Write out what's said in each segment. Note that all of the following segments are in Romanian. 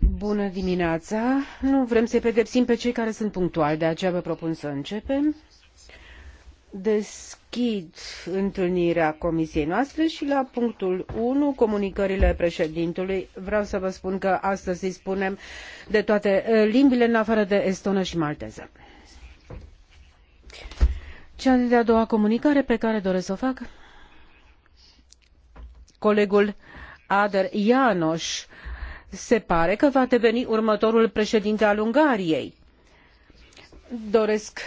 Bună dimineața! Nu vrem să-i pedepsim pe cei care sunt punctuali, de aceea vă propun să începem. Deschid întâlnirea comisiei noastre și la punctul 1, comunicările președintului. Vreau să vă spun că astăzi îi spunem de toate eh, limbile, în afară de estonă și malteză. Cea de-a doua comunicare pe care doresc să o fac colegul Ader jano se pare că va deveni următorul președinte al Ungariei. Doresc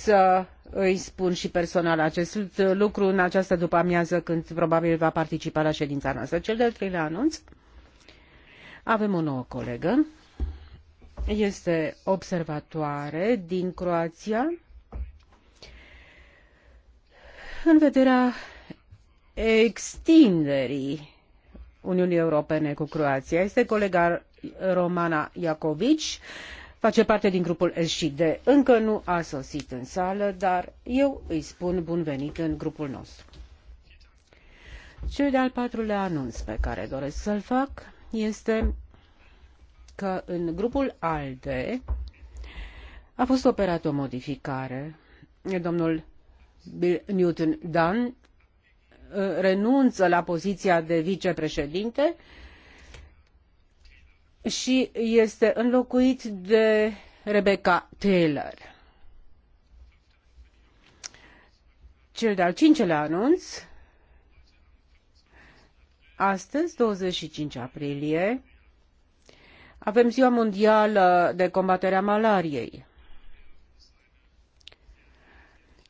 să îi spun și personal acest lucru în această după amiază când probabil va participa la ședința noastră. Cel de-al treilea anunț. Avem o nouă colegă. Este observatoare din Croația în vederea extinderii Uniunii Europene cu Croația. Este colega Romana Iacovici, face parte din grupul SD. Încă nu a sosit în sală, dar eu îi spun bun venit în grupul nostru. Cel de-al patrulea anunț pe care doresc să-l fac este că în grupul ALDE a fost operată o modificare. Domnul Bill Newton Dunn Uh, renunță la poziția de vicepreședinte și este înlocuit de Rebecca Taylor. Cel de-al cincelea anunț, astăzi, 25 aprilie, avem Ziua Mondială de Combatere a Malariei.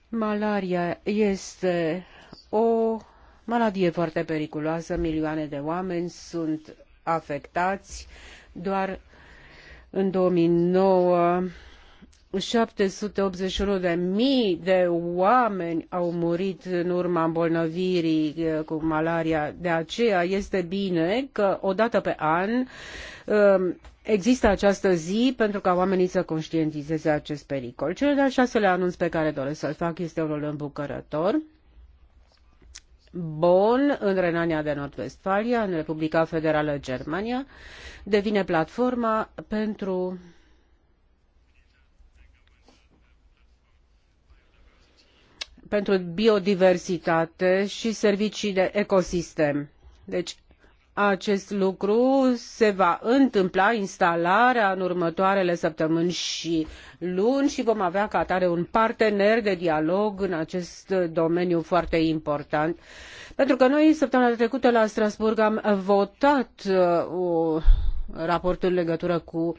Malaria este o maladie foarte periculoasă, milioane de oameni sunt afectați, doar în 2009 781 de mii de oameni au murit în urma îmbolnăvirii eh, cu malaria. De aceea este bine că o dată pe an eh, există această zi pentru ca oamenii să conștientizeze acest pericol. Cel de-al șaselea anunț pe care doresc să-l fac este unul îmbucărător. Bonn, în Renania de Nord-Vestfalia, în Republica Federală Germania, devine platforma pentru pentru biodiversitate și servicii de ecosistem. Deci acest lucru se va întâmpla instalarea în următoarele săptămâni și luni și vom avea ca atare un partener de dialog în acest domeniu foarte important. Pentru că noi săptămâna trecută la Strasbourg am votat uh, raportul în legătură cu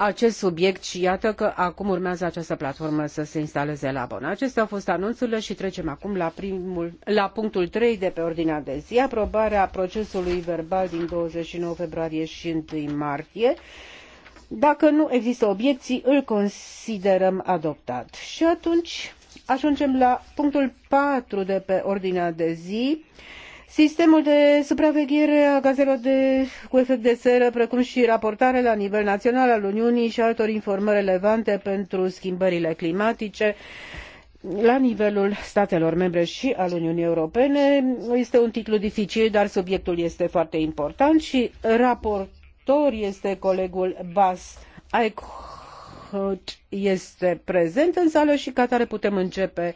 acest subiect și iată că acum urmează această platformă să se instaleze la Bonn. Acestea au fost anunțurile și trecem acum la, primul, la punctul 3 de pe ordinea de zi, aprobarea procesului verbal din 29 februarie și 1 martie. Dacă nu există obiecții, îl considerăm adoptat. Și atunci ajungem la punctul 4 de pe ordinea de zi, Sistemul de supraveghere a gazelor de, cu efect de seră, precum și raportarea la nivel național al Uniunii și altor informări relevante pentru schimbările climatice, la nivelul statelor membre și al Uniunii Europene. Este un titlu dificil, dar subiectul este foarte important și raportor este colegul Bas Aykut, este prezent în sală și ca tare putem începe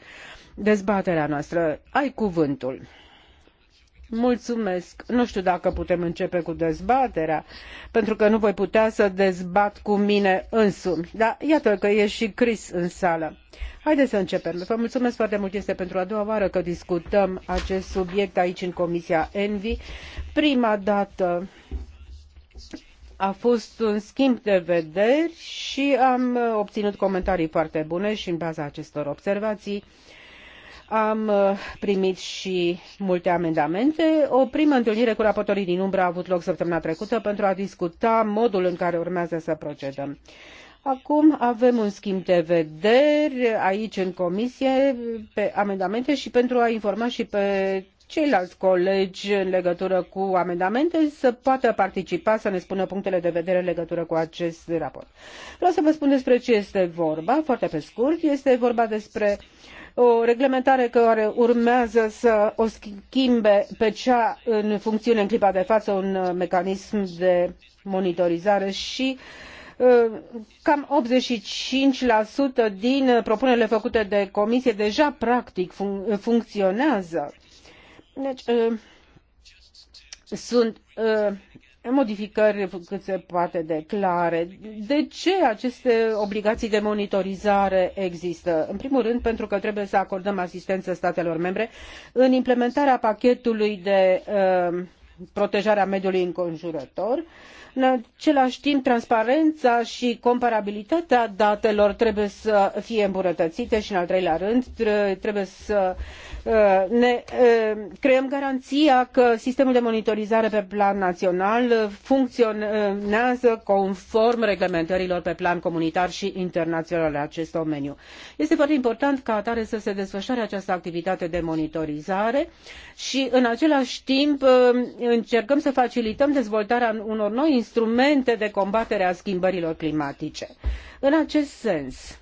dezbaterea noastră. Ai cuvântul. Mulțumesc. Nu știu dacă putem începe cu dezbaterea, pentru că nu voi putea să dezbat cu mine însumi. Dar iată că e și Chris în sală. Haideți să începem. Vă mulțumesc foarte mult. Este pentru a doua oară că discutăm acest subiect aici în Comisia Envi. Prima dată a fost un schimb de vederi și am obținut comentarii foarte bune și în baza acestor observații uh, am uh, primit și multe amendamente. O primă întâlnire cu raportorii din umbră a avut loc săptămâna trecută pentru a discuta modul în care urmează să procedăm. Acum avem un schimb de vederi aici în comisie pe amendamente și pentru a informa și pe ceilalți colegi în legătură cu amendamente să poată participa, să ne spună punctele de vedere în legătură cu acest raport. Vreau să vă spun despre ce este vorba, foarte pe scurt. Este vorba despre uh, o reglementare care urmează să o schimbe pe cea în funcțiune în clipa de față, un uh, mecanism de monitorizare și uh, cam 85% din uh, propunerile făcute de comisie deja practic funcționează. Deci, sunt modificări cât se poate de clare. De ce aceste obligații de monitorizare există? În primul rând, pentru că trebuie să acordăm asistență statelor membre în implementarea pachetului de uh, protejare a mediului înconjurător uh, în același timp, transparența și comparabilitatea datelor trebuie să fie îmbunătățite și, în al treilea rând, trebuie să uh, ne uh, creăm garanția că sistemul de monitorizare pe plan național funcționează conform reglementărilor pe plan comunitar și internațional în acest domeniu. Este foarte important ca atare să se desfășoare această activitate de monitorizare și în același timp uh, încercăm să facilităm dezvoltarea unor noi instrumente de combatere a schimbărilor climatice. În acest sens,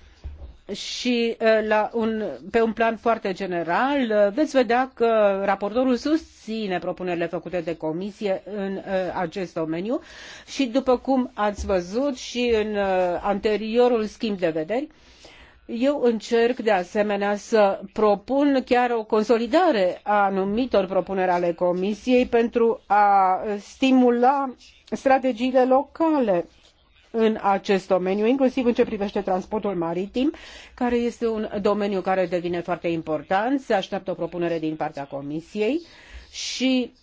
și uh, la un, pe un plan foarte general, uh, veți vedea că raportorul susține propunerile făcute de comisie în uh, acest domeniu și, după cum ați văzut și în anteriorul schimb de vederi, eu încerc de asemenea să propun chiar o consolidare a anumitor propuneri ale comisiei pentru a stimula strategiile locale în acest domeniu, inclusiv în ce privește transportul maritim, care este un domeniu care devine foarte important. Se așteaptă o propunere din partea Comisiei și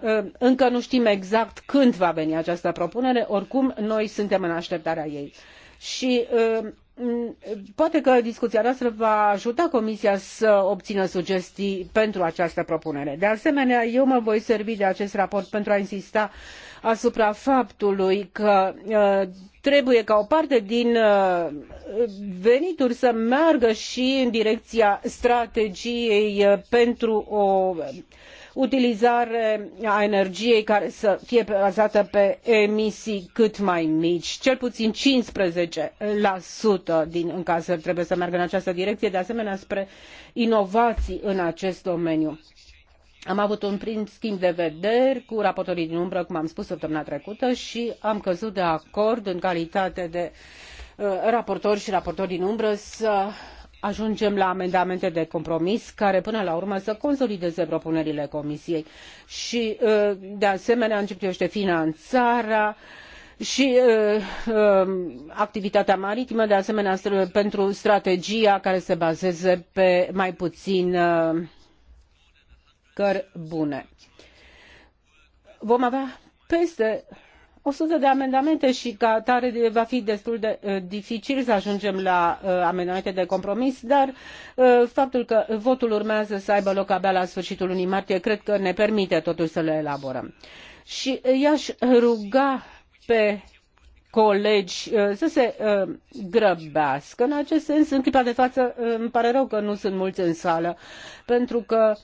uh, încă nu știm exact când va veni această propunere, oricum noi suntem în așteptarea ei. Și uh, Mm, poate că discuția noastră va ajuta Comisia să obțină sugestii pentru această propunere. De asemenea, eu mă voi servi de acest raport pentru a insista asupra faptului că uh, trebuie ca o parte din uh, venituri să meargă și în direcția strategiei uh, pentru o utilizare a energiei care să fie bazată pe emisii cât mai mici. Cel puțin 15% din încasări trebuie să meargă în această direcție, de asemenea spre inovații în acest domeniu. Am avut un prim schimb de vederi cu raportorii din umbră, cum am spus săptămâna trecută, și am căzut de acord în calitate de uh, raportori și raportori din umbră să ajungem la amendamente de compromis care până la urmă să consolideze propunerile comisiei și uh, de asemenea în ce privește finanțarea și uh, uh, activitatea maritimă de asemenea pentru strategia care se bazeze pe mai puțin cări bune. Vom avea peste 100 de amendamente și ca atare va fi destul de uh, dificil să ajungem la uh, amendamente de compromis, dar uh, faptul că votul urmează să aibă loc abia la sfârșitul lunii martie, cred că ne permite totuși să le elaborăm. Și uh, i-aș ruga pe colegi uh, să se uh, grăbească. În acest sens, în clipa de față, îmi pare rău că nu sunt mulți în sală, pentru că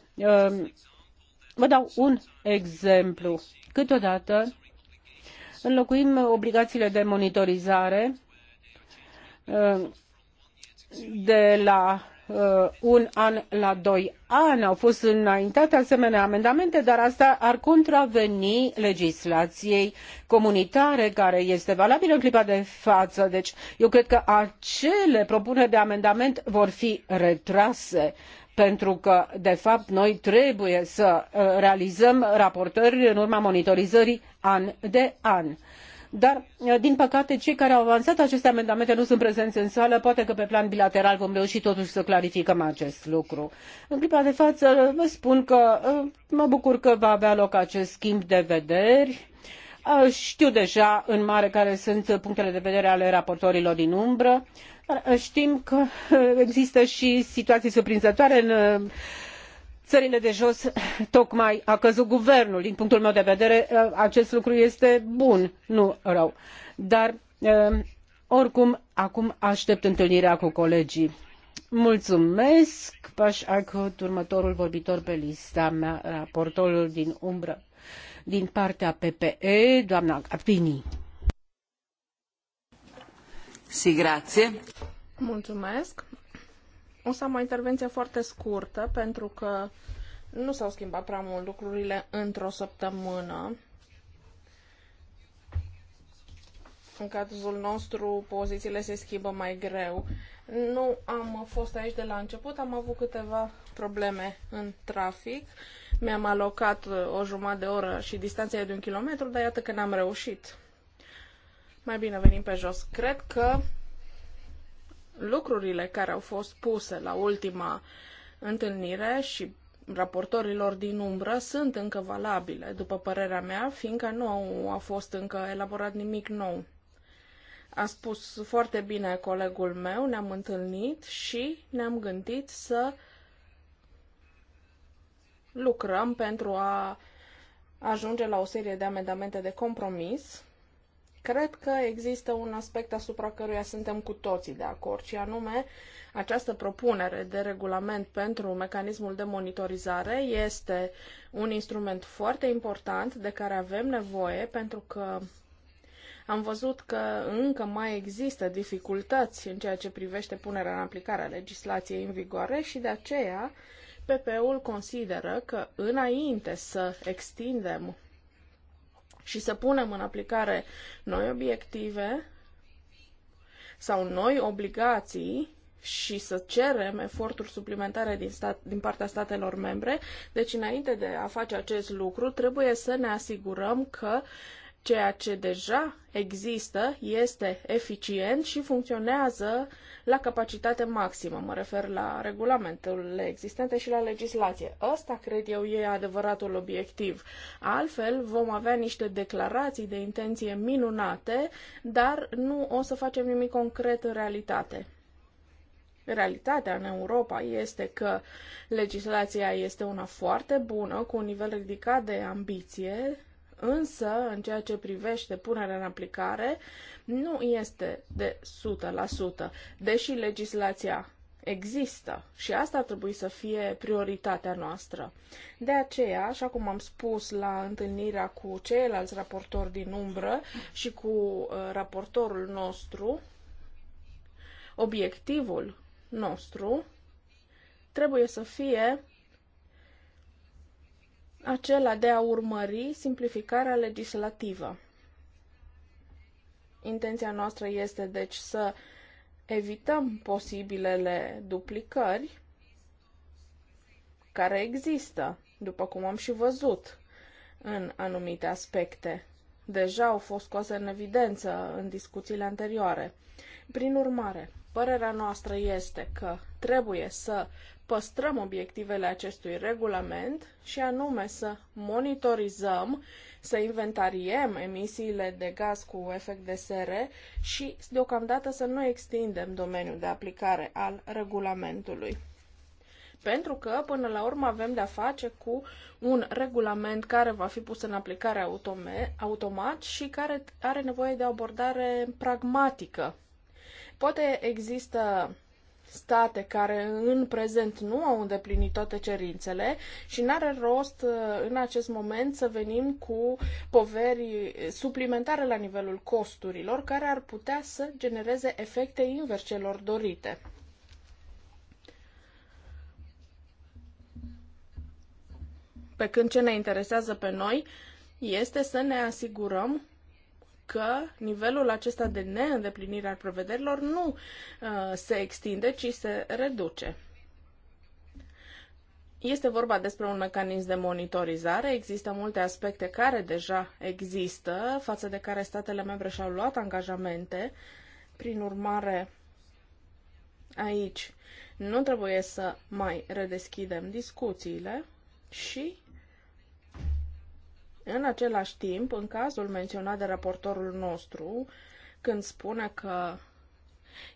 vă dau un exemplu. Câteodată înlocuim obligațiile de monitorizare uh, de la uh, un an la doi ani. Au fost înaintate asemenea amendamente, dar asta ar contraveni legislației comunitare care este valabilă în clipa de față. Deci eu cred că acele propuneri de amendament vor fi retrase pentru că de fapt noi trebuie să uh, realizăm raportări în urma monitorizării an de an dar uh, din păcate cei care au avansat aceste amendamente nu sunt prezenți în sală poate că pe plan bilateral vom reuși totuși să clarificăm acest lucru. În clipa de față uh, vă spun că mă bucur că va avea loc acest schimb de vederi. Știu deja în mare care sunt punctele de vedere ale raportorilor din umbră Știm că există și situații surprinzătoare în uh, țările de jos tocmai a căzut guvernul. Din punctul meu de vedere uh, acest lucru este bun, nu rău. Dar uh, oricum acum aștept întâlnirea cu colegii. Mulțumesc, Paș Acut, următorul vorbitor pe lista mea, raportorul din umbră, din partea PPE, doamna Capini. Mulțumesc. O să am o intervenție foarte scurtă, pentru că nu s-au schimbat prea mult lucrurile într-o săptămână. În cazul nostru, pozițiile se schimbă mai greu. Nu am fost aici de la început, am avut câteva probleme în trafic. Mi-am alocat o jumătate de oră și distanța e de un kilometru, dar iată că n-am reușit. Mai bine venim pe jos. Cred că lucrurile care au fost puse la ultima întâlnire și raportorilor din umbră sunt încă valabile, după părerea mea, fiindcă nu a fost încă elaborat nimic nou. A spus foarte bine colegul meu, ne-am întâlnit și ne-am gândit să lucrăm pentru a ajunge la o serie de amendamente de compromis Cred că există un aspect asupra căruia suntem cu toții de acord, și anume această propunere de regulament pentru mecanismul de monitorizare este un instrument foarte important de care avem nevoie pentru că am văzut că încă mai există dificultăți în ceea ce privește punerea în aplicare a legislației în vigoare și de aceea PP-ul consideră că înainte să extindem și să punem în aplicare noi obiective sau noi obligații și să cerem eforturi suplimentare din, stat, din partea statelor membre. Deci, înainte de a face acest lucru, trebuie să ne asigurăm că ceea ce deja există este eficient și funcționează uh, la capacitate maximă. Mă refer la regulamentele existente și la legislație. Ăsta, cred eu, e adevăratul obiectiv. Altfel, vom avea niște declarații de intenție minunate, dar nu o să facem nimic concret în realitate. Realitatea în Europa este că legislația este una foarte bună, cu un nivel ridicat de ambiție, Însă, în ceea ce privește punerea în aplicare, nu este de 100%, deși legislația există și asta ar trebui să fie prioritatea noastră. De aceea, așa cum am spus la întâlnirea cu ceilalți raportori din umbră și cu uh, raportorul nostru, obiectivul nostru trebuie să fie acela de a urmări simplificarea legislativă. Intenția noastră este deci să evităm posibilele duplicări care există, după cum am și văzut în anumite aspecte. Deja au fost scoase în evidență în discuțiile anterioare. Prin urmare, părerea noastră este că trebuie să păstrăm obiectivele acestui regulament și anume să monitorizăm, să inventariem emisiile de gaz cu efect de sere și deocamdată să nu extindem domeniul de aplicare al regulamentului. Pentru că, până la urmă, avem de-a face cu un regulament care va fi pus în aplicare automat și care are nevoie de o abordare pragmatică. Poate există state care în prezent nu au îndeplinit toate cerințele și n-are rost uh, în acest moment să venim cu poveri suplimentare la nivelul costurilor care ar putea să genereze efecte invers celor dorite. Pe când ce ne interesează pe noi este să ne asigurăm că nivelul acesta de neîndeplinire al prevederilor nu uh, se extinde, ci se reduce. Este vorba despre un mecanism de monitorizare, există multe aspecte care deja există, față de care statele membre și-au luat angajamente. Prin urmare, aici nu trebuie să mai redeschidem discuțiile și în același timp, în cazul menționat de raportorul nostru, când spune că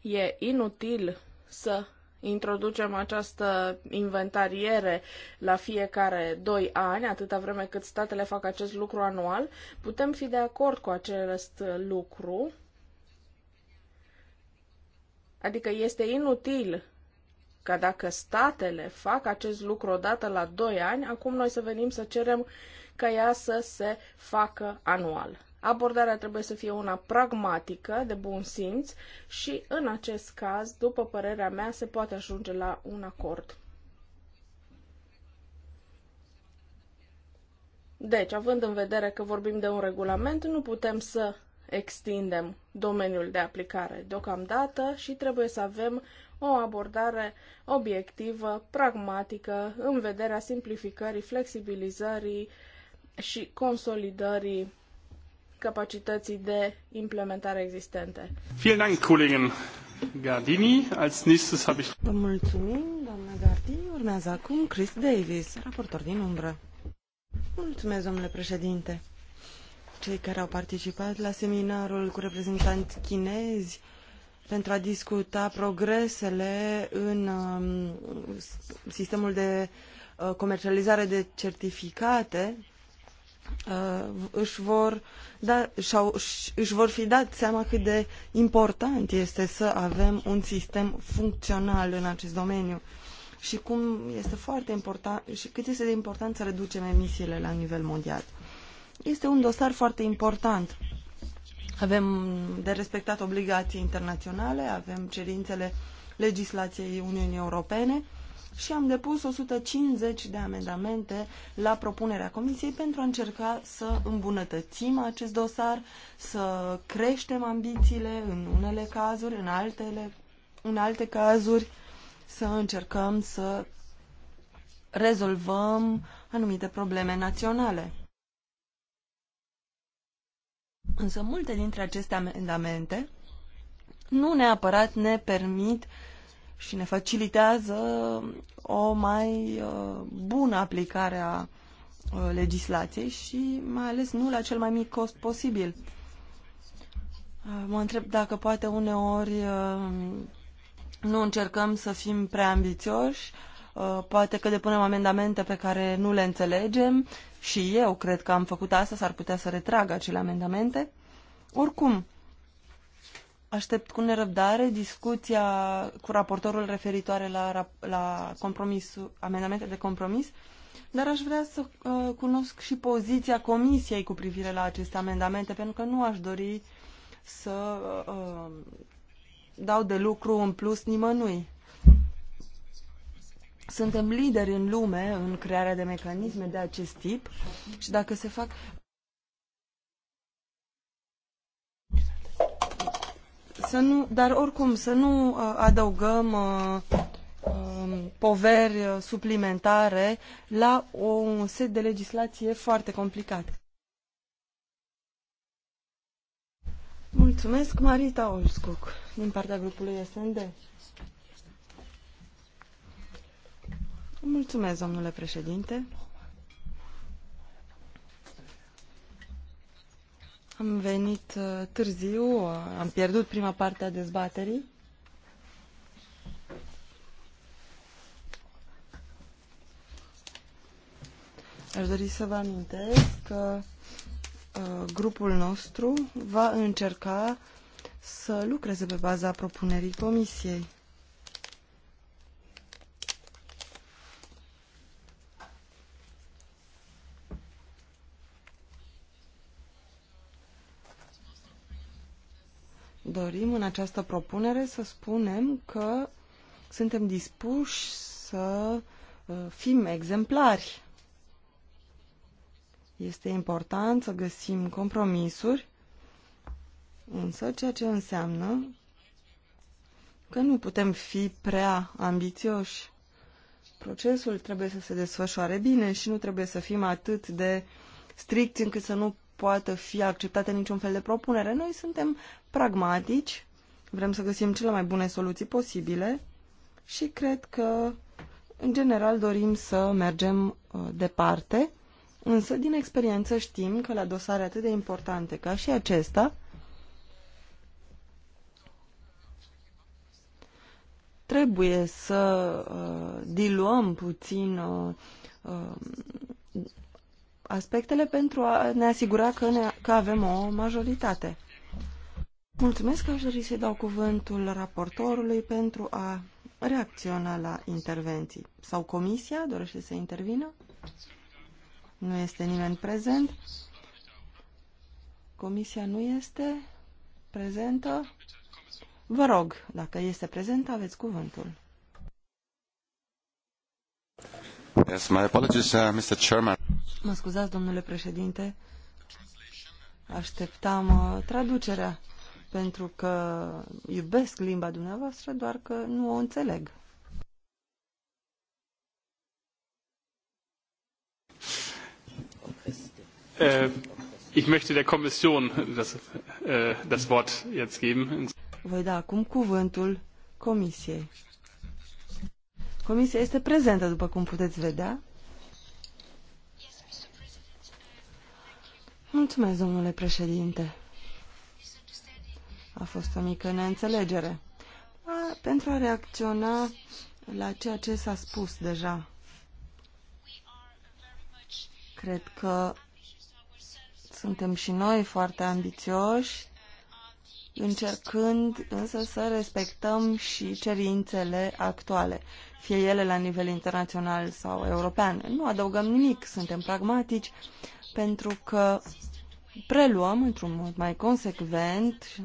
e inutil să introducem această inventariere la fiecare doi ani, atâta vreme cât statele fac acest lucru anual, putem fi de acord cu acest lucru. Adică este inutil ca dacă statele fac acest lucru odată la doi ani, acum noi să venim să cerem uh, ca ea să se facă anual. Abordarea trebuie să fie una pragmatică, de bun simț și, în acest caz, după părerea mea, se poate ajunge la un acord. Deci, având în vedere că vorbim de un regulament, nu putem să extindem domeniul de aplicare deocamdată și trebuie să avem o abordare obiectivă, pragmatică, în vederea simplificării, flexibilizării, și consolidării capacității de implementare existente. Vielen Dank, Kollegin Gardini. Als nächstes habe ich... Vă mulțumim, doamna Gardini. Urmează acum Chris Davis, raportor din umbră. Mulțumesc, domnule președinte. Cei care au participat la seminarul cu reprezentanți chinezi pentru a discuta progresele în um, sistemul de uh, comercializare de certificate uh, își vor da, și-au, își vor fi dat seama cât de important este să avem un sistem funcțional în acest domeniu și cum este foarte important și cât este de important să reducem emisiile la nivel mondial. Este un dosar foarte important. Avem de respectat obligații internaționale, avem cerințele legislației Uniunii Europene, și am depus 150 de amendamente la propunerea Comisiei pentru a încerca să îmbunătățim acest dosar, să creștem ambițiile în unele cazuri, în, altele, în alte cazuri, să încercăm să rezolvăm anumite probleme naționale. Însă multe dintre aceste amendamente nu neapărat ne permit și ne facilitează o mai uh, bună aplicare a uh, legislației și mai ales nu la cel mai mic cost posibil. Uh, mă întreb dacă poate uneori nu încercăm să fim prea ambițioși, poate că depunem amendamente pe care nu le înțelegem și eu cred că am făcut asta, s-ar putea să retrag acele amendamente. Oricum, Aștept cu nerăbdare discuția cu raportorul referitoare la, la compromisul, amendamente de compromis, dar aș vrea să uh, cunosc și poziția Comisiei cu privire la aceste amendamente, pentru că nu aș dori să uh, dau de lucru în plus nimănui. Suntem lideri în lume în crearea de mecanisme de acest tip și dacă se fac Să nu, dar oricum să nu uh, adăugăm uh, um, poveri uh, suplimentare la un set de legislație foarte complicat. Mulțumesc, Marita Olscuc, din partea grupului SND. Mulțumesc, domnule președinte. Am venit uh, târziu, uh, am pierdut prima parte a dezbaterii. Aș dori să vă amintesc că uh, grupul nostru va încerca să lucreze pe baza propunerii comisiei. Dorim în această propunere să spunem că suntem dispuși să uh, fim exemplari. Este important să găsim compromisuri, însă ceea ce înseamnă că nu putem fi prea ambițioși. Procesul trebuie să se desfășoare bine și nu trebuie să fim atât de stricți încât să nu poată fi acceptată niciun fel de propunere. Noi suntem pragmatici, vrem să găsim cele mai bune soluții posibile și cred că, în general, dorim să mergem uh, departe, însă, din experiență, știm că la dosare atât de importante ca și acesta, trebuie să uh, diluăm puțin uh, uh, aspectele pentru a ne asigura că, ne, că avem o majoritate. Mulțumesc, aș dori să dau cuvântul raportorului pentru a reacționa la intervenții. Sau comisia dorește să intervină? Nu este nimeni prezent. Comisia nu este prezentă. Vă rog, dacă este prezent, aveți cuvântul. Yes, my apologies, uh, Mr. Chairman. Mă scuzați, domnule președinte, așteptam uh, traducerea, pentru că iubesc limba dumneavoastră, doar că nu o înțeleg. Uh, ich möchte der Kommission das, uh, das Wort jetzt geben. Voi da acum cuvântul Comisiei. Comisia este prezentă, după cum puteți vedea. Mulțumesc, domnule președinte. A fost o mică neînțelegere. A, pentru a reacționa la ceea ce s-a spus deja. Cred că suntem și noi foarte ambițioși, încercând însă să respectăm și cerințele actuale, fie ele la nivel internațional sau european. Nu adăugăm nimic, suntem pragmatici, pentru că preluăm într-un mod mai consecvent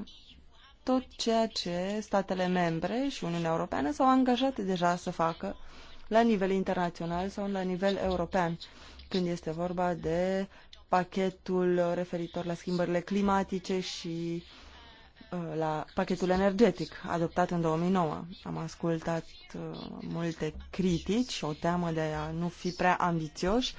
tot ceea ce statele membre și Uniunea Europeană s-au angajat deja să facă la nivel internațional sau la nivel european, când este vorba de pachetul referitor la schimbările climatice și uh, la pachetul energetic adoptat în 2009. Am ascultat uh, multe critici, o teamă de a nu fi prea ambițioși,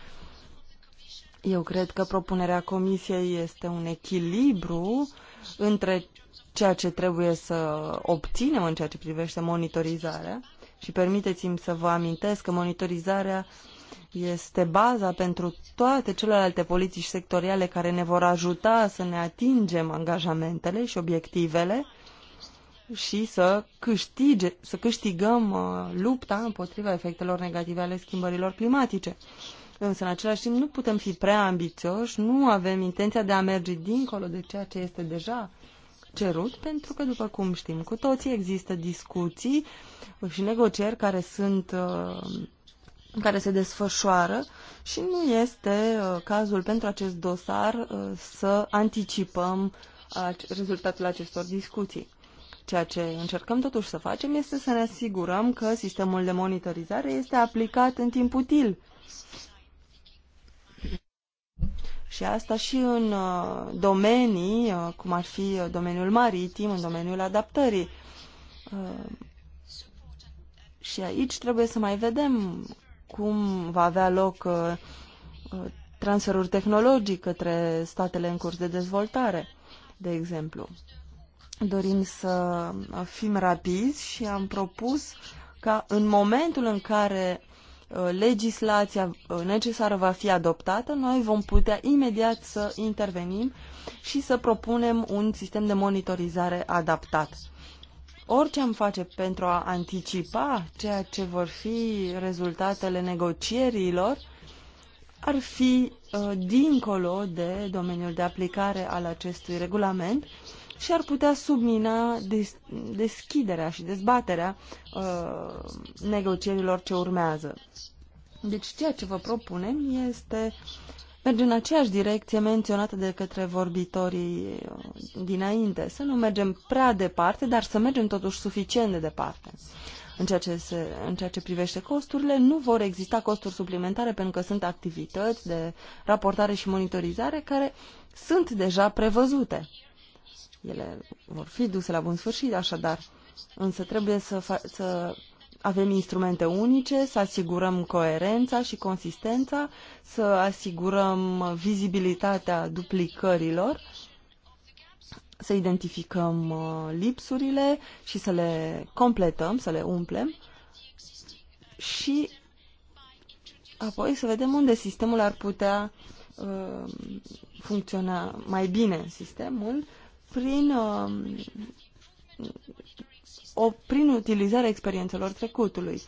eu cred că propunerea Comisiei este un echilibru între ceea ce trebuie să obținem în ceea ce privește monitorizarea și permiteți-mi să vă amintesc că monitorizarea este baza pentru toate celelalte politici sectoriale care ne vor ajuta să ne atingem angajamentele și obiectivele și să, câștige, să câștigăm uh, lupta împotriva efectelor negative ale schimbărilor climatice. Însă, în același timp, nu putem fi prea ambițioși, nu avem intenția de a merge dincolo de ceea ce este deja cerut, pentru că, după cum știm cu toții, există discuții și negocieri care sunt uh, care se desfășoară și nu este uh, cazul pentru acest dosar uh, să anticipăm rezultatul acestor discuții. Ceea ce încercăm totuși să facem este să ne asigurăm că sistemul de monitorizare este aplicat în timp util și asta și în uh, domenii, uh, cum ar fi uh, domeniul maritim, în domeniul adaptării. Și aici trebuie să mai vedem cum va avea loc transferul tehnologic către statele în curs de dezvoltare, de exemplu. Dorim să fim rapizi și am propus ca în momentul în care Uh, legislația uh, necesară va fi adoptată, noi vom putea imediat să intervenim și să propunem un sistem de monitorizare adaptat. Orice am face pentru a anticipa ceea ce vor fi rezultatele negocierilor ar fi uh, dincolo de domeniul de aplicare al acestui regulament și ar putea submina des deschiderea și dezbaterea uh, negocierilor ce urmează. Deci ceea ce vă propunem este merge în aceeași direcție menționată de către vorbitorii uh, dinainte. Să nu mergem prea departe, dar să mergem totuși suficient de departe. În ceea, ce se, în ceea ce privește costurile, nu vor exista costuri suplimentare pentru că sunt activități de raportare și monitorizare care sunt deja prevăzute. Ele vor fi duse la bun sfârșit, așadar, însă trebuie să, să avem instrumente unice, să asigurăm coerența și consistența, să asigurăm vizibilitatea duplicărilor, să identificăm uh, lipsurile și să le completăm, să le umplem și apoi să vedem unde sistemul ar putea uh, funcționa mai bine sistemul prin, um, o, prin utilizarea experiențelor trecutului.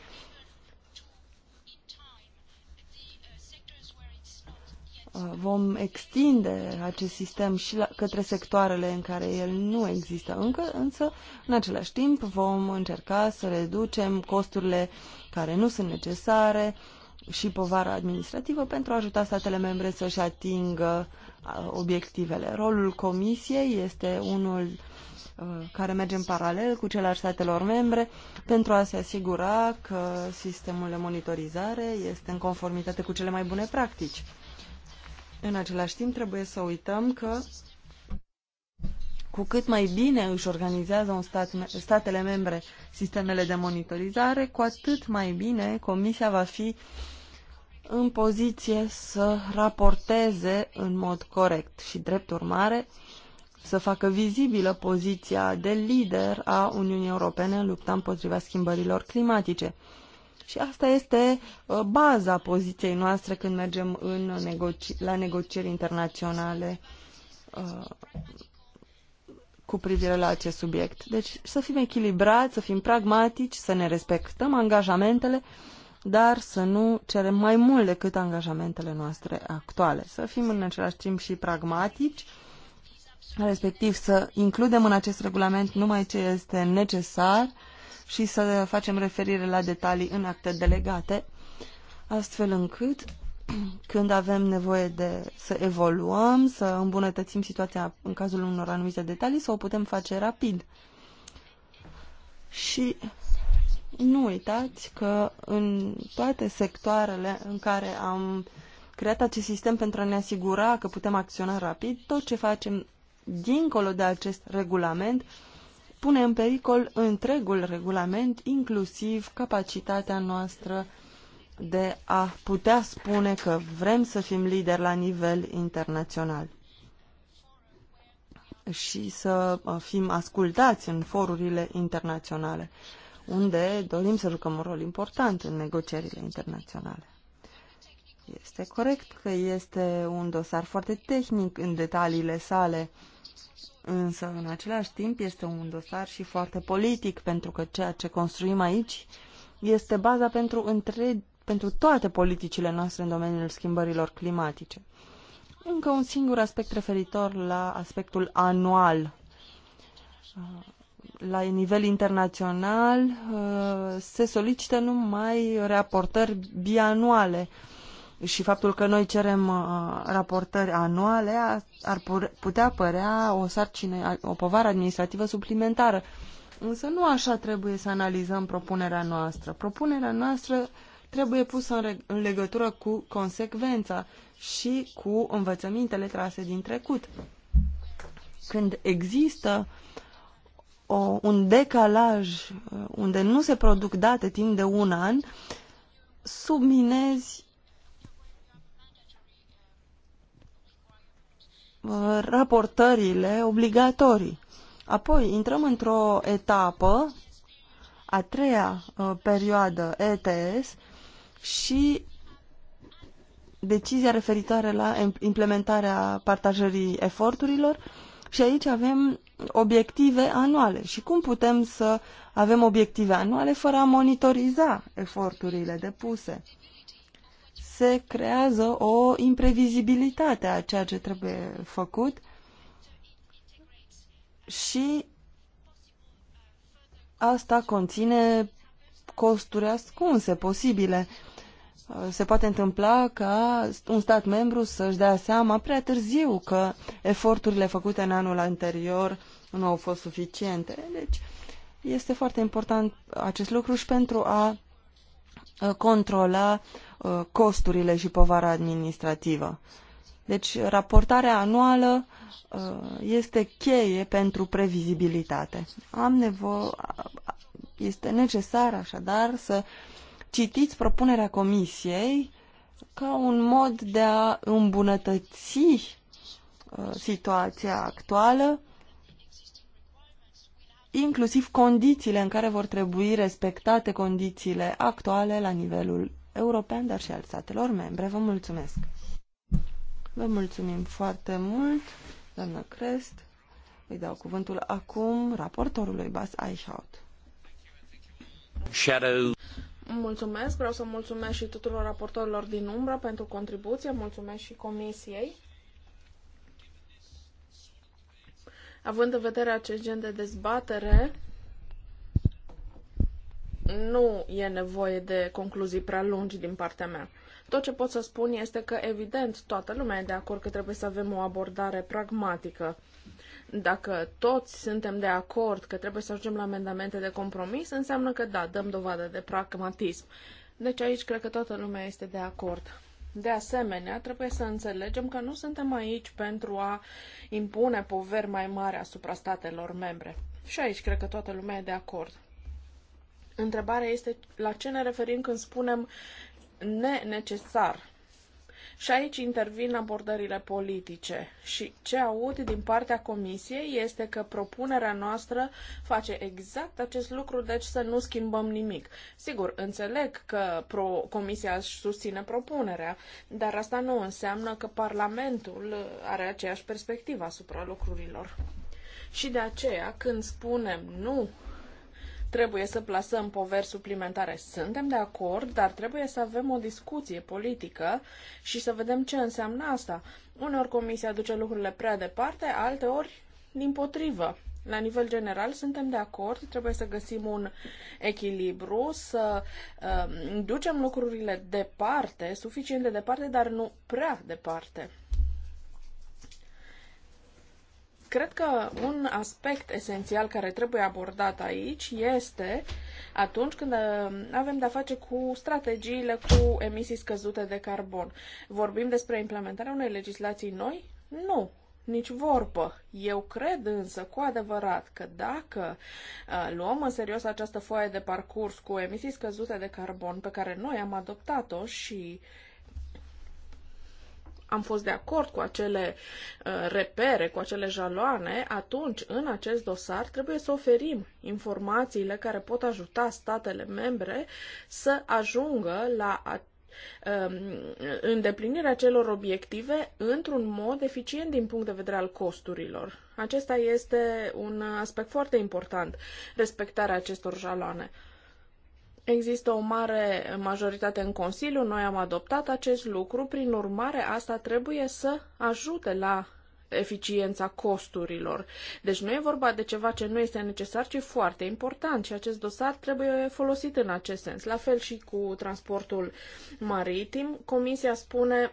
Uh, vom extinde acest sistem și la, către sectoarele în care el nu există încă, însă în același timp vom încerca să reducem costurile care nu sunt necesare și povara administrativă pentru a ajuta statele membre să-și atingă obiectivele. Rolul Comisiei este unul care merge în paralel cu cel al statelor membre pentru a se asigura că sistemul de monitorizare este în conformitate cu cele mai bune practici. În același timp, trebuie să uităm că cu cât mai bine își organizează un stat, statele membre sistemele de monitorizare, cu atât mai bine Comisia va fi în poziție să raporteze în mod corect și, drept urmare, să facă vizibilă poziția de lider a Uniunii Europene în lupta împotriva schimbărilor climatice. Și asta este uh, baza poziției noastre când mergem în negoci la negocieri internaționale uh, cu privire la acest subiect. Deci să fim echilibrați, să fim pragmatici, să ne respectăm angajamentele, uh, dar să nu cerem mai mult decât angajamentele noastre actuale. Să fim în același timp și pragmatici, respectiv să includem în acest regulament numai ce este necesar și să facem referire la detalii în acte delegate, astfel încât când avem nevoie de să evoluăm, să îmbunătățim situația în cazul unor anumite detalii, să o putem face rapid. Și nu uitați că în toate sectoarele în care am creat acest sistem pentru a ne asigura că putem acționa rapid, tot ce facem dincolo de acest regulament pune în pericol întregul regulament, inclusiv capacitatea noastră de a putea spune că vrem să fim lideri la nivel internațional și să uh, fim ascultați în forurile internaționale unde dorim să jucăm un rol important în negocierile internaționale. Este corect că este un dosar foarte tehnic în detaliile sale, însă în același timp este un dosar și foarte politic, pentru că ceea ce construim aici este baza pentru, între, pentru toate politicile noastre în domeniul schimbărilor climatice. Încă un singur aspect referitor la aspectul anual la nivel internațional uh, se solicită numai raportări bianuale și faptul că noi cerem uh, raportări anuale ar putea părea o sarcină, o povară administrativă suplimentară. Însă nu așa trebuie să analizăm propunerea noastră. Propunerea noastră trebuie pusă în, legătură cu consecvența și cu învățămintele trase din trecut. Când există uh, o, un decalaj uh, unde nu se produc date timp de un an, subminezi uh, raportările obligatorii. Apoi intrăm într-o etapă, a treia uh, perioadă ETS și decizia referitoare la implementarea partajării eforturilor și aici avem obiective anuale. Și cum putem să avem obiective anuale fără a monitoriza eforturile depuse? Se creează o imprevizibilitate a ceea ce trebuie făcut și asta conține costuri ascunse posibile. Uh, se poate întâmpla ca un stat membru să-și dea seama prea târziu că eforturile făcute în anul anterior nu au fost suficiente. Deci este foarte important acest lucru și pentru a controla costurile și povara administrativă. Deci raportarea anuală este cheie pentru previzibilitate. Am nevoie, este necesar așadar să uh, citiți propunerea Comisiei ca un mod de a îmbunătăți uh, situația actuală, inclusiv condițiile în care vor trebui respectate condițiile actuale la nivelul european, dar și al statelor membre. Vă mulțumesc! Vă mulțumim foarte mult, doamnă Crest. Îi dau cuvântul acum raportorului Bas Eichhout. Shadow. Mulțumesc, vreau să mulțumesc și tuturor raportorilor din umbră pentru contribuție, mulțumesc și comisiei. Având în vedere acest gen de dezbatere, nu e nevoie de concluzii prea lungi din partea mea. Tot ce pot să spun este că, evident, toată lumea e de acord că trebuie să avem o abordare pragmatică dacă toți suntem de acord că trebuie să ajungem la amendamente de compromis, înseamnă că da, dăm dovadă de pragmatism. Deci aici cred că toată lumea este de acord. De asemenea, trebuie să înțelegem că nu suntem aici pentru a impune poveri mai mari asupra statelor membre. Și aici cred că toată lumea e de acord. Întrebarea este la ce ne referim când spunem nenecesar și aici intervin abordările politice. Și ce aud din partea Comisiei este că propunerea noastră face exact acest lucru, deci să nu schimbăm nimic. Sigur, înțeleg că pro- Comisia își susține propunerea, dar asta nu înseamnă că Parlamentul are aceeași perspectivă asupra lucrurilor. Și de aceea, când spunem nu trebuie să plasăm poveri suplimentare. Suntem de acord, dar trebuie să avem o discuție politică și să vedem ce înseamnă asta. Uneori Comisia duce lucrurile prea departe, alteori din potrivă. La nivel general, suntem de acord, trebuie să găsim un echilibru, să uh, ducem lucrurile departe, suficient de departe, dar nu prea departe. Cred că un aspect esențial care trebuie abordat aici este atunci când uh, avem de-a face cu strategiile cu emisii scăzute de carbon. Vorbim despre implementarea unei legislații noi? Nu, nici vorbă. Eu cred însă cu adevărat că dacă uh, luăm în serios această foaie de parcurs cu emisii scăzute de carbon pe care noi am adoptat-o și uh, am fost de acord cu acele uh, repere, cu acele jaloane, atunci în acest dosar trebuie să oferim informațiile care pot ajuta statele membre să ajungă la um, îndeplinirea celor obiective într-un mod eficient din punct de vedere al costurilor. Acesta este un aspect foarte important, respectarea acestor jaloane. Există o mare majoritate în Consiliu, noi am adoptat acest lucru, prin urmare asta trebuie să ajute la eficiența costurilor. Deci nu e vorba de ceva ce nu este necesar, ci foarte important și acest dosar trebuie folosit în acest sens. La fel și cu transportul maritim, Comisia spune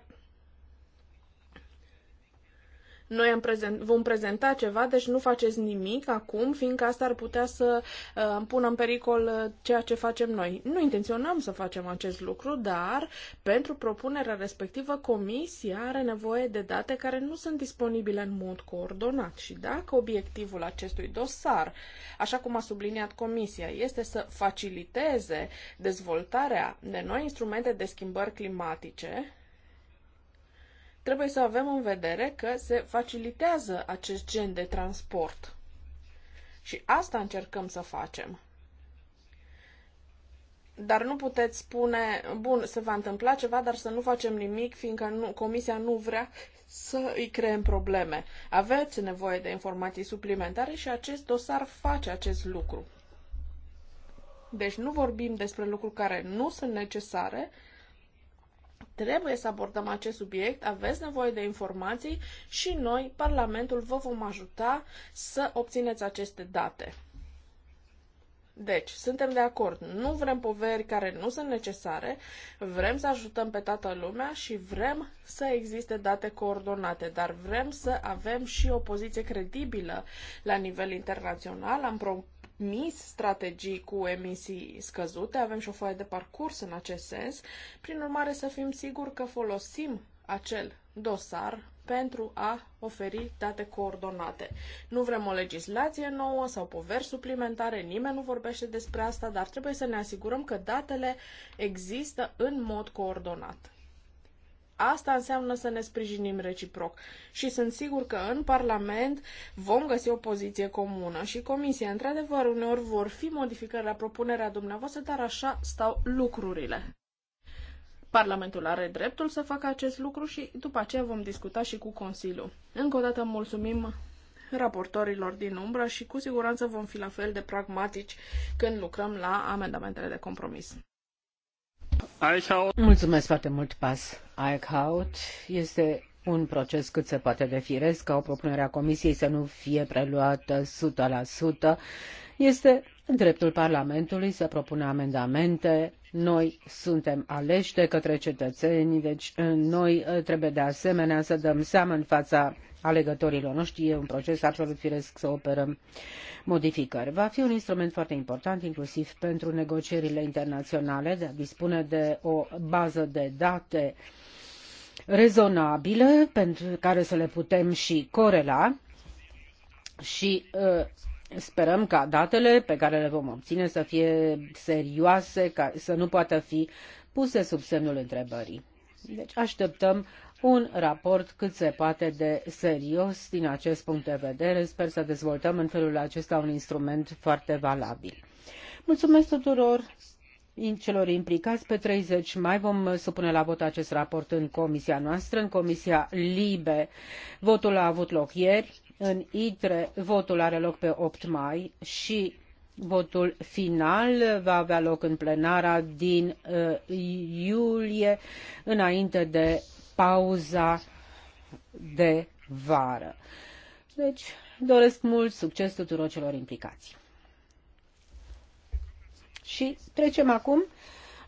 noi am prezent, vom prezenta ceva, deci nu faceți nimic acum, fiindcă asta ar putea să uh, pună în pericol uh, ceea ce facem noi. Nu intenționăm să facem acest lucru, dar pentru propunerea respectivă comisia are nevoie de date care nu sunt disponibile în mod coordonat și dacă obiectivul acestui dosar, așa cum a subliniat comisia, este să faciliteze dezvoltarea de noi instrumente de schimbări climatice, trebuie să avem în vedere că se facilitează acest gen de transport. Și asta încercăm să facem. Dar nu puteți spune, bun, se va întâmpla ceva, dar să nu facem nimic, fiindcă nu, comisia nu vrea să îi creăm probleme. Aveți nevoie de informații suplimentare și acest dosar face acest lucru. Deci nu vorbim despre lucruri care nu sunt necesare, trebuie să abordăm acest subiect, aveți nevoie de informații și noi, Parlamentul, vă vom ajuta să obțineți aceste date. Deci, suntem de acord. Nu vrem poveri care nu sunt necesare, vrem să ajutăm pe toată lumea și vrem să existe date coordonate, dar vrem să avem și o poziție credibilă la nivel internațional. Am pro- mis strategii cu emisii scăzute, avem și o foaie de parcurs în acest sens, prin urmare să fim siguri că folosim acel dosar pentru a oferi date coordonate. Nu vrem o legislație nouă sau poveri suplimentare, nimeni nu vorbește despre asta, dar trebuie să ne asigurăm că datele există în mod coordonat. Asta înseamnă să ne sprijinim reciproc. Și sunt sigur că în Parlament vom găsi o poziție comună și Comisia. Într-adevăr, uneori vor fi modificări la propunerea dumneavoastră, dar așa stau lucrurile. Parlamentul are dreptul să facă acest lucru și după aceea vom discuta și cu Consiliul. Încă o dată mulțumim raportorilor din umbră și cu siguranță vom fi la fel de pragmatici când lucrăm la amendamentele de compromis. Eichhout. foarte mult, Pas Este un proces cât se poate de firesc ca o propunere a Comisiei să nu fie preluată 100%. Este dreptul Parlamentului să propună amendamente. Noi suntem aleși de către cetățeni, deci eh, noi eh, trebuie de asemenea să dăm seama în fața alegătorilor noștri. E un proces absolut firesc să operăm modificări. Va fi un instrument foarte important, inclusiv pentru negocierile internaționale, de a dispune de o bază de date rezonabile pentru care să le putem și corela și uh, sperăm ca datele pe care le vom obține să fie serioase, ca să nu poată fi puse sub semnul întrebării. Deci așteptăm un raport cât se poate de serios din acest punct de vedere. Sper să dezvoltăm în felul acesta un instrument foarte valabil. Mulțumesc tuturor celor implicați. Pe 30 mai vom supune la vot acest raport în comisia noastră, în comisia LIBE. Votul a avut loc ieri, în ITRE votul are loc pe 8 mai și votul final va avea loc în plenara din uh, iulie, înainte de pauza de vară. Deci, doresc mult succes tuturor celor implicați. Și trecem acum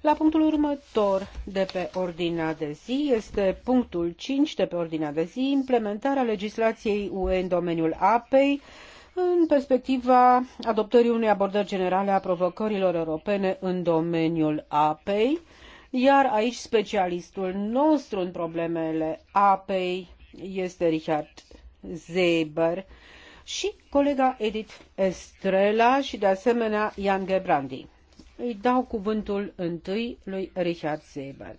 la punctul următor de pe ordinea de zi este punctul 5 de pe ordinea de zi, implementarea legislației UE în domeniul apei în perspectiva adoptării unei abordări generale a provocărilor europene în domeniul apei iar aici specialistul nostru în problemele apei este Richard Zeber și colega Edith Estrela și de asemenea Jan Gebrandi. Îi dau cuvântul întâi lui Richard Zeber.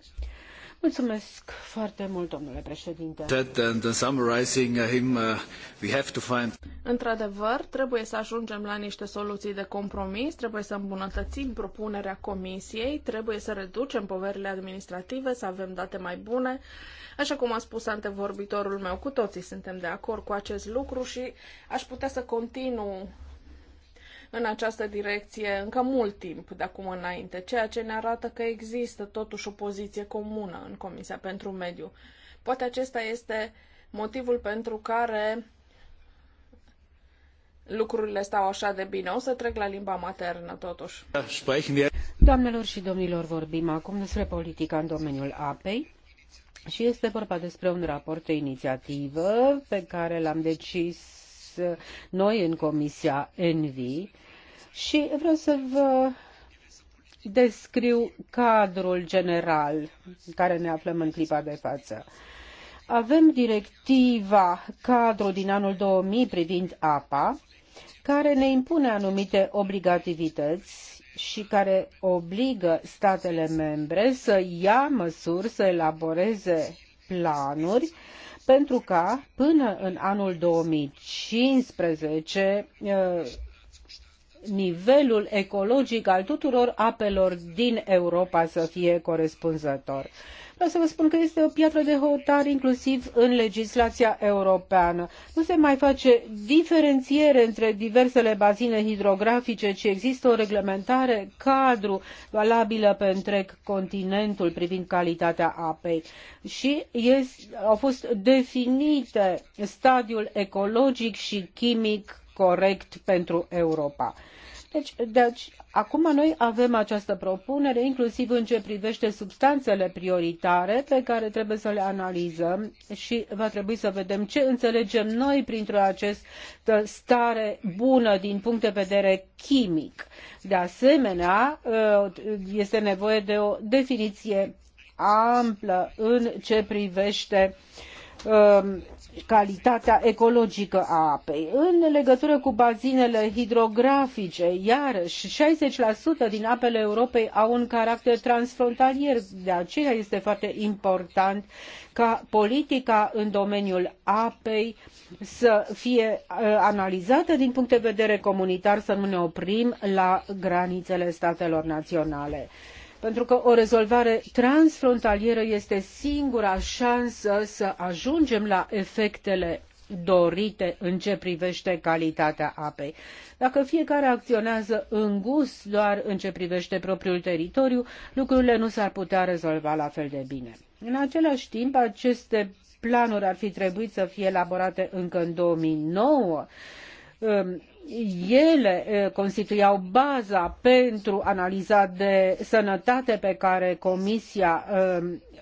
Mulțumesc foarte mult, domnule președinte. Uh, uh, uh, find... Într-adevăr, trebuie să ajungem la niște soluții de compromis, trebuie să îmbunătățim propunerea comisiei, trebuie să reducem poverile administrative, să avem date mai bune. Așa cum a spus antevorbitorul meu, cu toții suntem de acord cu acest lucru și aș putea să continu în această direcție încă mult timp de acum înainte, ceea ce ne arată că există totuși o poziție comună în Comisia pentru Mediu. Poate acesta este motivul pentru care lucrurile stau așa de bine. O să trec la limba maternă, totuși. Doamnelor și domnilor, vorbim acum despre politica în domeniul apei. Și este vorba despre un raport de inițiativă pe care l-am decis Uh, noi în Comisia Envi și vreau să vă descriu cadrul general în care ne aflăm în clipa de față. Avem directiva cadru din anul 2000 privind apa, care ne impune anumite obligativități și care obligă statele membre să ia măsuri, să elaboreze planuri pentru ca până în anul 2015 eh, nivelul ecologic al tuturor apelor din Europa să fie corespunzător vreau să vă spun că este o piatră de hotar inclusiv în legislația europeană. Nu se mai face diferențiere între diversele bazine hidrografice, ci există o reglementare cadru valabilă pe întreg continentul privind calitatea apei. Și este, au fost definite stadiul ecologic și chimic corect pentru Europa. Deci, deci, acum noi avem această propunere, inclusiv în ce privește substanțele prioritare pe care trebuie să le analizăm și va trebui să vedem ce înțelegem noi printr-o această stare bună din punct de vedere chimic. De asemenea, ă, este nevoie de o definiție amplă în ce privește uh, Um, calitatea ecologică a apei. În legătură cu bazinele hidrografice, iarăși 60% din apele Europei au un caracter transfrontalier. De aceea este foarte important ca politica în domeniul apei să fie uh, analizată din punct de vedere comunitar, să nu ne oprim la granițele statelor naționale pentru că o rezolvare transfrontalieră este singura șansă să ajungem la efectele dorite în ce privește calitatea apei. Dacă fiecare acționează în gust doar în ce privește propriul teritoriu, lucrurile nu s-ar putea rezolva la fel de bine. În același timp, aceste planuri ar fi trebuit să fie elaborate încă în 2009, ele constituiau baza pentru analiza de sănătate pe care Comisia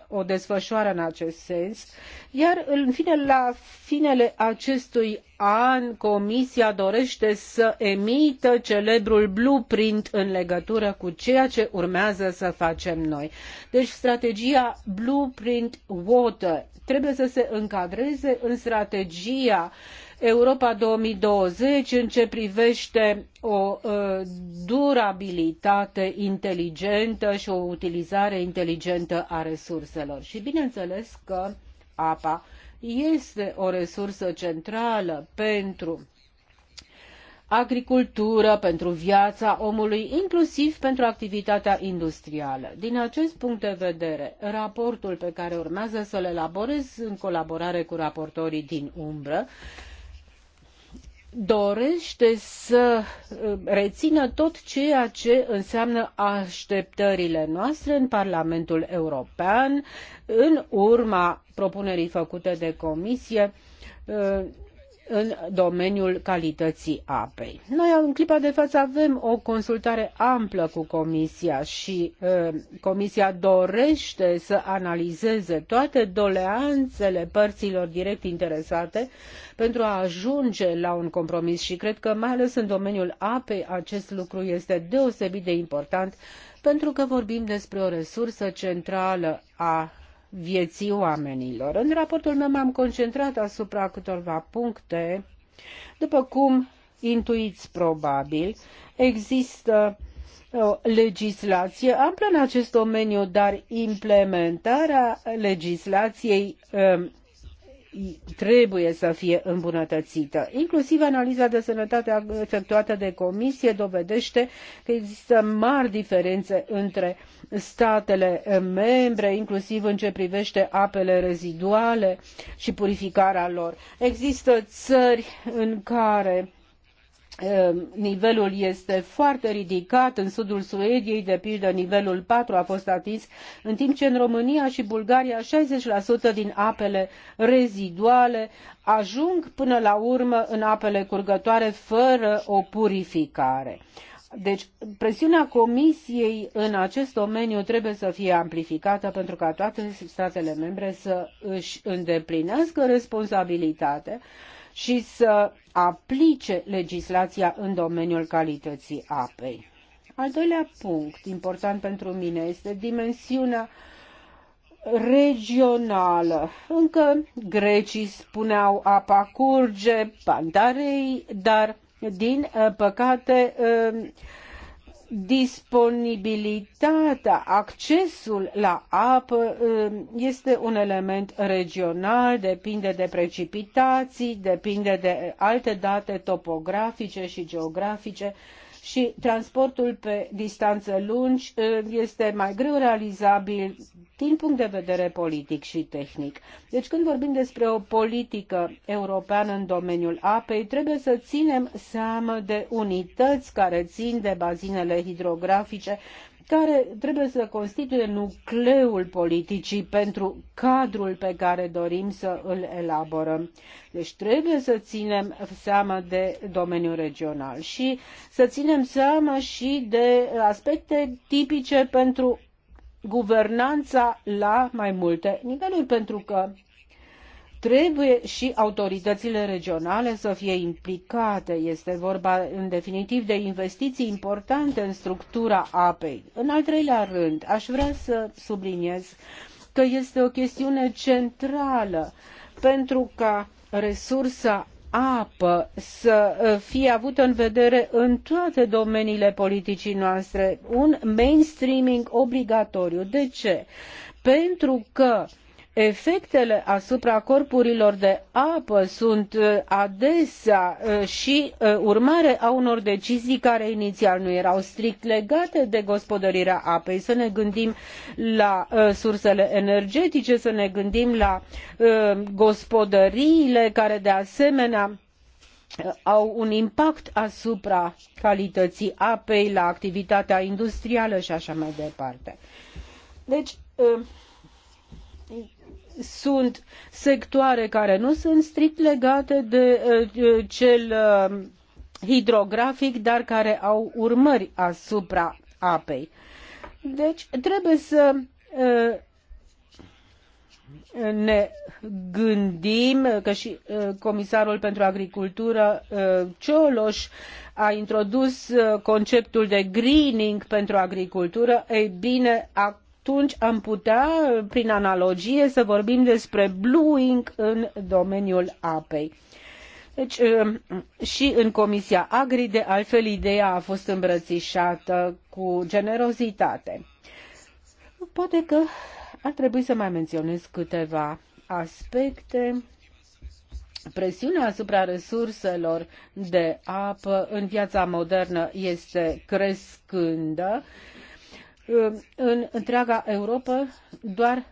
o desfășoară în acest sens, iar în fine, la finele acestui an Comisia dorește să emită celebrul blueprint în legătură cu ceea ce urmează să facem noi. Deci strategia Blueprint Water trebuie să se încadreze în strategia uh, Europa 2020 în ce privește o uh, durabilitate inteligentă și o utilizare inteligentă a resurselor. Și bineînțeles că apa este o resursă centrală pentru agricultură, pentru viața omului, inclusiv pentru activitatea industrială. Din acest punct de vedere, raportul pe care urmează să-l elaborez în colaborare cu raportorii din umbră dorește să uh, rețină tot ceea ce înseamnă așteptările noastre în Parlamentul European în urma propunerii făcute de Comisie uh, în domeniul calității apei. Noi în clipa de față avem o consultare amplă cu Comisia și uh, Comisia dorește să analizeze toate doleanțele părților direct interesate pentru a ajunge la un compromis și cred că mai ales în domeniul apei acest lucru este deosebit de important pentru că vorbim despre o resursă centrală a vieții oamenilor. În raportul meu m-am concentrat asupra câtorva puncte. După cum intuiți probabil, există o legislație amplă în acest domeniu, dar implementarea legislației um, trebuie să fie îmbunătățită. Inclusiv analiza de sănătate efectuată de comisie dovedește că există mari diferențe între statele membre, inclusiv în ce privește apele reziduale și purificarea lor. Există țări în care Ehm, nivelul este foarte ridicat. În sudul Suediei, de pildă, nivelul 4 a fost atins, în timp ce în România și Bulgaria 60% din apele reziduale ajung până la urmă în apele curgătoare fără o purificare. Deci, presiunea Comisiei în acest domeniu trebuie să fie amplificată pentru ca toate statele membre să își îndeplinească responsabilitatea și să aplice legislația în domeniul calității apei. Al doilea punct important pentru mine este dimensiunea regională. Încă grecii spuneau apa curge, pantarei, dar din păcate disponibilitatea, accesul la apă um, este un element regional, depinde de precipitații, depinde de alte date topografice și geografice și transportul pe distanțe lungi este mai greu realizabil din punct de vedere politic și tehnic. Deci când vorbim despre o politică europeană în domeniul apei, trebuie să ținem seama de unități care țin de bazinele hidrografice care trebuie să constituie nucleul politicii pentru cadrul pe care dorim să îl elaborăm. Deci trebuie să ținem seama de domeniul regional și să ținem seama și de aspecte tipice pentru guvernanța la mai multe niveluri, pentru că trebuie și autoritățile regionale să fie implicate. Este vorba, în definitiv, de investiții importante în structura apei. În al treilea rând, aș vrea să subliniez că este o chestiune centrală pentru ca resursa apă să fie avută în vedere în toate domeniile politicii noastre, un mainstreaming obligatoriu. De ce? Pentru că uh, efectele asupra corpurilor de apă sunt uh, adesea uh, și uh, urmare a unor decizii care inițial nu erau strict legate de gospodărirea apei. Să ne gândim la sursele energetice, să ne gândim la gospodăriile care de asemenea au un impact asupra calității apei, la activitatea industrială și așa mai departe. Deci, sunt sectoare care nu sunt strict legate de eh, eh, cel eh, hidrografic, dar care au urmări asupra apei. Deci trebuie să ne gândim că și comisarul pentru agricultură Cioloș a introdus conceptul de greening pentru agricultură, ei bine, acum atunci am putea, prin analogie, să vorbim despre bluing în domeniul apei. Deci, um, și în Comisia Agri, de altfel, ideea a fost îmbrățișată cu generozitate. Poate că ar trebui să mai menționez câteva aspecte. Presiunea asupra resurselor de apă în viața modernă este crescândă Uh, în întreaga Europa doar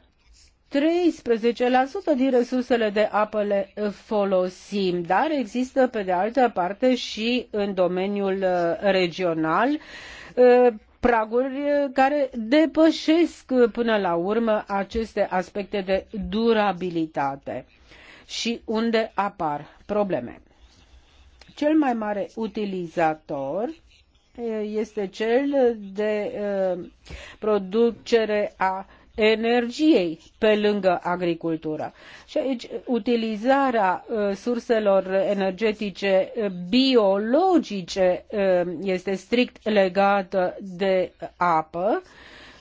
13% din resursele de apă le uh, folosim, dar există pe de altă parte și în domeniul uh, regional praguri care depășesc până la urmă aceste aspecte de durabilitate și unde apar probleme. Cel mai mare utilizator este cel de uh, producere a energiei pe lângă agricultură. Și aici utilizarea uh, surselor energetice uh, biologice este strict legată de apă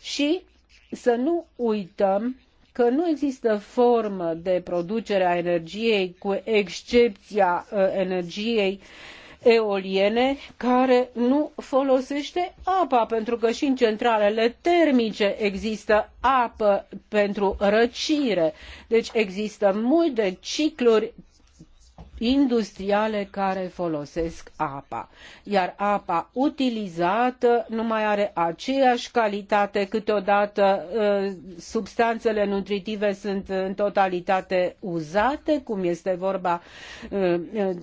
și să nu uităm că nu există formă de producere a energiei cu excepția energiei uh, eoliene care nu folosește apa, pentru că și în centralele termice există apă pentru răcire. Deci există multe cicluri industriale care folosesc apa. Iar apa utilizată nu mai are aceeași calitate, câteodată ă, substanțele nutritive sunt în totalitate uzate, cum este vorba ă, ă,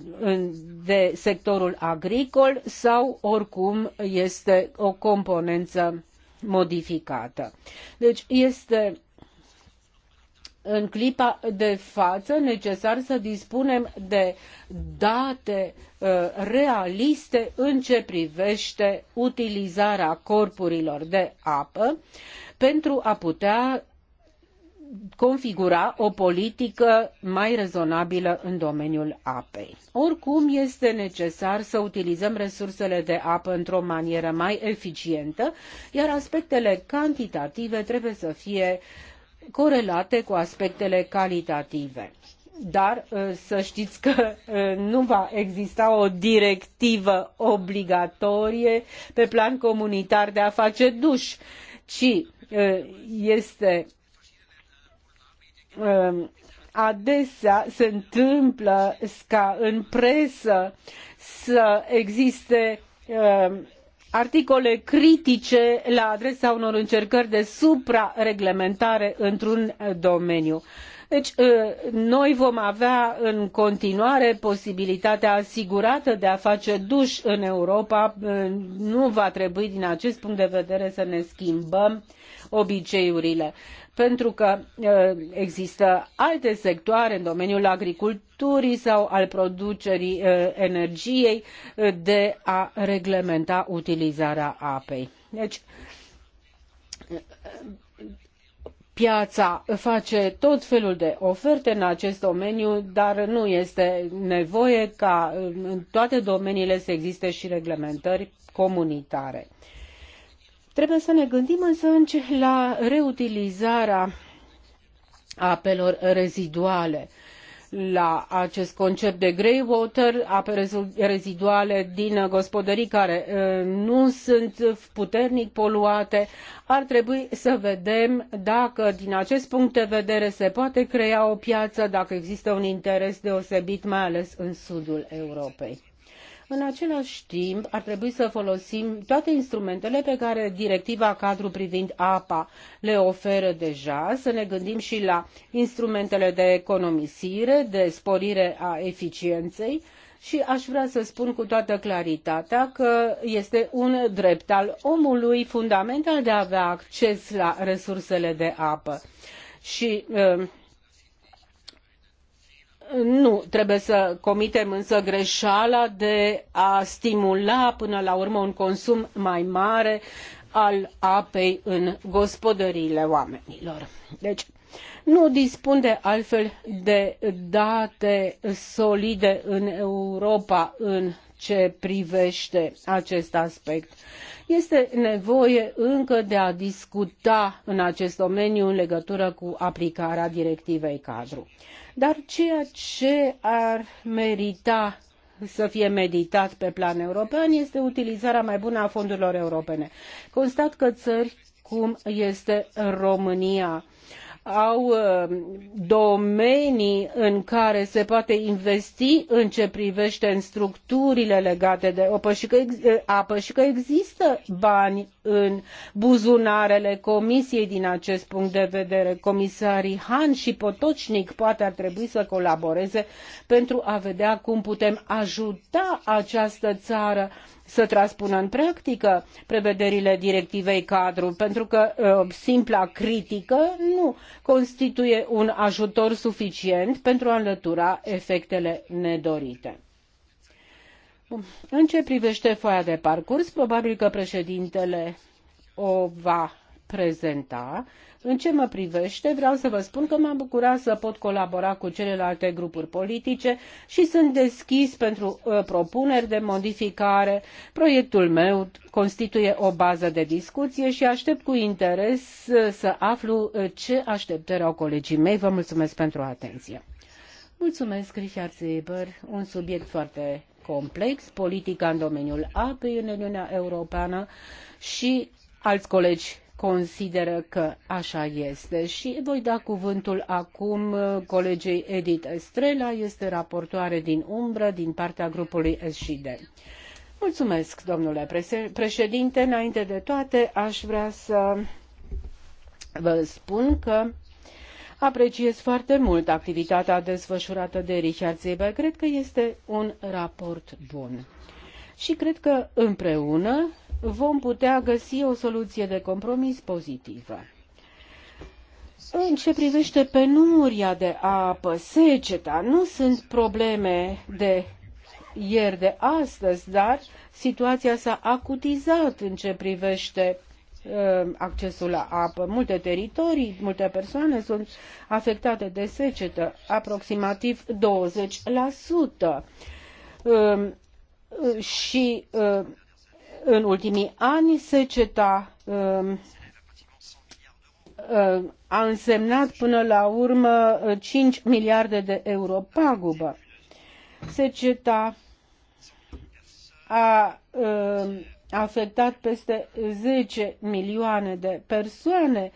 de sectorul agricol sau oricum este o componență modificată. Deci este în clipa de față necesar să dispunem de date uh, realiste în ce privește utilizarea corpurilor de apă pentru a putea configura o politică mai rezonabilă în domeniul apei. Oricum, este necesar să utilizăm resursele de apă într-o manieră mai eficientă, iar aspectele cantitative trebuie să fie uh, corelate cu aspectele calitative. Dar uh, să știți că uh, nu va exista o directivă obligatorie pe plan comunitar de a face duș, ci uh, este um, adesea se întâmplă ca în presă să existe um, articole critice la adresa unor încercări de suprareglementare într un eh, domeniu. Deci, eh, noi vom avea în continuare posibilitatea asigurată de a face duș în Europa. Eh, nu va trebui din acest punct de vedere să ne schimbăm uh, obiceiurile, pentru că există alte sectoare în domeniul agriculturii sau al producerii energiei de a reglementa utilizarea apei. Deci, piața face tot felul de oferte în acest domeniu, dar nu este nevoie ca în toate domeniile să existe și reglementări comunitare. Trebuie să ne gândim însă la reutilizarea apelor reziduale la acest concept de grey water, ape reziduale din gospodării care uh, nu sunt puternic poluate. Ar trebui să vedem dacă din acest punct de vedere se poate crea o piață, dacă există un interes deosebit, mai ales în sudul Europei. În același timp, ar trebui să folosim toate instrumentele pe care directiva cadru privind apa le oferă deja, să ne gândim și la instrumentele de economisire, de sporire a eficienței, și aș vrea să spun cu toată claritatea că este un drept al omului fundamental de a avea acces la resursele de apă. Și uh, nu trebuie să comitem însă greșeala de a stimula până la urmă un consum mai mare al apei în gospodăriile oamenilor. Deci, nu dispun de altfel de date solide în Europa în ce privește acest aspect. Este nevoie încă de a discuta în acest domeniu în legătură cu aplicarea directivei cadru. Dar ceea ce ar merita să fie meditat pe plan european este utilizarea mai bună a fondurilor europene. Constat că țări cum este România au uh, domenii în care se poate investi în ce privește în structurile legate de apă și că, uh, apă și că există bani în buzunarele comisiei din acest punct de vedere. Comisarii Han și Potocnic poate ar trebui să colaboreze pentru a vedea cum putem ajuta această țară să transpună în practică prevederile directivei cadru, pentru că uh, simpla critică nu constituie un ajutor suficient pentru a înlătura efectele nedorite. În ce privește foaia de parcurs, probabil că președintele o va prezenta în ce mă privește, vreau să vă spun că m-am bucurat să pot colabora cu celelalte grupuri politice și sunt deschis pentru uh, propuneri de modificare. Proiectul meu constituie o bază de discuție și aștept cu interes uh, să aflu uh, ce așteptări au colegii mei. Vă mulțumesc pentru atenție. Mulțumesc, Richard Zeber. Un subiect foarte complex, politica în domeniul apei în Uniunea Europeană și alți colegi consideră că așa este. Și voi da cuvântul acum uh, colegei Edith Estrela, este raportoare din umbră din partea grupului SJD. Mulțumesc, domnule președinte. Înainte de toate, aș vrea să vă spun că apreciez foarte mult activitatea desfășurată de Richard Zeber. Cred că este un raport bun. Și cred că împreună vom putea găsi o soluție de compromis pozitivă. În ce privește penuria de apă, seceta, nu sunt probleme de ieri de astăzi, dar situația s-a acutizat în ce privește uh, accesul la apă. Multe teritorii, multe persoane sunt afectate de secetă, aproximativ 20%. Uh, um, și uh, în ultimii ani seceta um, um, a însemnat până la urmă 5 uh, miliarde de euro pagubă. Seceta a um, afectat peste 10 milioane de persoane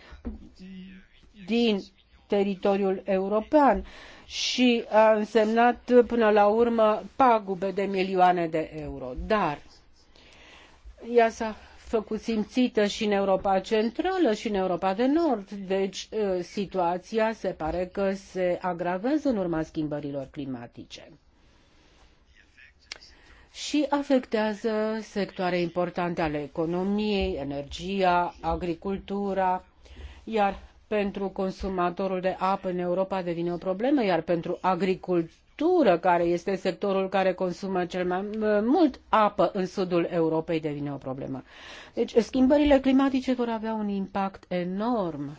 din teritoriul european și a însemnat până la urmă pagube de milioane de euro. Dar ea s-a făcut simțită și în Europa Centrală și în Europa de Nord, deci ă, situația se pare că se agravează în urma schimbărilor climatice și afectează sectoare importante ale economiei, energia, agricultura, iar pentru consumatorul de apă în Europa devine o problemă, iar pentru agricultură agricultură, care este sectorul care consumă cel mai uh, mult apă în sudul Europei, devine o problemă. Deci schimbările climatice vor avea un impact enorm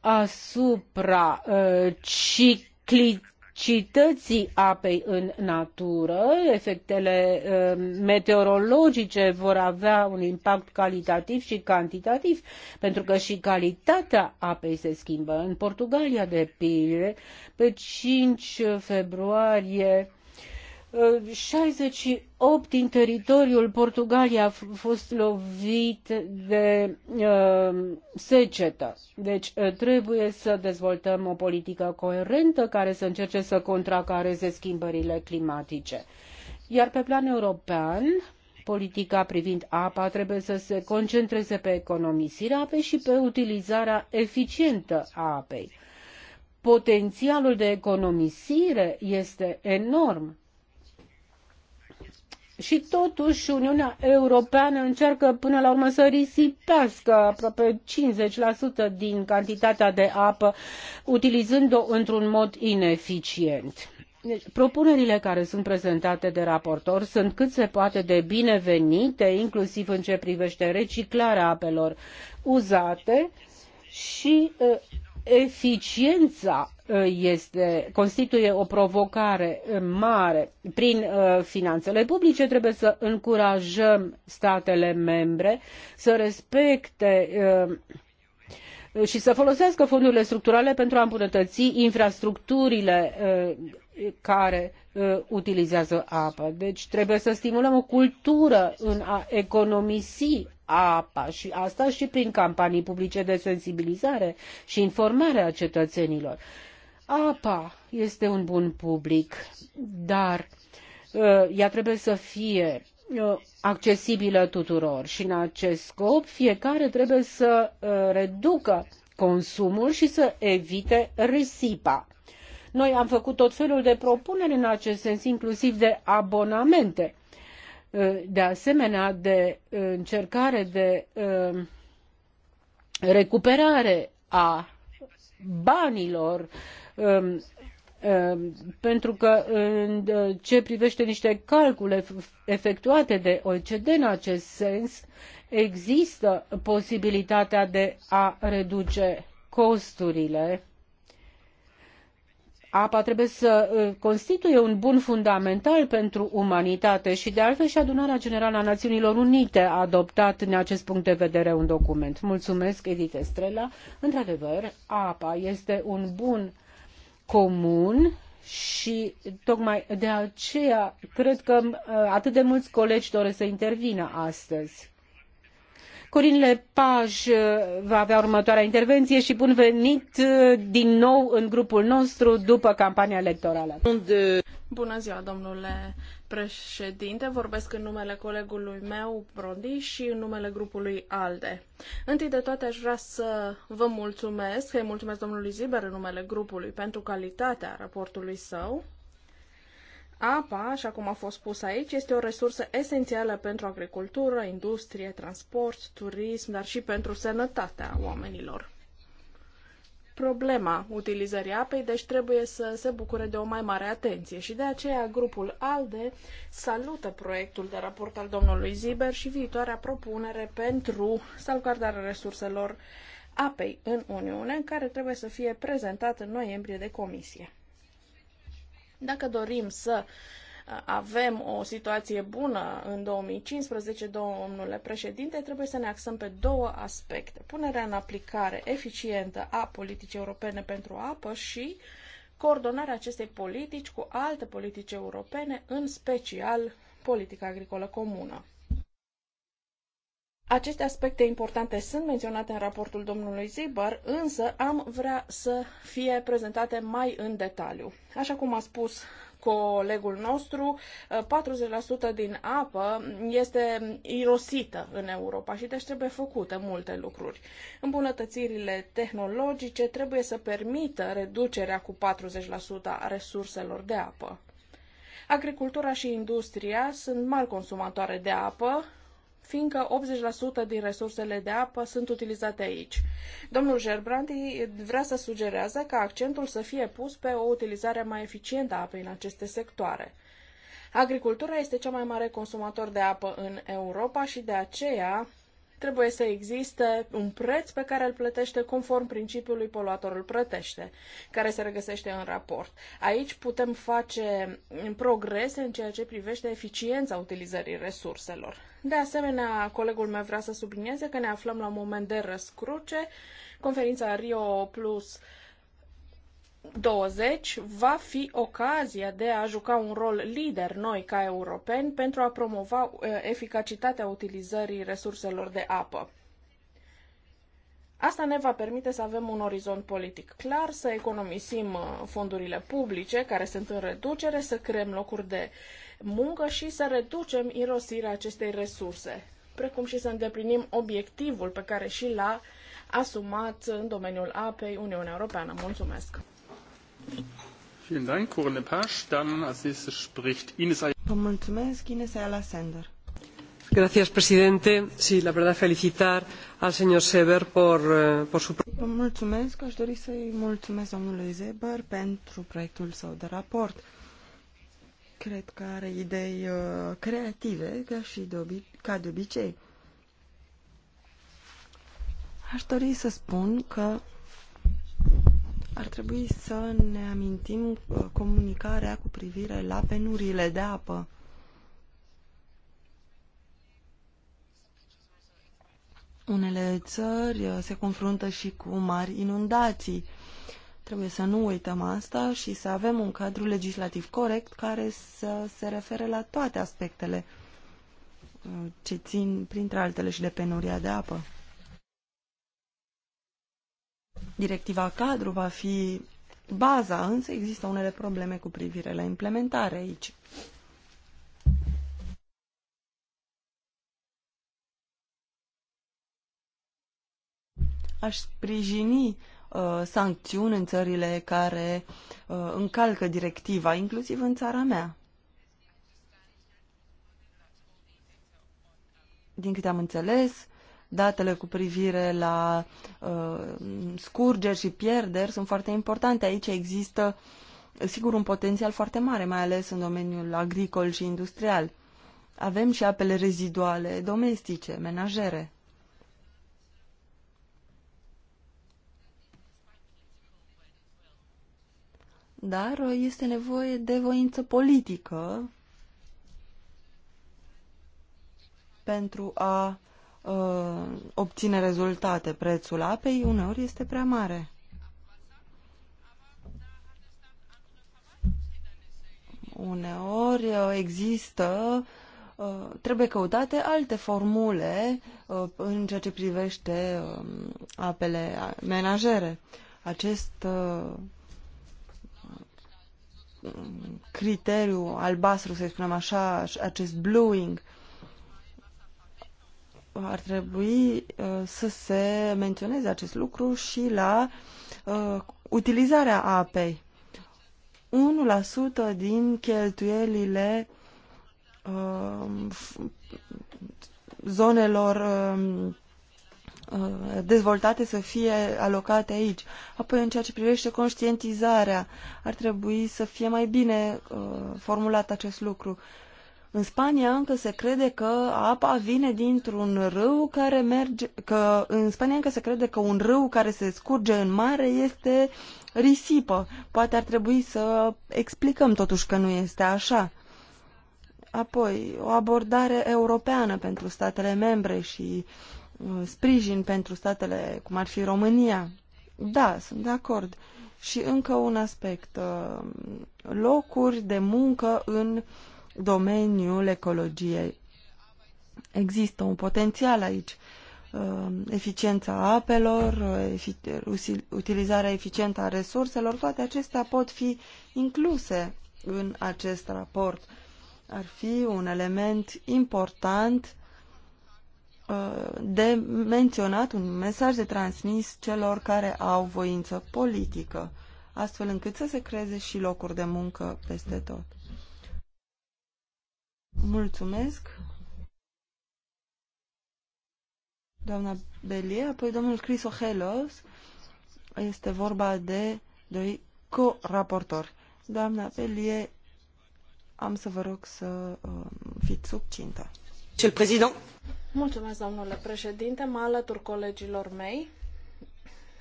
asupra uh, ciclii toxicității apei în natură, efectele um, meteorologice vor avea un impact calitativ și cantitativ, pentru că și calitatea apei se schimbă. În Portugalia, de pildă, pe 5 februarie 68 din teritoriul Portugaliei a fost lovit de uh, secetă. Deci uh, trebuie să dezvoltăm o politică coerentă care să încerce să contracareze schimbările climatice. Iar pe plan european, politica privind apa trebuie să se concentreze pe economisirea apei și pe utilizarea eficientă a apei. Potențialul de economisire este enorm și totuși Uniunea Europeană încearcă până la urmă să risipească aproape 50% din cantitatea de apă, utilizând-o într-un mod ineficient. Deci, propunerile care sunt prezentate de raportor sunt cât se poate de binevenite, inclusiv în ce privește reciclarea apelor uzate și uh, eficiența Uh, este, constituie o provocare mare. Prin uh, finanțele publice trebuie să încurajăm statele membre să respecte uh, și să folosească fondurile structurale pentru a îmbunătăți infrastructurile care utilizează apă. Deci trebuie să stimulăm o cultură în a economisi apa și asta și prin campanii publice de sensibilizare și informare a cetățenilor. Apa este un bun public, dar uh, ea trebuie să fie uh, accesibilă tuturor și în acest scop fiecare trebuie să uh, reducă consumul și să evite risipa. Noi am făcut tot felul de propuneri în acest sens, inclusiv de abonamente, de asemenea de încercare de recuperare a banilor Um, um, pentru că în uh, ce privește niște calcule efectuate de OECD în acest sens, există posibilitatea de a reduce costurile. Apa trebuie să uh, constituie un bun fundamental pentru umanitate și de altfel și adunarea generală a Națiunilor Unite a adoptat în acest punct de vedere un document. Mulțumesc, Edith Estrela. Într-adevăr, apa este un bun comun și tocmai de aceea cred că uh, atât de mulți colegi doresc să intervină astăzi. Corin Lepaj uh, va avea următoarea intervenție și bun venit uh, din nou în grupul nostru după campania electorală. Bună ziua, domnule președinte, vorbesc în numele colegului meu, Brody, și în numele grupului ALDE. Întâi de toate aș vrea să vă mulțumesc, să-i mulțumesc domnului Ziber în numele grupului pentru calitatea raportului său. Apa, așa cum a fost spus aici, este o resursă esențială pentru agricultură, industrie, transport, turism, dar și pentru sănătatea oamenilor problema utilizării apei, deci trebuie să se bucure de o mai mare atenție. Și de aceea grupul ALDE salută proiectul de raport al domnului Ziber și viitoarea propunere pentru salvgardarea resurselor apei în Uniune, care trebuie să fie prezentat în noiembrie de comisie. Dacă dorim să avem o situație bună în 2015, domnule președinte, trebuie să ne axăm pe două aspecte. Punerea în aplicare eficientă a politicii europene pentru apă și coordonarea acestei politici cu alte politici europene, în special politica agricolă comună. Aceste aspecte importante sunt menționate în raportul domnului Zibar, însă am vrea să fie prezentate mai în detaliu. Așa cum a spus colegul nostru, 40% uh, din apă este irosită în Europa și deci trebuie făcute multe lucruri. Îmbunătățirile tehnologice trebuie să permită reducerea cu 40% a resurselor de apă. Agricultura și industria sunt mari consumatoare de apă, fiindcă 80% din resursele de apă sunt utilizate aici. Domnul Gerbrandi vrea să sugerează ca accentul să fie pus pe o utilizare mai eficientă a apei în aceste sectoare. Agricultura este cea mai mare consumator de apă în Europa și de aceea trebuie să existe un preț pe care îl plătește conform principiului poluatorul plătește, care se regăsește în raport. Aici putem face progrese în ceea ce privește eficiența utilizării resurselor. De asemenea, colegul meu vrea să sublinieze că ne aflăm la un moment de răscruce. Conferința Rio Plus 20 va fi ocazia de a juca un rol lider noi ca europeni pentru a promova uh, eficacitatea utilizării resurselor de apă. Asta ne va permite să avem un orizont politic clar, să economisim uh, fondurile publice care sunt în reducere, să creăm locuri de muncă și să reducem irosirea acestei resurse, precum și să îndeplinim obiectivul pe care și l-a asumat în domeniul apei Uniunea Europeană. Mulțumesc! Vielen Dank, Corinne Pasch. Dann als nächstes spricht Ines mulțumesc, Gracias, presidente. Sí, la verdad, felicitar al señor Seber por, eh, por su... Vă mulțumesc. Aș dori să-i mulțumesc domnului Seber pentru proiectul său de raport. Cred că are idei uh, creative, ca și de obi- ca de obicei. Aș dori să spun că ar trebui să ne amintim uh, comunicarea cu privire la penurile de apă. Unele țări uh, se confruntă și cu mari inundații. Trebuie să nu uităm asta și să avem un cadru legislativ corect care să se refere la toate aspectele uh, ce țin, printre altele, și de penuria de apă directiva cadru va fi baza, însă există unele probleme cu privire la implementare aici. Aș sprijini uh, sancțiuni în țările care uh, încalcă directiva, inclusiv în țara mea. Din câte am înțeles, datele cu privire la uh, scurgeri și pierderi sunt foarte importante. Aici există, sigur, un potențial foarte mare, mai ales în domeniul agricol și industrial. Avem și apele reziduale domestice, menajere. Dar este nevoie de voință politică pentru a Uh, obține rezultate. Prețul apei uneori este prea mare. Uneori uh, există, uh, trebuie căutate alte formule în ceea ce privește um, apele menajere. Acest criteriu albastru, să spunem așa, acest bluing, uh, ar trebui uh, să se menționeze acest lucru și la uh, utilizarea apei. 1% din cheltuielile uh, zonelor dezvoltate să fie alocate aici. Apoi, în ceea ce privește conștientizarea, ar trebui să fie mai bine formulat acest lucru. În Spania încă se crede că apa vine dintr-un râu care merge, că în Spania încă se crede că un râu care se scurge în mare este risipă. Poate ar trebui să explicăm totuși că nu este așa. Apoi, o abordare europeană pentru statele membre și uh, sprijin pentru statele cum ar fi România. Da, sunt de acord. Și încă un aspect, uh, locuri de muncă în uh, domeniul ecologiei. Există un potențial aici. Uh, eficiența apelor, uh, utilizarea eficientă a resurselor, toate acestea pot fi incluse în acest raport. Ar fi un element important uh, de menționat, un mesaj de transmis celor care au voință politică, astfel încât să se creeze și locuri de muncă peste tot. Mulțumesc. Doamna Belie, apoi domnul Crisohelos. Este vorba de doi co-raportori. Doamna Belie, am să vă rog să uh, fiți succintă. Mulțumesc, domnule președinte. Mă alătur colegilor mei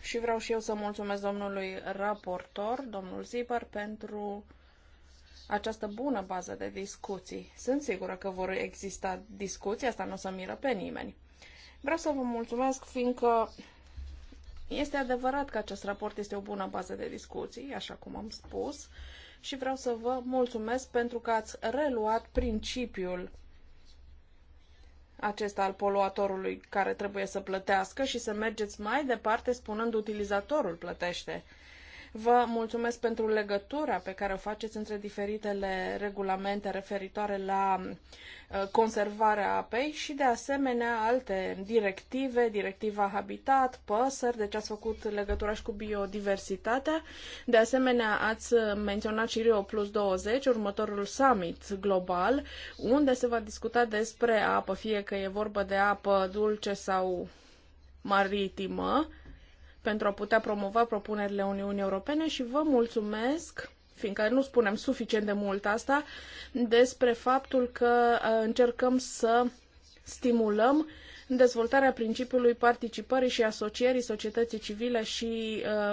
și vreau și eu să mulțumesc domnului raportor, domnul Zibar, pentru uh, această bună bază de discuții. Sunt sigură că vor exista discuții, asta nu o să miră pe nimeni. Vreau să vă mulțumesc, fiindcă este adevărat că acest raport este o bună bază de discuții, așa cum am spus, și vreau să vă mulțumesc pentru că ați reluat principiul acesta al poluatorului care trebuie să plătească și să mergeți mai departe spunând utilizatorul plătește. Vă mulțumesc pentru legătura pe care o faceți între diferitele regulamente referitoare la uh, conservarea apei și de asemenea alte directive, directiva Habitat, păsări, deci ați făcut legătura și cu biodiversitatea. De asemenea, ați menționat și Rio Plus 20, următorul summit global, unde se va discuta despre apă, fie că e vorba de apă dulce sau maritimă pentru a putea promova propunerile Uniunii Europene și vă mulțumesc fiindcă nu spunem suficient de mult asta, despre faptul că uh, încercăm să stimulăm dezvoltarea principiului participării și asocierii societății civile și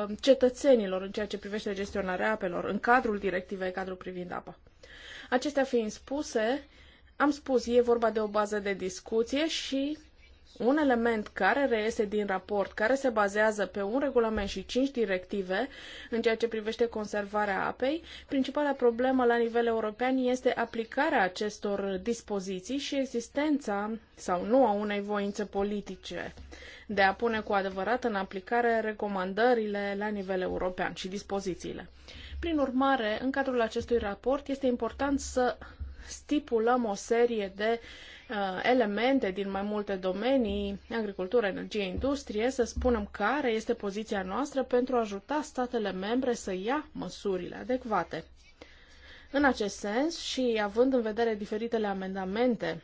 uh, cetățenilor în ceea ce privește gestionarea apelor în cadrul directivei cadru privind apa. Acestea fiind spuse, am spus, e vorba de o bază de discuție și un element care reiese din raport, care se bazează pe un regulament și cinci directive în ceea ce privește conservarea apei, principala problemă la nivel european este aplicarea acestor dispoziții și existența sau nu a unei voințe politice de a pune cu adevărat în aplicare recomandările la nivel european și dispozițiile. Prin urmare, în cadrul acestui raport este important să stipulăm o serie de uh, elemente din mai multe domenii, agricultură, energie, industrie, să spunem care este poziția noastră pentru a ajuta statele membre să ia măsurile adecvate. În acest sens și având în vedere diferitele amendamente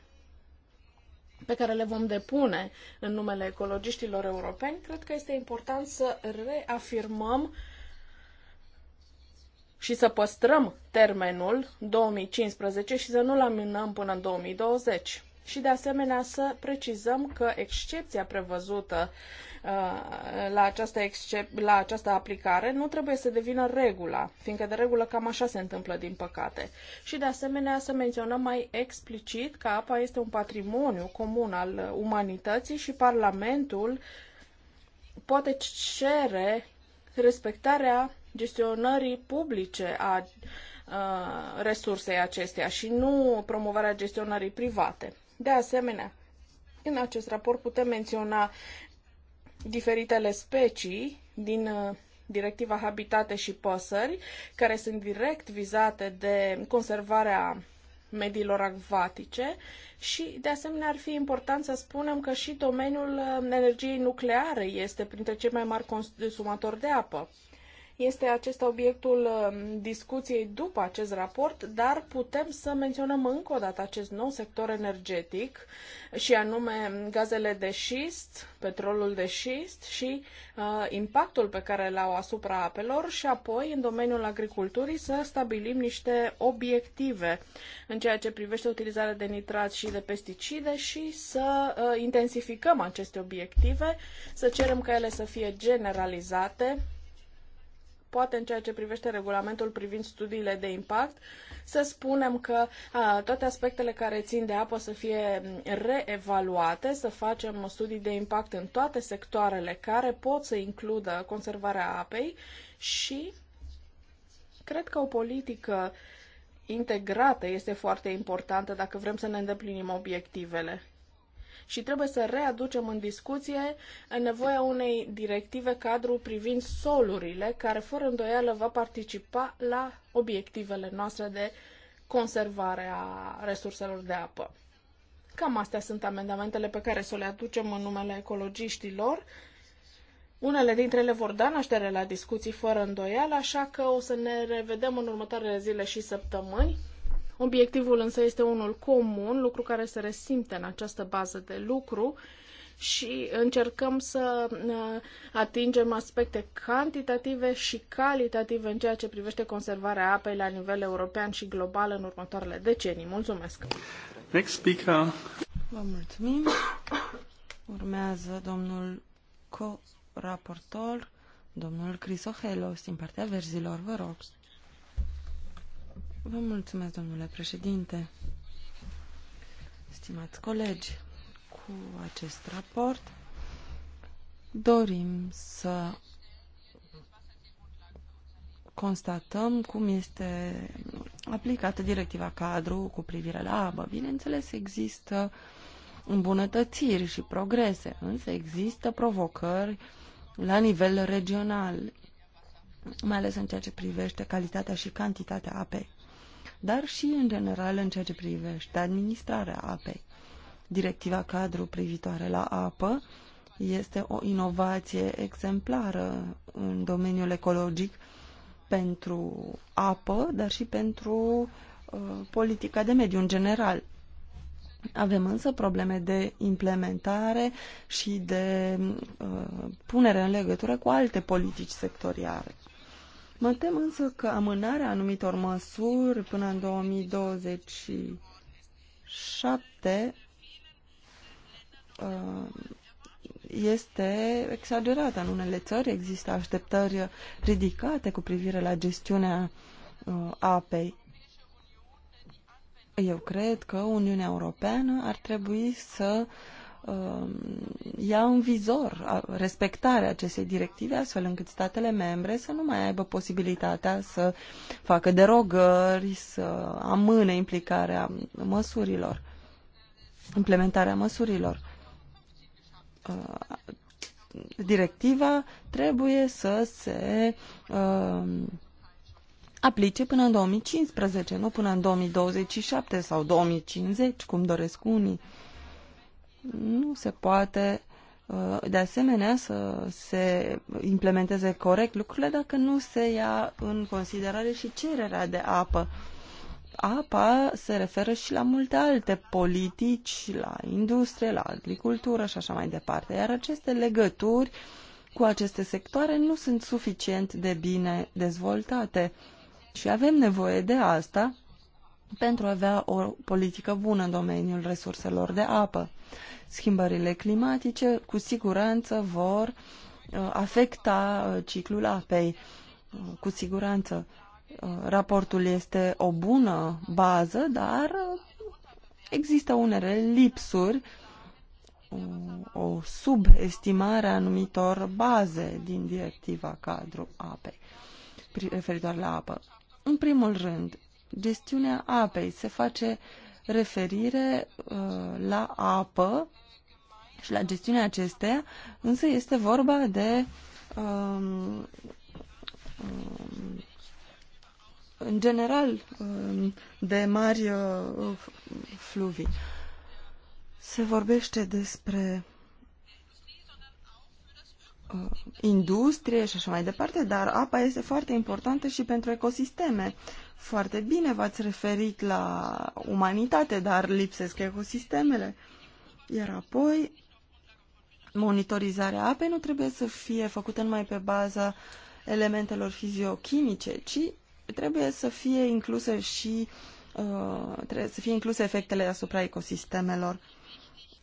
pe care le vom depune în numele ecologiștilor europeni, cred că este important să reafirmăm uh, și să păstrăm termenul 2015 și să nu-l amânăm până în 2020. Și de asemenea să precizăm că excepția prevăzută uh, la această, excep- la această aplicare nu trebuie să devină regula, fiindcă de regulă cam așa se întâmplă din păcate. Și de asemenea să menționăm mai explicit că apa este un patrimoniu comun al umanității și Parlamentul poate cere respectarea gestionării publice a resursei acesteia și nu promovarea gestionării private. De asemenea, în acest raport putem menționa diferitele specii din directiva Habitate și Păsări, care sunt direct vizate de conservarea mediilor acvatice și, de asemenea, ar fi important să spunem că și domeniul energiei nucleare este printre cei mai mari consumatori de apă. Este acesta obiectul um, discuției după acest raport, dar putem să menționăm încă o dată acest nou sector energetic și anume gazele de șist, petrolul de șist și uh, impactul pe care l-au asupra apelor și apoi în domeniul agriculturii să stabilim niște obiective în ceea ce privește utilizarea de nitrat și de pesticide și să uh, intensificăm aceste obiective, să cerem ca ele să fie generalizate poate în ceea ce privește regulamentul privind studiile de impact, să spunem că a, toate aspectele care țin de apă să fie reevaluate, să facem studii de impact în toate sectoarele care pot să includă conservarea apei și cred că o politică integrată este foarte importantă dacă vrem să ne îndeplinim obiectivele și trebuie să readucem în discuție nevoia unei directive cadru privind solurile, care fără îndoială va participa la obiectivele noastre de conservare a resurselor de apă. Cam astea sunt amendamentele pe care să le aducem în numele ecologiștilor. Unele dintre ele vor da naștere la discuții fără îndoială, așa că o să ne revedem în următoarele zile și săptămâni. Obiectivul însă este unul comun, lucru care se resimte în această bază de lucru și încercăm să uh, atingem aspecte cantitative și calitative în ceea ce privește conservarea apei la nivel european și global în următoarele decenii. Mulțumesc! Next speaker. Vă mulțumim! Urmează domnul co-raportor, domnul Crisohelos, din partea verzilor, vă rog. Vă mulțumesc, domnule președinte. Stimați colegi, cu acest raport dorim să constatăm cum este aplicată directiva cadru cu privire la apă. Bineînțeles, există îmbunătățiri și progrese, însă există provocări la nivel regional, mai ales în ceea ce privește calitatea și cantitatea apei dar și în general în ceea ce privește administrarea apei. Directiva cadru privitoare la apă este o inovație exemplară în domeniul ecologic pentru apă, dar și pentru uh, politica de mediu în general. Avem însă probleme de implementare și de uh, punere în legătură cu alte politici sectoriale. Mă tem însă că amânarea anumitor măsuri până în 2027 uh, este exagerată. În unele țări există așteptări ridicate cu privire la gestiunea uh, apei. Eu cred că Uniunea Europeană ar trebui să uh, Um, ia în vizor respectarea acestei directive, astfel încât statele membre să nu mai aibă posibilitatea să facă derogări, să amâne implicarea măsurilor, implementarea măsurilor. Uh, directiva trebuie să se um, aplice până în 2015, nu până în 2027 sau 2050, cum doresc unii. Uh, nu se poate uh, de asemenea să se implementeze corect lucrurile dacă nu se ia în considerare și cererea de apă. Apa se referă și la multe alte politici, la industrie, la agricultură și așa mai departe, iar aceste legături cu aceste sectoare nu sunt suficient de bine dezvoltate și avem nevoie de asta pentru a avea o politică bună în domeniul resurselor de apă. Schimbările climatice cu siguranță vor uh, afecta uh, ciclul apei. Uh, cu siguranță raportul este o bună bază, dar există unele lipsuri, o subestimare a anumitor baze din directiva cadru apei, referitoare la apă. În primul rând, gestiunea apei se face referire uh, la apă și la gestiunea acesteia, însă este vorba de um, um în general um, de mari uh, fluvii. Se vorbește despre Uh, industrie și așa mai departe, dar apa este foarte importantă și pentru ecosisteme. Foarte bine v-ați referit la umanitate, dar lipsesc ecosistemele. Iar apoi, monitorizarea apei nu trebuie să fie făcută numai pe baza elementelor fiziochimice, ci trebuie să fie incluse și uh, trebuie să fie incluse efectele asupra ecosistemelor.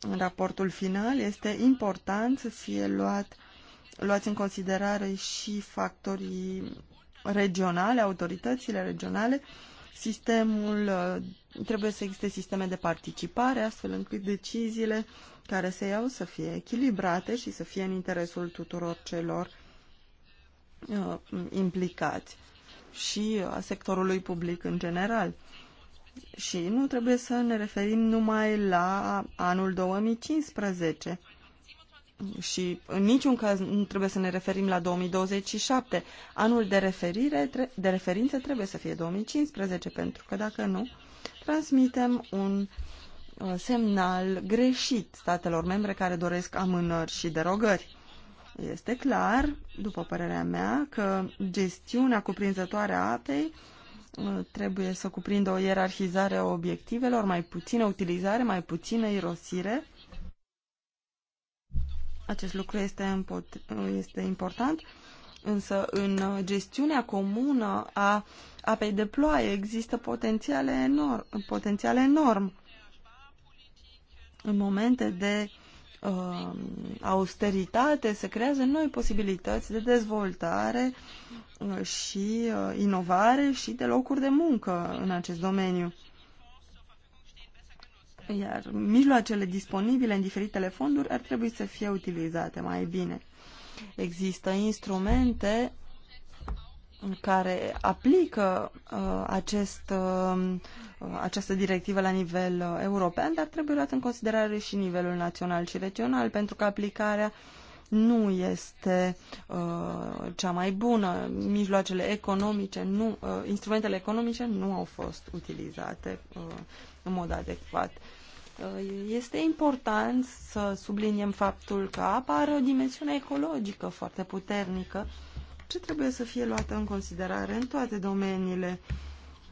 În raportul final este important să fie luat uh, luați în considerare și factorii regionale, autoritățile regionale. Sistemul, uh, trebuie să existe sisteme de participare, astfel încât deciziile care se iau să fie echilibrate și să fie în interesul tuturor celor uh, implicați și uh, a sectorului public în general. Și nu trebuie să ne referim numai la anul 2015 și în niciun caz nu trebuie să ne referim la 2027. Anul de, referire, de referință trebuie să fie 2015, pentru că dacă nu, transmitem un uh, semnal greșit statelor membre care doresc amânări și derogări. Este clar, după părerea mea, că gestiunea cuprinzătoare a apei uh, trebuie să cuprindă o ierarhizare a obiectivelor, mai puțină utilizare, mai puțină irosire, acest lucru este, este important, însă în gestiunea comună a apei de ploaie există potențiale enorm, potențial enorm. În momente de uh, austeritate se creează noi posibilități de dezvoltare uh, și uh, inovare și de locuri de muncă în acest domeniu iar mijloacele disponibile în diferitele fonduri ar trebui să fie utilizate mai bine. Există instrumente care aplică uh, acest, uh, această directivă la nivel uh, european, dar trebuie luat în considerare și nivelul național și regional, pentru că aplicarea uh, nu este uh, cea mai bună. Mijloacele economice, nu, uh, instrumentele economice nu au fost utilizate uh, în mod adecvat. Uh, este important să subliniem faptul că apare o dimensiune ecologică foarte puternică ce trebuie să fie luată în considerare în toate domeniile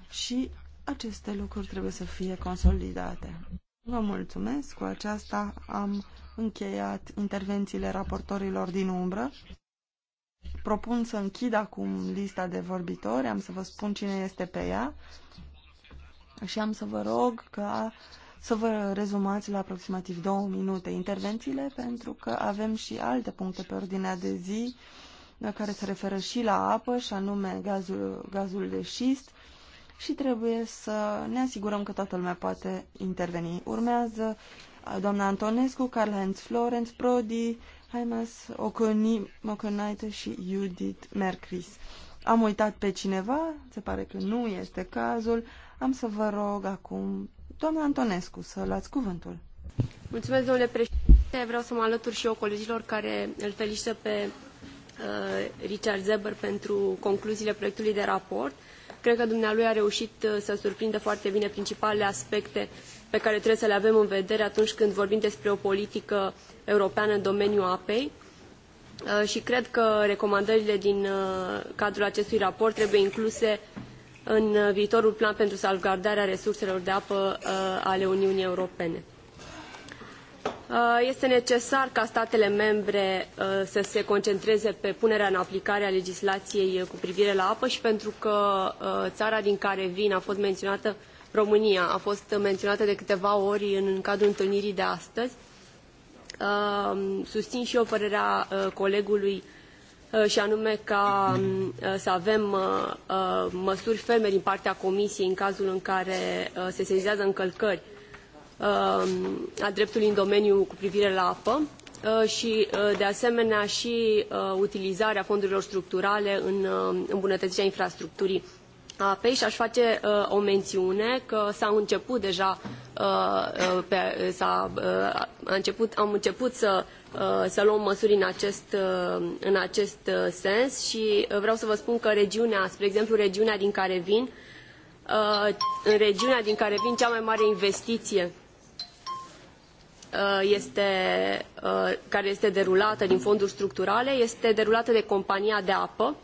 și aceste lucruri trebuie să fie consolidate. Vă mulțumesc, cu aceasta am încheiat intervențiile raportorilor din umbră. Propun să închid acum lista de vorbitori, am să vă spun cine este pe ea și am să vă rog ca să vă rezumați la aproximativ două minute intervențiile, pentru că avem și alte puncte pe ordinea de zi care se referă și la apă, și anume gazul, gazul de șist, și trebuie să ne asigurăm că toată lumea poate interveni. Urmează doamna Antonescu, Karl-Heinz Florenz, Prodi, Haimas, Oconi, Moconaite și Judith Mercris. Am uitat pe cineva? Se pare că nu este cazul. Am să vă rog acum, doamna Antonescu, să luați cuvântul. Mulțumesc, domnule președinte. Vreau să mă alătur și eu colegilor care îl felicită pe uh, Richard Zeber pentru concluziile proiectului de raport. Cred că dumnealui a reușit uh, să surprindă foarte bine principalele aspecte pe care trebuie să le avem în vedere atunci când vorbim despre o politică europeană în domeniul apei uh, și cred că recomandările din uh, cadrul acestui raport trebuie incluse în uh, viitorul plan pentru salvgardarea resurselor de apă ale Uniunii Europene. Este necesar ca statele membre să se concentreze pe punerea în aplicare a legislației cu privire la apă și pentru că țara din care vin a fost menționată România a fost menționată de câteva ori în cadrul întâlnirii de astăzi. Uh, susțin și eu părerea uh, colegului uh, și anume ca um, să avem măsuri ferme din partea Comisiei în cazul în care se sesizează încălcări a dreptului în domeniu cu privire la apă și de asemenea și utilizarea fondurilor structurale în îmbunătățirea infrastructurii apei și aș face uh, o mențiune că s a început deja uh, uh, pe, a început, am început să, să luăm măsuri în acest, în acest sens și vreau să vă spun că regiunea, spre exemplu regiunea din care vin, în regiunea din care vin cea mai mare investiție este, care este derulată din fonduri structurale este derulată de compania de apă,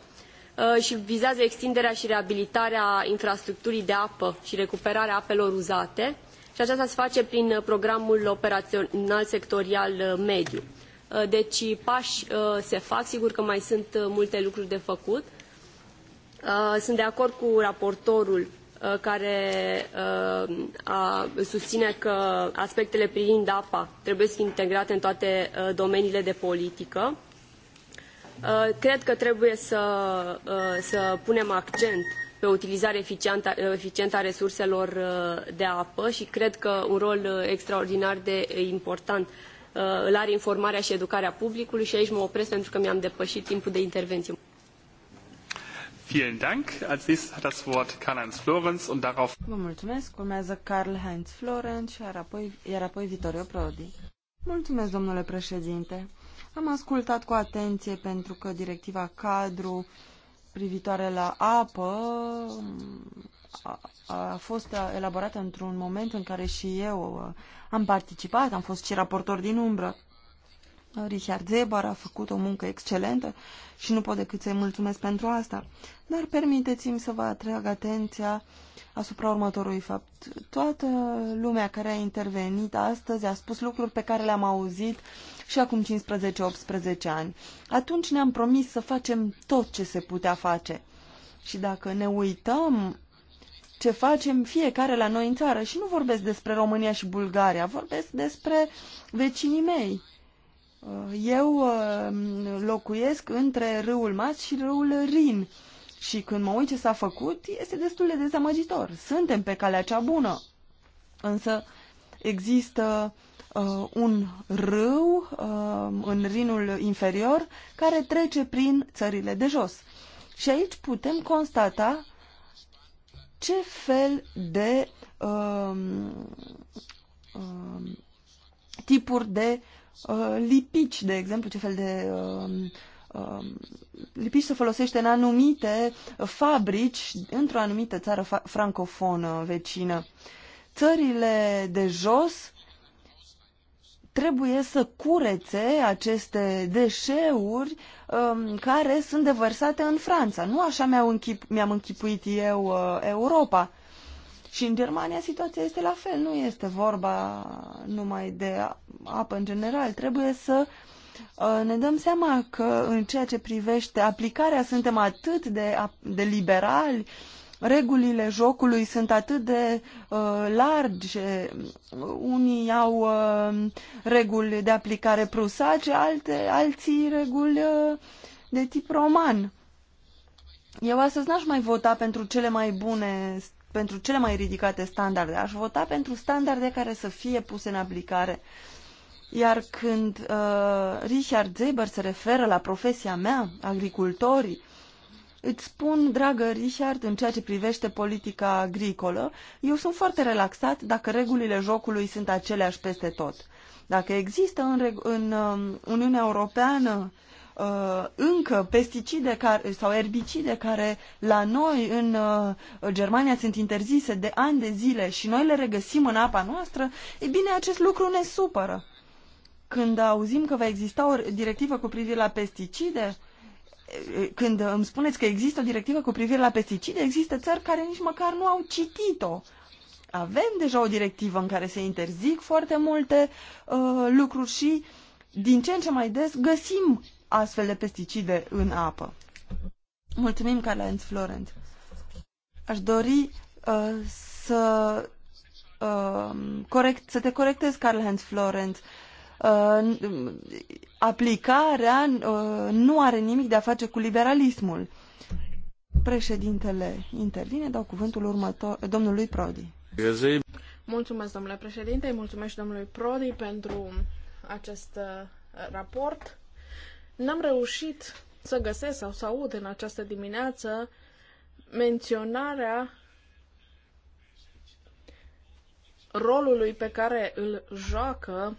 Uh, și vizează extinderea și reabilitarea infrastructurii de apă și recuperarea apelor uzate și aceasta se face prin uh, programul operațional sectorial uh, mediu. Deci pași se fac, sigur că mai sunt multe lucruri de făcut. Sunt de acord cu raportorul care a, susține că aspectele privind apa trebuie să integrate în toate domeniile de politică. Uh, cred că trebuie să, uh, să punem accent pe utilizarea eficientă, eficientă a resurselor uh, de apă și cred că un rol extraordinar de important îl are informarea și educarea publicului și aici mă opresc pentru că mi-am depășit timpul de intervenție. Vielen Dank. Als nächstes hat das Wort Karl-Heinz Florenz und darauf... Vă mulțumesc. Urmează Karl-Heinz Florenz, iar apoi, iar apoi Vittorio Prodi. Mulțumesc, domnule președinte. Am ascultat cu atenție pentru că directiva cadru privitoare la apă a, a fost elaborată într-un moment în care și eu uh, am participat, am fost și raportor din umbră. Richard Zebar a făcut o muncă excelentă și nu pot decât să-i mulțumesc pentru asta. Dar permiteți-mi să vă atrag atenția asupra următorului fapt. Toată lumea care a intervenit astăzi a spus lucruri pe care le-am auzit uh, și acum 15-18 ani. Atunci ne-am promis să facem tot ce se putea face. Și dacă ne uităm ce facem fiecare la noi în țară, și nu vorbesc despre România și Bulgaria, vorbesc despre vecinii mei. Uh, eu uh, locuiesc între râul Mas și râul Rin și când mă uit ce s-a făcut, este destul de dezamăgitor. Suntem pe calea cea bună, însă există uh, un râu uh, în rinul inferior care trece prin țările de jos. Și aici putem constata ce fel de uh, uh, tipuri de uh, lipici, de exemplu, ce fel de uh, uh, lipici se folosește în anumite fabrici într-o anumită țară francofonă vecină. Țările de jos trebuie să curețe aceste deșeuri um, care sunt devărsate în Franța. Nu așa mi-am închip, mi închipuit eu uh, Europa. Și în Germania situația este la fel, nu este vorba numai de apă în general. Trebuie să uh, ne dăm seama că în ceea ce privește aplicarea suntem atât de, de liberali uh, regulile jocului sunt atât de uh, largi, unii au uh, reguli de aplicare prusace, alte, alții reguli uh, de tip roman. Eu astăzi n-aș mai vota pentru cele mai bune, pentru cele mai ridicate standarde, aș vota pentru standarde care să fie puse în aplicare. Iar când uh, Richard Zeber se referă la profesia mea, agricultorii, Îți spun, dragă Richard, în ceea ce privește politica agricolă, eu sunt foarte relaxat dacă regulile jocului sunt aceleași peste tot. Dacă există în, în um, Uniunea Europeană uh, încă pesticide care, sau erbicide care la noi în uh, Germania sunt interzise de ani de zile și noi le regăsim în apa noastră, e bine, acest lucru ne supără. Când auzim că va exista o directivă cu privire la pesticide, când îmi spuneți că există o directivă cu privire la pesticide, există țări care nici măcar nu au citit-o. Avem deja o directivă în care se interzic foarte multe uh, lucruri și din ce în ce mai des găsim astfel de pesticide în apă. Mulțumim, Carlenț Florent. Aș dori uh, să, uh, corect, să te corectez, Carlenț Florent. Uh, Uh, aplicarea uh, nu are nimic de a face cu liberalismul. Președintele intervine, dau cuvântul următor, domnului Prodi. Mulțumesc, domnule președinte, mulțumesc și domnului Prodi pentru acest uh, raport. N-am reușit să găsesc sau să aud în această dimineață menționarea rolului pe care îl joacă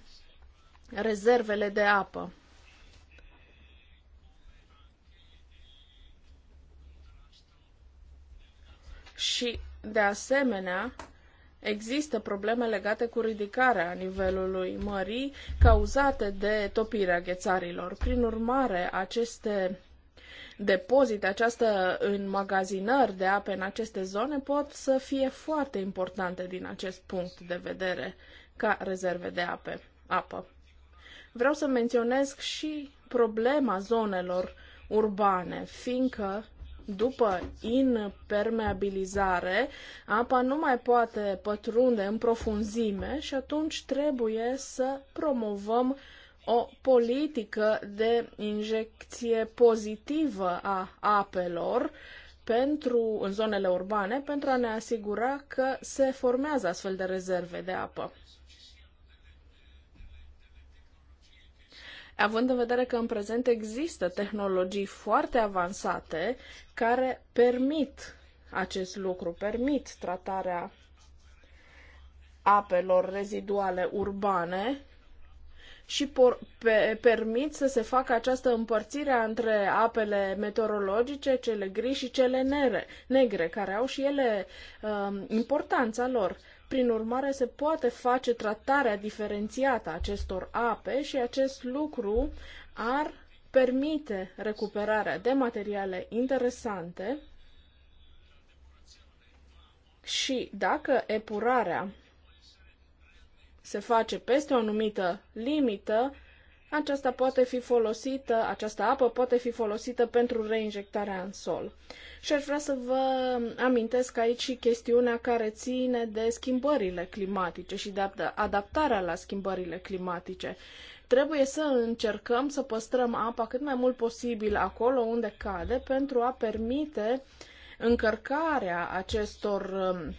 rezervele de apă. Și, de asemenea, există probleme legate cu ridicarea nivelului mării cauzate de topirea ghețarilor. Prin urmare, aceste depozite, această înmagazinări de ape în aceste zone pot să fie foarte importante din acest punct de vedere ca rezerve de ape, apă. Vreau să menționez și problema zonelor urbane, fiindcă după impermeabilizare, apa nu mai poate pătrunde în profunzime și atunci trebuie să promovăm o politică de injecție pozitivă a apelor pentru, în zonele urbane pentru a ne asigura că se formează astfel de rezerve de apă. având în vedere că în prezent există tehnologii foarte avansate care permit acest lucru, permit tratarea apelor reziduale urbane și por, pe, permit să se facă această împărțire între apele meteorologice, cele gri și cele negre, negre care au și ele uh, importanța lor. Prin urmare, se poate face tratarea diferențiată a acestor ape și acest lucru ar permite recuperarea de materiale interesante și dacă epurarea se face peste o anumită limită, aceasta poate fi folosită, această apă poate fi folosită pentru reinjectarea în sol. Și aș vrea să vă amintesc aici și chestiunea care ține de schimbările climatice și de adaptarea la schimbările climatice. Trebuie să încercăm să păstrăm apa cât mai mult posibil acolo unde cade pentru a permite încărcarea acestor um,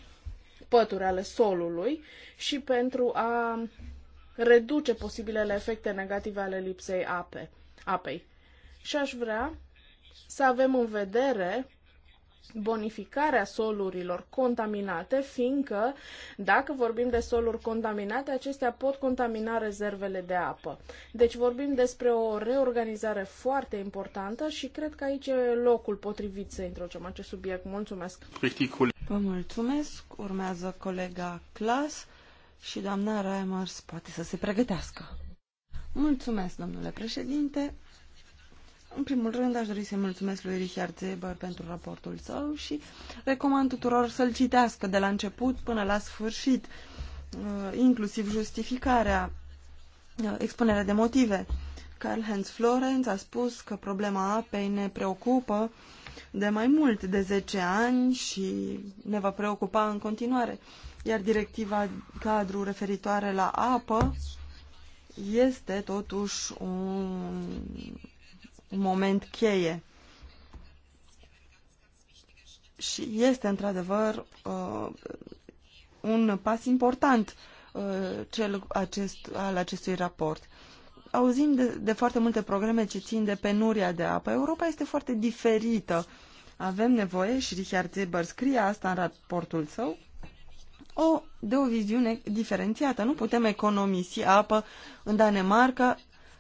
pături ale solului și pentru a reduce posibilele efecte negative ale lipsei ape, apei. Și aș vrea să avem în vedere bonificarea solurilor contaminate, fiindcă dacă vorbim de soluri contaminate, acestea pot contamina rezervele de apă. Deci vorbim despre o reorganizare foarte importantă și cred că aici e locul potrivit să introducem acest subiect. Mulțumesc! Vă mulțumesc! Urmează colega Clas și doamna Reimers poate să se pregătească. Mulțumesc, domnule președinte. În primul rând, aș dori să-i mulțumesc lui Richard Zeber pentru raportul său și recomand tuturor să-l citească de la început până la sfârșit, uh, inclusiv justificarea, uh, expunerea de motive. karl Hans Florenz a spus că problema apei ne preocupă de mai mult de 10 ani și ne va preocupa în continuare iar directiva cadru referitoare la apă este totuși un, un moment cheie. Și este într-adevăr uh, un pas important uh, cel acest, al acestui raport. Auzim de, de foarte multe programe ce țin de penuria de apă. Europa este foarte diferită. Avem nevoie, și Richard Zeber scrie asta în raportul său, o, de o viziune diferențiată. Nu putem economisi apă în Danemarca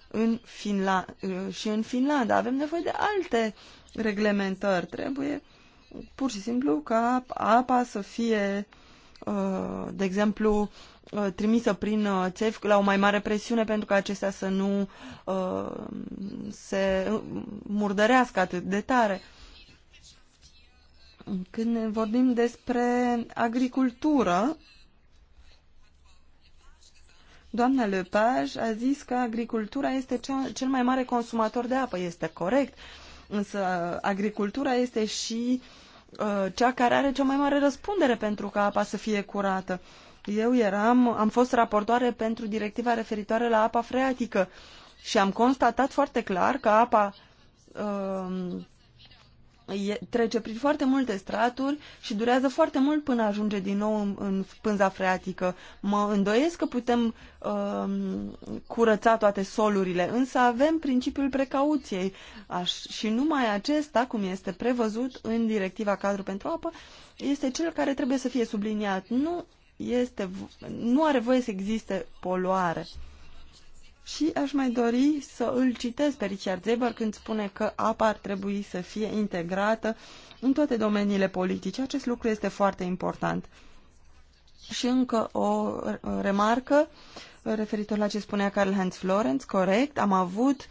în Finla- uh, și în Finlanda. Avem nevoie de alte reglementări. Trebuie pur și simplu ca apa să fie, uh, de exemplu, uh, trimisă prin țevi la o mai mare presiune pentru ca acestea să nu se murdărească atât de tare. Când vorbim despre agricultură, doamna Lepage a zis că agricultura este cel mai mare consumator de apă. Este corect, însă agricultura este și uh, cea care are cea mai mare răspundere pentru ca apa să fie curată. Eu eram, am fost raportoare pentru directiva referitoare la apa freatică și am constatat foarte clar că apa uh, trece prin foarte multe straturi și durează foarte mult până ajunge din nou în, în pânza freatică. Mă îndoiesc că putem uh, curăța toate solurile, însă avem principiul precauției Aș, și numai acesta, cum este prevăzut în directiva cadru pentru apă, este cel care trebuie să fie subliniat. Nu, este, nu are voie să existe poluare. Și aș mai dori să îl citesc pe Richard Zeber când spune că apa ar trebui să fie integrată în toate domeniile politice. Acest lucru este foarte important. Și încă o remarcă referitor la ce spunea Karl-Heinz Florenz, corect, am avut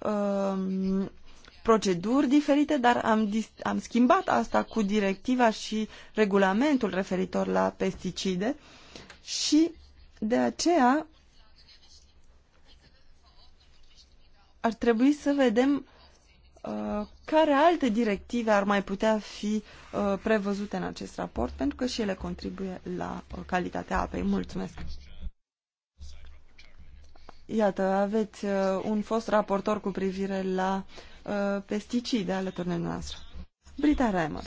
um, proceduri diferite, dar am, am schimbat asta cu directiva și regulamentul referitor la pesticide și de aceea ar trebui să vedem uh, care alte directive ar mai putea fi uh, prevăzute în acest raport, pentru că și ele contribuie la uh, calitatea apei. Mulțumesc! Iată, aveți uh, un fost raportor cu privire la uh, pesticide alături de noastră. Brita Reimer.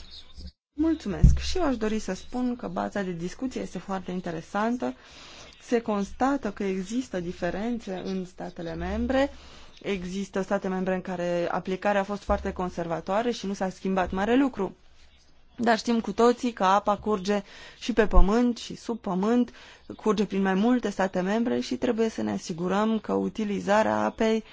Mulțumesc! Și eu aș dori să spun că baza de discuție este foarte interesantă se constată că există diferențe în statele membre Există state membre în care aplicarea a fost foarte conservatoare și nu s-a schimbat mare lucru. Dar știm cu toții că apa curge și pe pământ și sub pământ, curge prin mai multe state membre și trebuie să ne asigurăm că utilizarea apei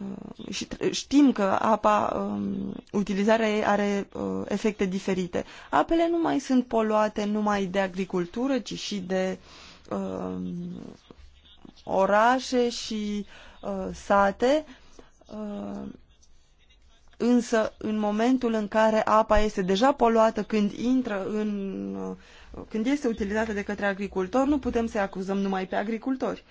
uh, și știm că apa, um, utilizarea ei are uh, efecte diferite. Apele nu mai sunt poluate numai de agricultură, ci și de um, orașe și uh, sate, uh, însă în momentul în care apa este deja poluată când intră în uh, când este utilizată de către agricultor, nu putem să-i acuzăm numai pe agricultori.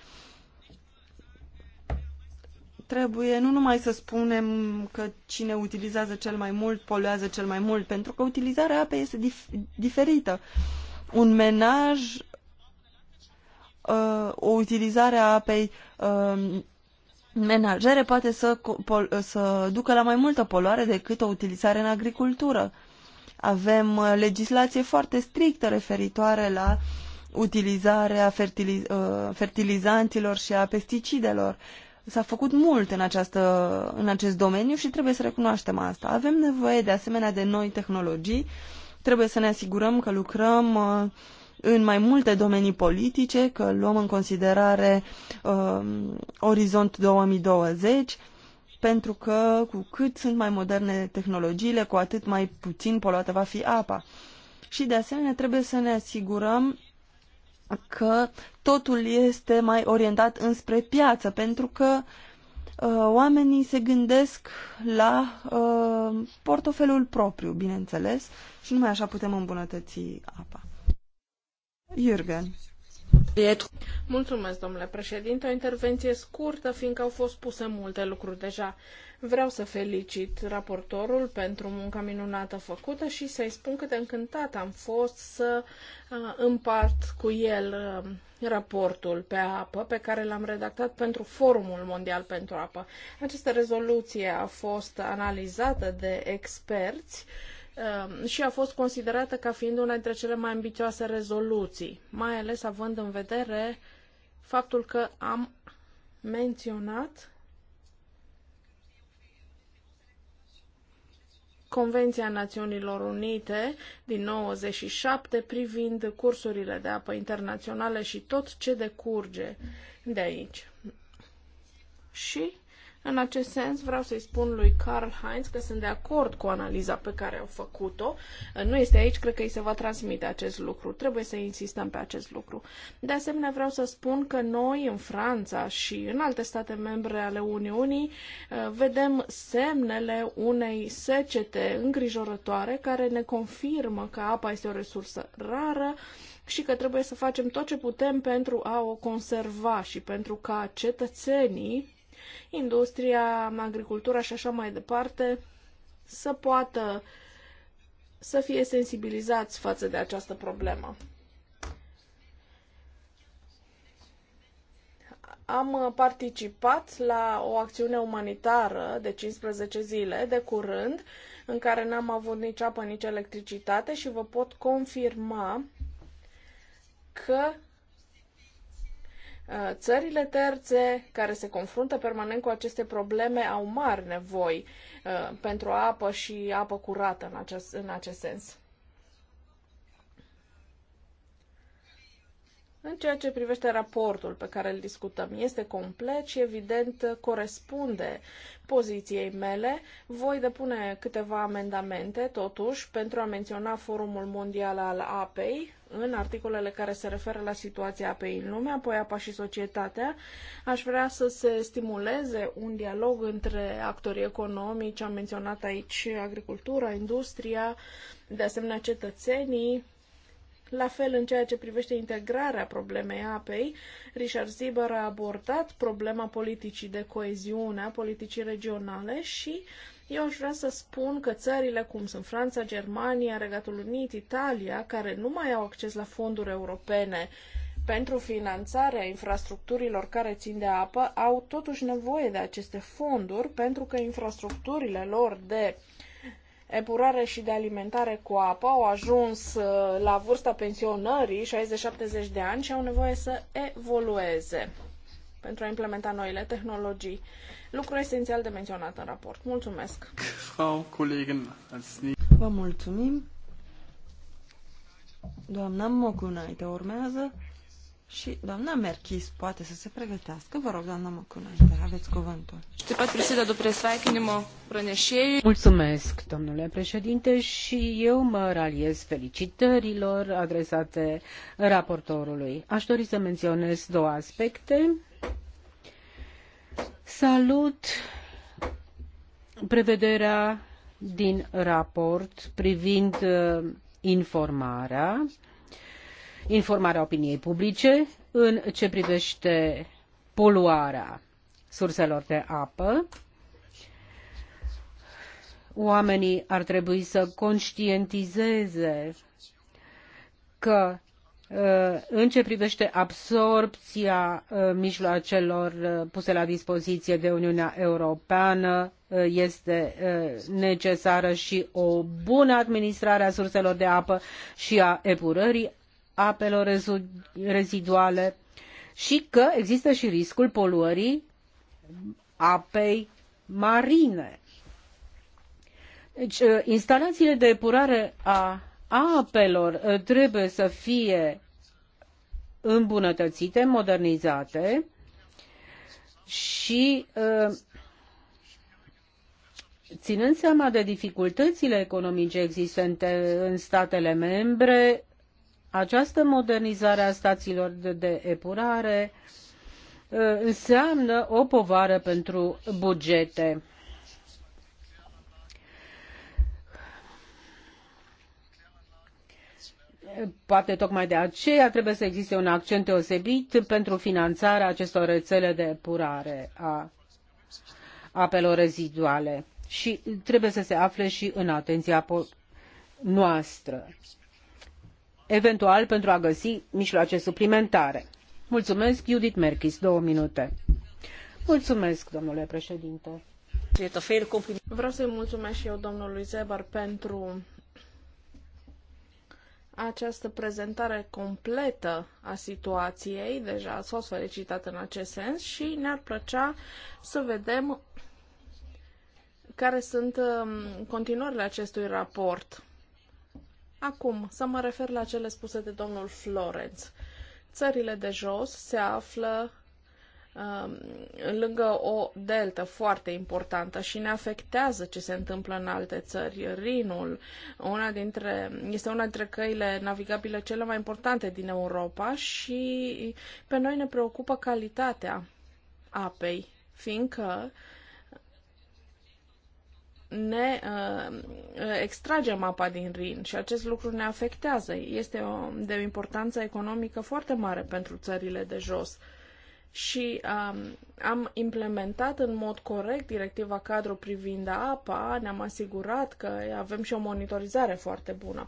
Trebuie nu numai să spunem că cine utilizează cel mai mult poluează cel mai mult, pentru că utilizarea apei este dif- diferită. Un menaj uh, o utilizare a apei uh, menajere poate să, pol, să ducă la mai multă poluare decât o utilizare în agricultură. Avem uh, legislație foarte strictă referitoare la utilizarea fertiliz uh, fertilizanților și a pesticidelor. S-a făcut mult în, această, în acest domeniu și trebuie să recunoaștem asta. Avem nevoie de asemenea de noi tehnologii, trebuie să ne asigurăm că lucrăm uh, în mai multe domenii politice, că luăm în considerare uh, Orizont 2020, pentru că cu cât sunt mai moderne tehnologiile, cu atât mai puțin poluată va fi apa. Și de asemenea trebuie să ne asigurăm că totul este mai orientat înspre piață, pentru că uh, oamenii se gândesc la uh, portofelul propriu, bineînțeles, și numai așa putem îmbunătăți apa. Mulțumesc, domnule președinte. O intervenție scurtă, fiindcă au fost puse multe lucruri deja. Vreau să felicit raportorul pentru munca minunată făcută și să-i spun cât de încântat am fost să împart cu el raportul pe apă pe care l-am redactat pentru Forumul Mondial pentru Apă. Această rezoluție a fost analizată de experți uh, Ehm, și a fost considerată ca fiind una dintre cele mai ambițioase rezoluții, mai ales având în vedere faptul că am menționat Convenția Națiunilor Unite din 97 privind cursurile de apă internaționale și tot ce decurge de aici. Și în acest sens, vreau să-i spun lui Karl Heinz că sunt de acord cu analiza pe care au făcut-o. Nu este aici, cred că îi se va transmite acest lucru. Trebuie să insistăm pe acest lucru. De asemenea, vreau să spun că noi, în Franța și în alte state membre ale Uniunii, uh, vedem semnele unei secete îngrijorătoare care ne confirmă că apa este o resursă rară și că trebuie să facem tot ce putem pentru a o conserva și pentru ca cetățenii industria, agricultura și așa mai departe, să poată să fie sensibilizați față de această problemă. Am participat la o acțiune umanitară de 15 zile de curând, în care n-am avut nici apă, nici electricitate și vă pot confirma că Uh, țările terțe care se confruntă permanent cu aceste probleme au mari nevoi uh, pentru apă și apă curată în acest, în acest sens. În ceea ce privește raportul pe care îl discutăm, este complet și evident corespunde poziției mele. Voi depune câteva amendamente, totuși, pentru a menționa Forumul Mondial al Apei în articolele care se referă la situația apei în lume, apoi apa și societatea. Aș vrea să se stimuleze un dialog între actorii economici, am menționat aici agricultura, industria, de asemenea cetățenii, la fel, în ceea ce privește integrarea problemei apei, Richard Ziber a abordat problema politicii de coeziune, a politicii regionale și eu aș vrea să spun că țările cum sunt Franța, Germania, Regatul Unit, Italia, care nu mai au acces la fonduri europene pentru finanțarea infrastructurilor care țin de apă, au totuși nevoie de aceste fonduri pentru că infrastructurile lor de uh, epurare și de alimentare cu apă, au ajuns uh, la vârsta pensionării, 60-70 de ani, și au nevoie să evolueze pentru a implementa noile tehnologii. Lucru esențial de menționat în raport. Mulțumesc! Frau Kollegin, Vă mulțumim! Doamna Mocunaite urmează. Și doamna Merchis poate să se pregătească. Vă rog, doamna Măcunaite, aveți cuvântul. Mulțumesc, domnule președinte, și eu mă raliez felicitărilor adresate raportorului. Aș dori să menționez două aspecte. Salut prevederea din raport privind uh, informarea informarea opiniei publice în ce privește poluarea surselor de apă. Oamenii ar trebui să conștientizeze că uh, în ce privește absorbția uh, mijloacelor uh, puse la dispoziție de Uniunea Europeană, este necesară și o bună administrare a surselor de apă și a epurării apelor reziduale și că există și riscul poluării apei marine. Deci, uh, instalațiile de epurare a apelor uh, trebuie să fie îmbunătățite, modernizate și uh, ținând seama de dificultățile economice existente în statele membre, această modernizare a stațiilor de, de epurare uh, înseamnă o povară pentru bugete. Poate tocmai de aceea trebuie să existe un accent deosebit pentru finanțarea acestor rețele de epurare a apelor reziduale și trebuie să se afle și în atenția noastră eventual pentru a găsi mijloace suplimentare. Mulțumesc, Judith Merkis, două minute. Mulțumesc, domnule președinte. Vreau să-i mulțumesc și eu domnului Zebar pentru această prezentare completă a situației, deja s fost solicitat în acest sens și ne-ar plăcea să vedem care sunt um, continuările acestui raport. Acum, să mă refer la cele spuse de domnul Florenț. Țările de jos se află um, lângă o deltă foarte importantă și ne afectează ce se întâmplă în alte țări. Rinul una dintre, este una dintre căile navigabile cele mai importante din Europa și pe noi ne preocupă calitatea apei, fiindcă uh, ne uh, extragem apa din Rin și acest lucru ne afectează. Este o, de o importanță economică foarte mare pentru țările de jos. Și um, am implementat în mod corect directiva cadru privind apa, ne-am asigurat că avem și o monitorizare foarte bună.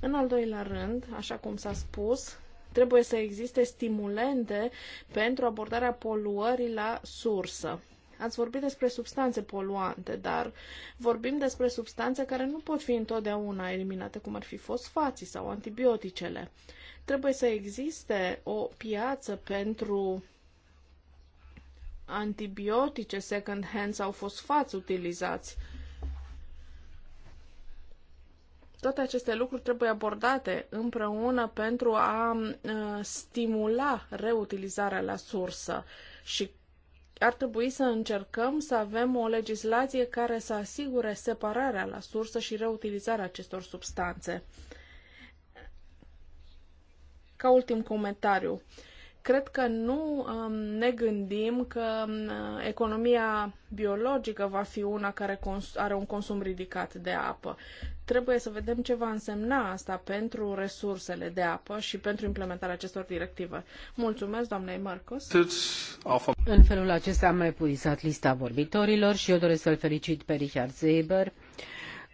În al doilea rând, așa cum s-a spus, trebuie să existe stimulente pentru abordarea poluării la sursă Ați vorbit despre substanțe poluante, dar vorbim despre substanțe care nu pot fi întotdeauna eliminate, cum ar fi fosfații sau antibioticele. Trebuie să existe o piață pentru antibiotice second-hand sau fosfați utilizați. Toate aceste lucruri trebuie abordate împreună pentru a uh, stimula reutilizarea la sursă și ar trebui să încercăm să avem o legislație care să asigure separarea la sursă și reutilizarea acestor substanțe. Ca ultim comentariu, cred că nu um, ne gândim că um, economia biologică va fi una care are un consum ridicat de apă. Trebuie să vedem ce va însemna asta pentru resursele de apă și pentru implementarea acestor directive. Mulțumesc, doamnei Marcos. În felul acesta am epuizat lista vorbitorilor și eu doresc să-l felicit pe Richard Zeber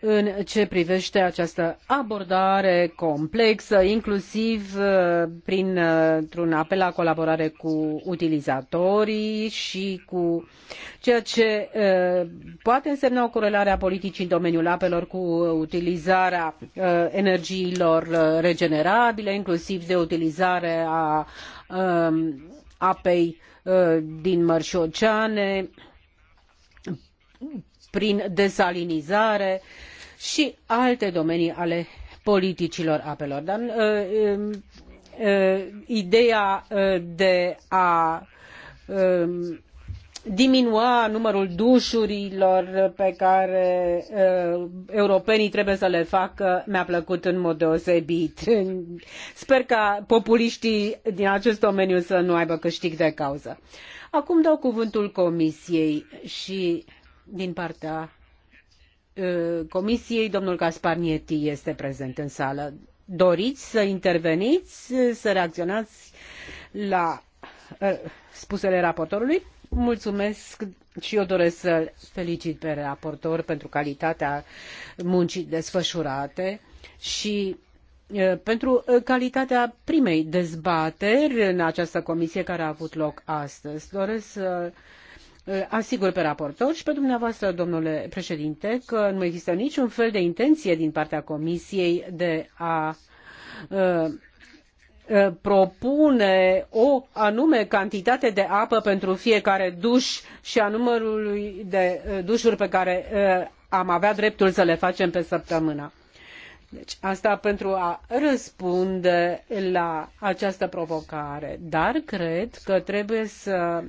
în ce privete această abordare complexă, inclusiv uh, printr-un uh, apel la colaborare cu utilizatorii și cu ceea ce uh, poate însemna o corelare a politicii în domeniul apelor cu utilizarea energiilor regenerabile, inclusiv de utilizare a um, apei din mări i oceane prin dezalinizare și alte domenii ale politicilor apelor. Dar uh, um, uh, ideea uh, de a um, diminua numărul dușurilor pe care uh, europenii trebuie să le facă mi-a plăcut în mod deosebit. Sper ca populiștii din acest domeniu să nu aibă câștig de cauză. Acum dau cuvântul Comisiei și din partea Comisiei, domnul Gasparnieti este prezent în sală. Doriți să interveniți, să reacționați la spusele raportorului? Mulțumesc și eu doresc să felicit pe raportor pentru calitatea muncii desfășurate și pentru calitatea primei dezbateri în această comisie care a avut loc astăzi. Doresc să uh, Uh, asigur pe raportor și pe dumneavoastră, domnule președinte, că nu există niciun fel de intenție din partea Comisiei de a uh, uh, propune o anume cantitate de apă pentru fiecare duș și a numărului de dușuri pe care am avea dreptul să le facem pe săptămână. Deci asta pentru a răspunde la această provocare. Dar cred că trebuie să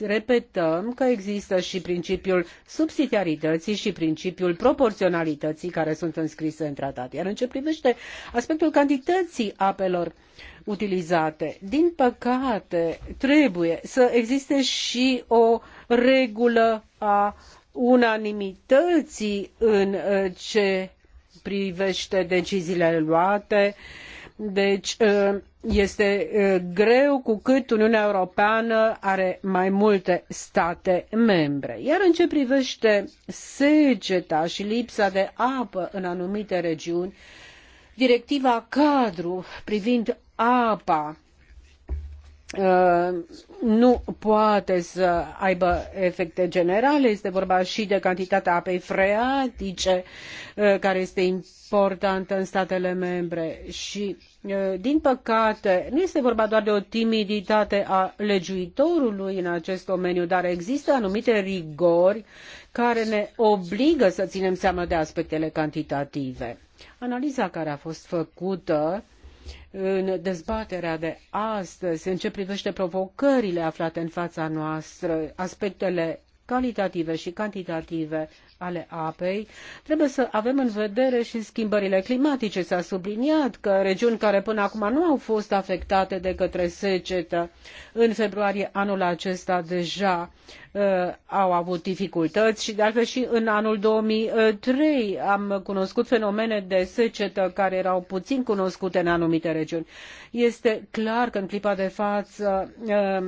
repetăm că există și principiul subsidiarității și principiul proporționalității care sunt înscrise în tratat. Iar în ce privește aspectul cantității apelor utilizate, din păcate trebuie să existe și o regulă a unanimității în uh, ce privește deciziile luate uh, deci ă, este ă, greu cu cât Uniunea Europeană are mai multe state membre. Iar în ce privește seceta și lipsa de apă în anumite regiuni, directiva cadru privind apa Uh, nu poate să aibă efecte generale, este vorba și de cantitatea apei freatice uh, care este importantă în statele membre și uh, din păcate, nu este vorba doar de o timiditate a legiuitorului în acest domeniu, dar există anumite rigori care ne obligă să ținem seama de aspectele cantitative. Analiza care a fost făcută în dezbaterea de astăzi în ce privete provocările aflate în fața noastră, aspectele calitative și cantitative ale apei, trebuie să avem în vedere și schimbările climatice. S-a subliniat că regiuni care până acum nu au fost afectate de către secetă în februarie anul acesta deja uh, au avut dificultăți și de altfel și în anul 2003 am cunoscut fenomene de secetă care erau puțin cunoscute în anumite regiuni. Este clar că în clipa de față uh,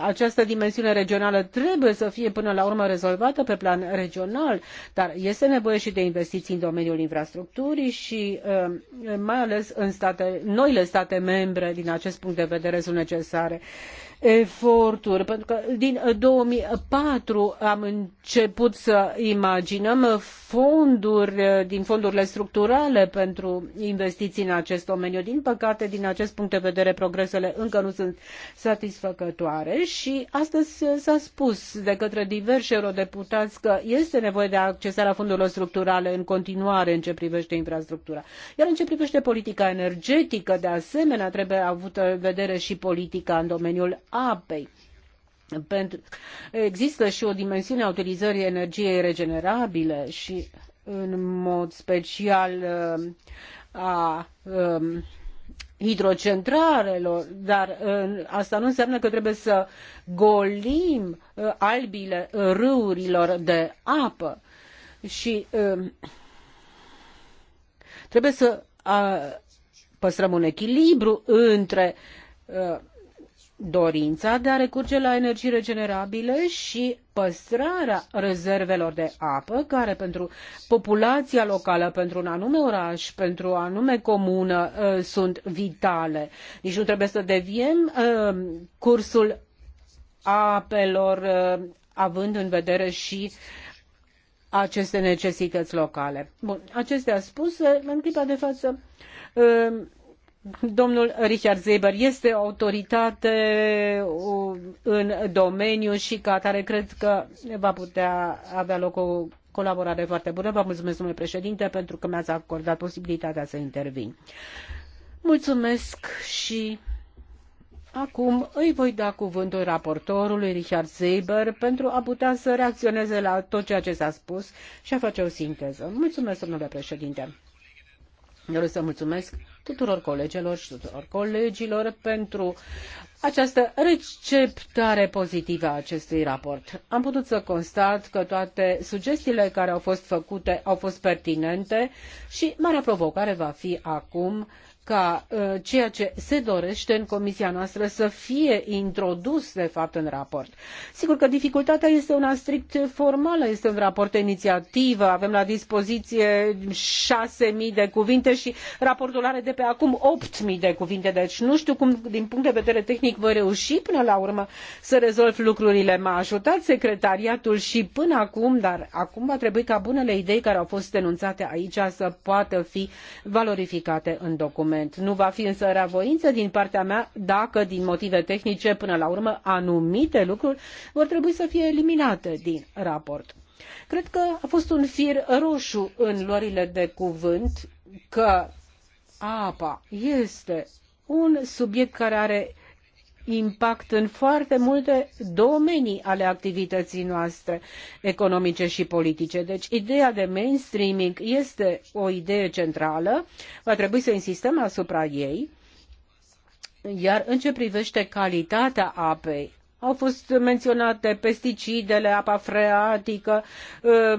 această dimensiune regională trebuie să fie până la urmă rezolvată pe plan regional, dar este nevoie și de investiții în domeniul infrastructurii și uh, mai ales în state, noile state membre din acest punct de vedere sunt necesare eforturi, pentru că din uh, patru am început să imaginăm fonduri uh, din fondurile structurale pentru investiții în acest domeniu. Din păcate, din acest punct de vedere, progresele încă nu sunt satisfăcătoare și astăzi s-a spus de către diversi eurodeputați că este nevoie de accesarea fondurilor structurale în continuare în ce privește infrastructura. Iar în ce privește politica energetică, de asemenea, trebuie avută în vedere și politica în domeniul apei. Pentru, există și o dimensiune a utilizării energiei regenerabile și în mod special uh, a um, hidrocentralelor, dar uh, asta nu înseamnă că trebuie să golim uh, albile râurilor de apă și um, trebuie să păstrăm un echilibru între dorința de a recurge la energii regenerabile și păstrarea rezervelor de apă, care pentru populația locală, pentru un anume oraș, pentru o anume comună uh, sunt vitale. Nici nu trebuie să deviem uh, cursul apelor, uh, având în vedere și aceste necesități locale. Bun, acestea spuse, în clipa de față Domnul Richard seeber este o autoritate în domeniu și ca atare cred că va putea avea loc o colaborare foarte bună. Vă mulțumesc, domnule președinte, pentru că mi-ați acordat posibilitatea să intervin. Mulțumesc și acum îi voi da cuvântul raportorului Richard Zeber pentru a putea să reacționeze la tot ceea ce s-a spus și a face o sinteză. Mulțumesc, domnule președinte. Vreau să mulțumesc tuturor colegelor și tuturor colegilor pentru această receptare pozitivă a acestui raport. Am putut să constat că toate sugestiile care au fost făcute au fost pertinente și marea provocare va fi acum ca uh, ceea ce se dorește în comisia noastră să fie introdus, de fapt, în raport. Sigur că dificultatea este una strict formală, este un raport de inițiativă, avem la dispoziție 6.000 de cuvinte și raportul are de pe acum 8.000 de cuvinte, deci nu știu cum, din punct de vedere tehnic, voi reuși până la urmă să rezolv lucrurile. M-a ajutat secretariatul și până acum, dar acum va trebui ca bunele idei care au fost denunțate aici să poată fi valorificate în document Parlament. Nu va fi însă voință din partea mea dacă, din motive tehnice, până la urmă, anumite lucruri vor trebui să fie eliminate din raport. Cred că a fost un fir roșu în luările de cuvânt că apa este un subiect care are impact în foarte multe domenii ale activității noastre economice și politice. Deci ideea de mainstreaming este o idee centrală, va trebui să insistăm asupra ei, iar în ce privește calitatea apei, au fost menționate pesticidele, apa freatică, ă,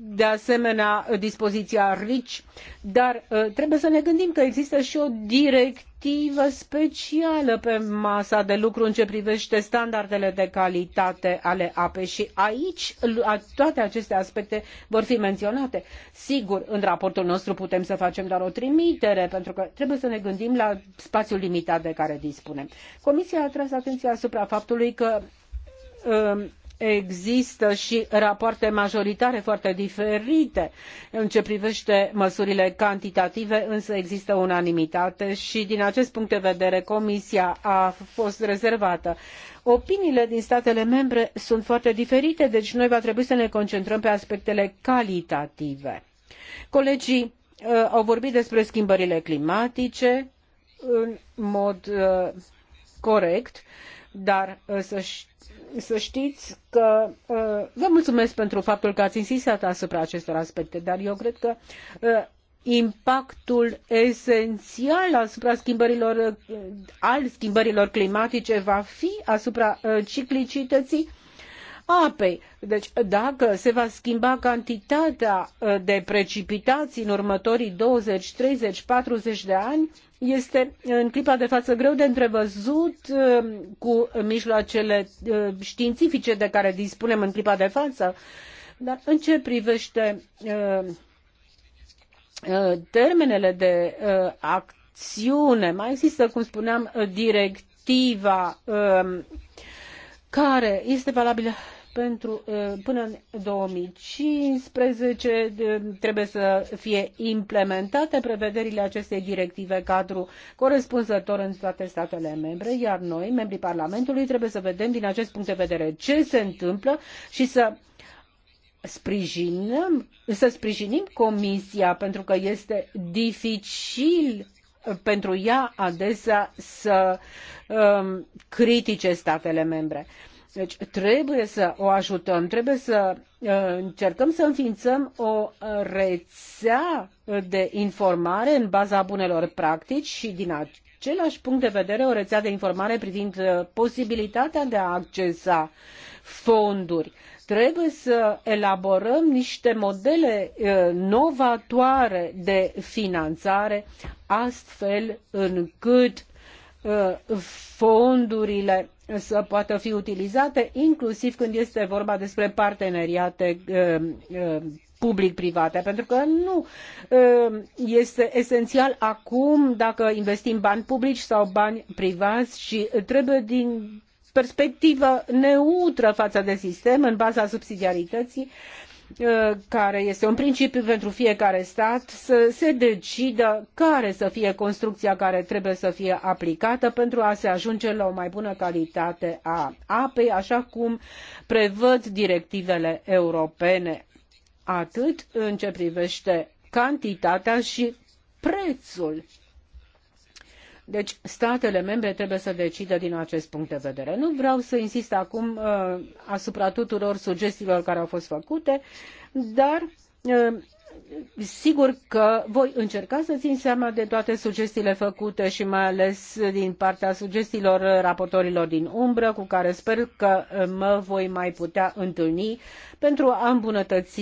de asemenea dispoziția RICI, dar ă, trebuie să ne gândim că există și o directivă directivă specială pe masa de lucru în ce privește standardele de calitate ale apei și aici toate aceste aspecte vor fi menționate. Sigur, în raportul nostru putem să facem doar o trimitere, pentru că trebuie să ne gândim la spațiul limitat de care dispunem. Comisia a tras atenția asupra faptului că um, există și rapoarte majoritare foarte diferite în ce privește măsurile cantitative, însă există unanimitate și din acest punct de vedere Comisia a fost rezervată. Opiniile din statele membre sunt foarte diferite, deci noi va trebui să ne concentrăm pe aspectele calitative. Colegii uh, au vorbit despre schimbările climatice în mod uh, corect, dar uh, să să știți că uh, vă mulțumesc pentru faptul că ați insistat asupra acestor aspecte, dar eu cred că uh, impactul esențial asupra schimbărilor, uh, al schimbărilor climatice va fi asupra ciclicității apei. Deci dacă se va schimba cantitatea uh, de precipitații în următorii 20, 30, 40 de ani, este uh, în clipa de față greu de întrevăzut uh, cu mijloacele științifice de care dispunem în clipa de față. Dar în ce privește termenele de acțiune, mai există, cum spuneam, directiva care este valabilă pentru uh, până în 2015 trebuie să fie implementate prevederile acestei directive cadru corespunzător în toate statele membre, iar noi, membrii Parlamentului, trebuie să vedem din acest punct de vedere ce se întâmplă și să sprijinim, să sprijinim Comisia, pentru că este dificil pentru ea adesea să um, critique statele membre. Deci trebuie să o ajutăm, trebuie să uh, încercăm să înființăm o rețea de informare în baza bunelor practici și din același punct de vedere o rețea de informare privind uh, posibilitatea de a accesa fonduri trebuie să elaborăm niște modele uh, novatoare de finanțare, astfel încât uh, fondurile să poată fi utilizate, inclusiv când este vorba despre parteneriate uh, public-private, pentru că nu este esențial acum dacă investim bani publici sau bani privați și trebuie din perspectivă neutră față de sistem în baza subsidiarității uh, care este un principiu pentru fiecare stat să se decidă care să fie construcția care trebuie să fie aplicată pentru a se ajunge la o mai bună calitate a apei, așa cum prevăd directivele europene, atât în ce privește cantitatea și prețul deci statele membre trebuie să decidă din acest punct de vedere. Nu vreau să insist acum uh, asupra tuturor sugestiilor care au fost făcute, dar uh, sigur că voi încerca să țin seama de toate sugestiile făcute și mai ales din partea sugestiilor raportorilor din umbră, cu care sper că uh, mă voi mai putea întâlni pentru a îmbunătăți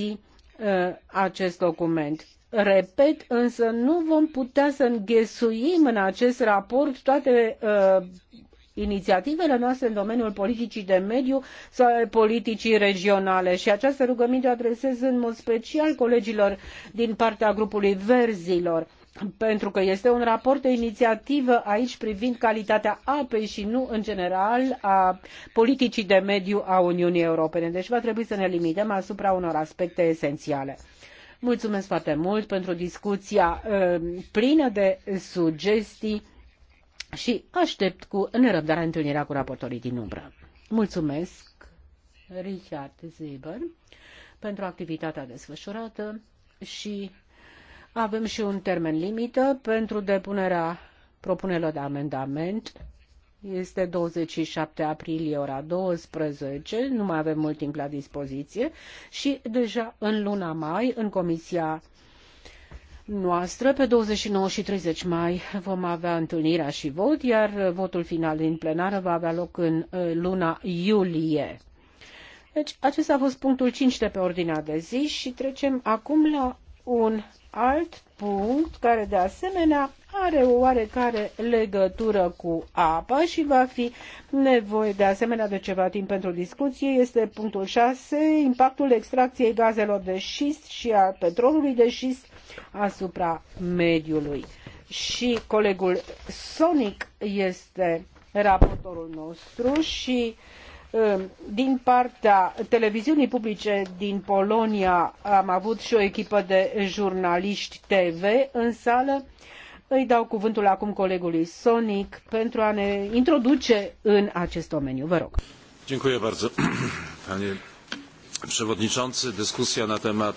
uh, acest document Repet, însă nu vom putea să înghesuim în acest raport toate uh, inițiativele noastre în domeniul politicii de mediu sau politicii regionale. Și această rugăminte o adresez în mod special colegilor din partea grupului Verzilor pentru că este un raport de inițiativă aici privind calitatea apei și nu în general a politicii de mediu a Uniunii Europene. Deci va trebui să ne limităm asupra unor aspecte esențiale. Mulțumesc foarte mult pentru discuția ă, plină de sugestii și aștept cu nerăbdare întâlnirea cu raportorii din umbră. Mulțumesc, Richard Zeber, pentru activitatea desfășurată și avem și un termen limită pentru depunerea propunerilor de amendament este 27 aprilie ora 12, nu mai avem mult timp la dispoziție și deja în luna mai, în comisia noastră, pe 29 și 30 mai vom avea întâlnirea și vot, iar votul final din plenară va avea loc în uh, luna iulie. Deci acesta a fost punctul 5 de pe ordinea de zi și trecem acum la un alt punct care de asemenea are o oarecare legătură cu apa și va fi nevoie de asemenea de ceva timp pentru discuție. Este punctul 6, impactul extracției gazelor de șist și a petrolului de șist asupra mediului. Și colegul Sonic este raportorul nostru și uh, Ă, din partea televiziunii publice din Polonia am avut și o echipă de jurnaliști TV în sală. Îi dau cuvântul acum colegului Sonic pentru a ne introduce în acest domeniu. Vă rog. Dziękuję bardzo, panie przewodniczący. Dyskusja na temat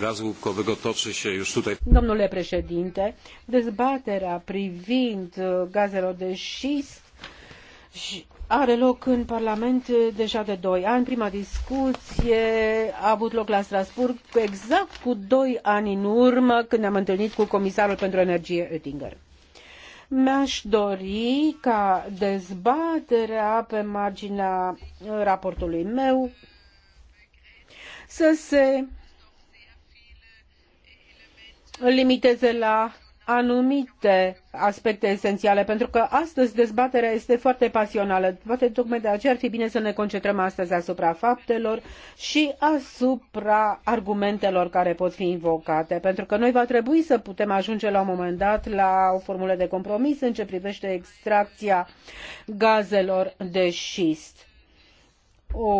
gazu łupkowego toczy się już tutaj. Domnule președinte, dezbaterea privind gazelor de șist are loc în Parlament eh, deja de doi ani. Prima discuție a avut loc la Strasburg exact cu doi ani în urmă când am întâlnit cu Comisarul pentru Energie Oettinger. Mi-aș dori ca dezbaterea pe marginea raportului meu să se limiteze la anumite aspecte esențiale, pentru că astăzi dezbaterea este foarte pasională. Poate tocmai de aceea ar fi bine să ne concentrăm astăzi asupra faptelor și asupra argumentelor care pot fi invocate, pentru că noi va trebui să putem ajunge la un moment dat la o formulă de compromis în ce privește extracția gazelor de șist. O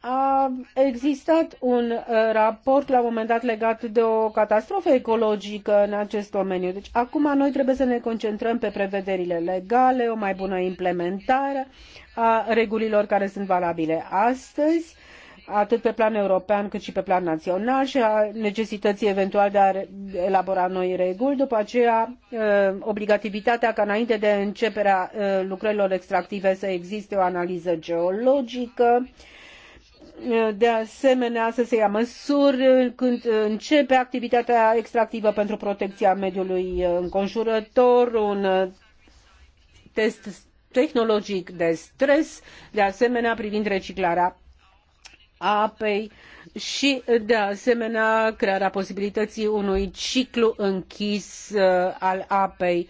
A existat un uh, raport la un moment dat legat de o catastrofă ecologică în acest domeniu. Deci acum noi trebuie să ne concentrăm pe prevederile legale, o mai bună implementare a regulilor care sunt valabile astăzi atât pe plan european cât și pe plan național și a necesității eventual de a elabora noi reguli. După aceea, uh, obligativitatea ca înainte de începerea uh, lucrărilor extractive să existe o analiză geologică, de asemenea să se ia măsuri când începe activitatea extractivă pentru protecția mediului înconjurător, un test tehnologic de stres, de asemenea privind reciclarea apei și de asemenea crearea posibilității unui ciclu închis uh, al apei.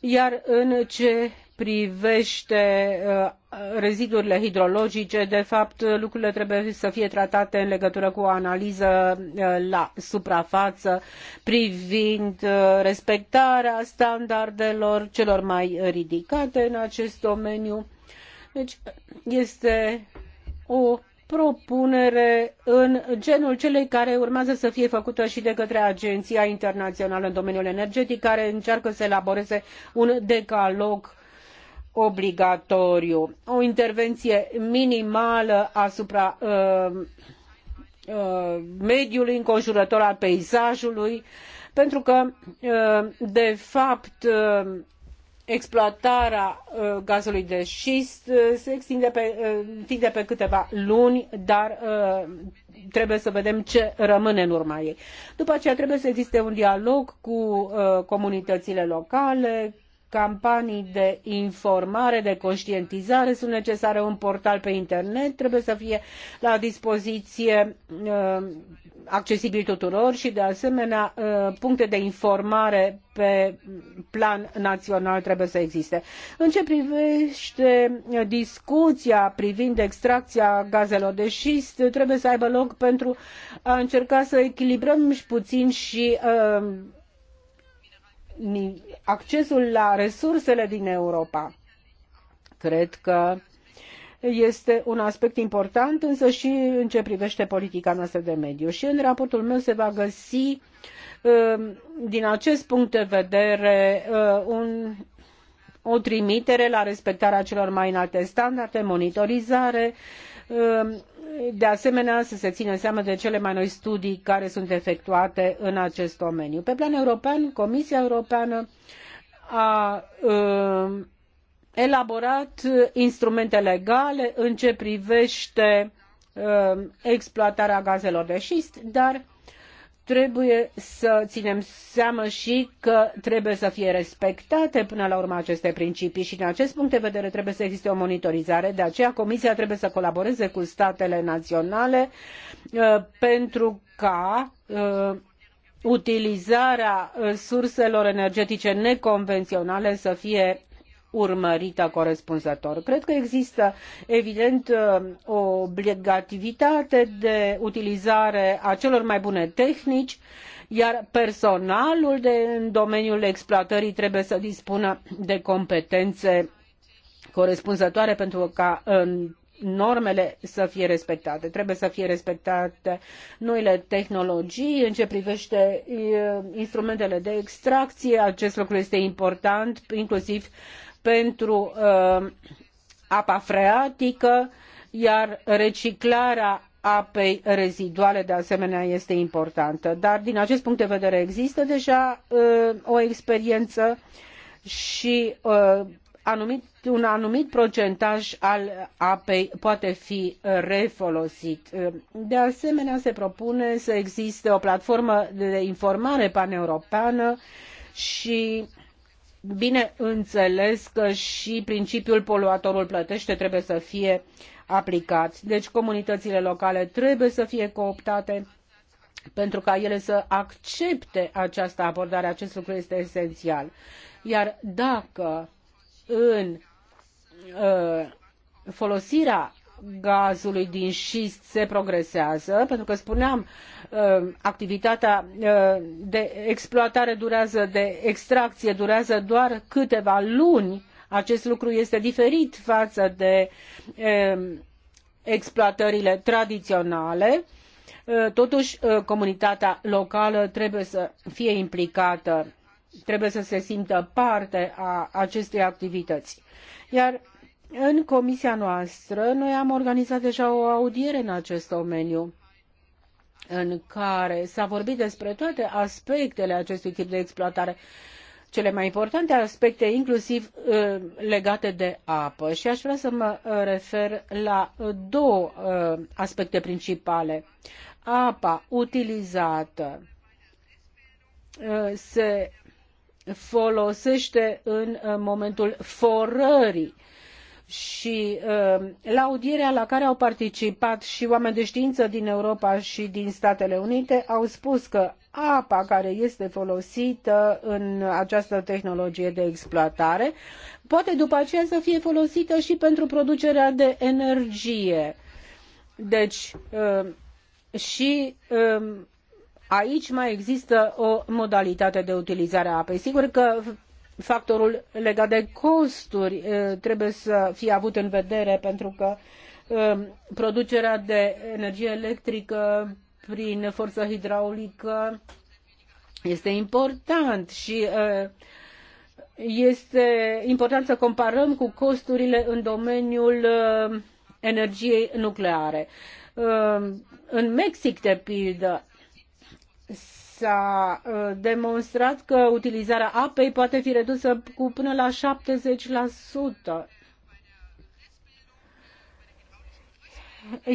Iar în ce privește uh, rezidurile hidrologice, de fapt lucrurile trebuie să fie tratate în legătură cu o analiză uh, la suprafață privind uh, respectarea standardelor celor mai ridicate în acest domeniu. Deci este o propunere în genul celei care urmează să fie făcută și de către Agenția Internațională în domeniul energetic, care încearcă să elaboreze un decalog obligatoriu, o intervenție minimală asupra uh, uh, mediului înconjurător al peisajului, pentru că, uh, de fapt, uh, exploatarea uh, gazului de șist uh, se extinde pe, întinde pe câteva luni, dar trebuie să vedem ce rămâne în urma ei. După aceea trebuie să existe un dialog cu comunitățile locale, campanii de informare, de conștientizare sunt necesare, un portal pe internet trebuie să fie la dispoziție uh, accesibil tuturor și de asemenea uh, puncte de informare pe plan național trebuie să existe. În ce privește discuția privind extracția gazelor de șist, trebuie să aibă loc pentru a încerca să echilibrăm și puțin și uh, accesul la resursele din Europa. Cred că este un aspect important, însă și în ce privește politica noastră de mediu. Și în raportul meu se va găsi, um, din acest punct de vedere, uh, un, o trimitere la respectarea celor mai înalte standarde, monitorizare, um, de asemenea să se țină seama de cele mai noi studii care sunt efectuate în acest domeniu. Pe plan european, Comisia Europeană a uh, elaborat instrumente legale în ce privește uh, exploatarea gazelor de șist, dar trebuie să ținem seama și că trebuie să fie respectate până la urmă aceste principii și din acest punct de vedere trebuie să existe o monitorizare. De aceea Comisia trebuie să colaboreze cu statele naționale uh, pentru ca uh, utilizarea uh, surselor energetice neconvenționale să fie urmărită corespunzător. Cred că există, evident, o uh, obligativitate de utilizare a celor mai bune tehnici, iar personalul de, în domeniul exploatării trebuie să dispună de competențe corespunzătoare pentru ca normele să fie respectate. Trebuie să fie respectate noile tehnologii în ce privește uh, instrumentele de extracție. Acest lucru este important, inclusiv uh, pentru uh, apa freatică, iar reciclarea apei reziduale de asemenea este importantă. Dar din acest punct de vedere există deja uh, o experiență și uh, anumit, un anumit procentaj al apei poate fi refolosit. De asemenea, se propune să existe o platformă de informare paneuropeană și bineîneles că și principiul poluatorul plătește trebuie să fie aplicat. Deci comunitățile locale trebuie să fie cooptate pentru ca ele să accepte această abordare. Acest lucru este esențial. Iar dacă în uh, folosirea gazului din șist se progresează, pentru că spuneam, ă, activitatea ă, de exploatare durează, de extracție durează doar câteva luni. Acest lucru este diferit față de ă, exploatările tradiționale. Totuși, comunitatea locală trebuie să fie implicată, trebuie să se simtă parte a acestei activități. Iar în comisia noastră, noi am organizat deja o audiere în acest domeniu în care s-a vorbit despre toate aspectele acestui tip de exploatare cele mai importante aspecte, inclusiv uh, legate de apă. Și aș vrea să mă uh, refer la două uh, aspecte principale. Apa utilizată se folosește în momentul forării și uh, la audierea la care au participat și oameni de știință din Europa și din Statele Unite au spus că apa care este folosită în această tehnologie de exploatare poate după aceea să fie folosită și pentru producerea de energie. Deci uh, și um, aici mai există o modalitate de utilizare a apei. Sigur că factorul legat de costuri uh, trebuie să fie avut în vedere pentru că um, producerea de energie electrică prin forță hidraulică este important și uh, este important să comparăm cu costurile în domeniul uh, energiei nucleare. În Mexic, de pildă, s-a uh, demonstrat că utilizarea apei poate fi redusă cu până la 70%.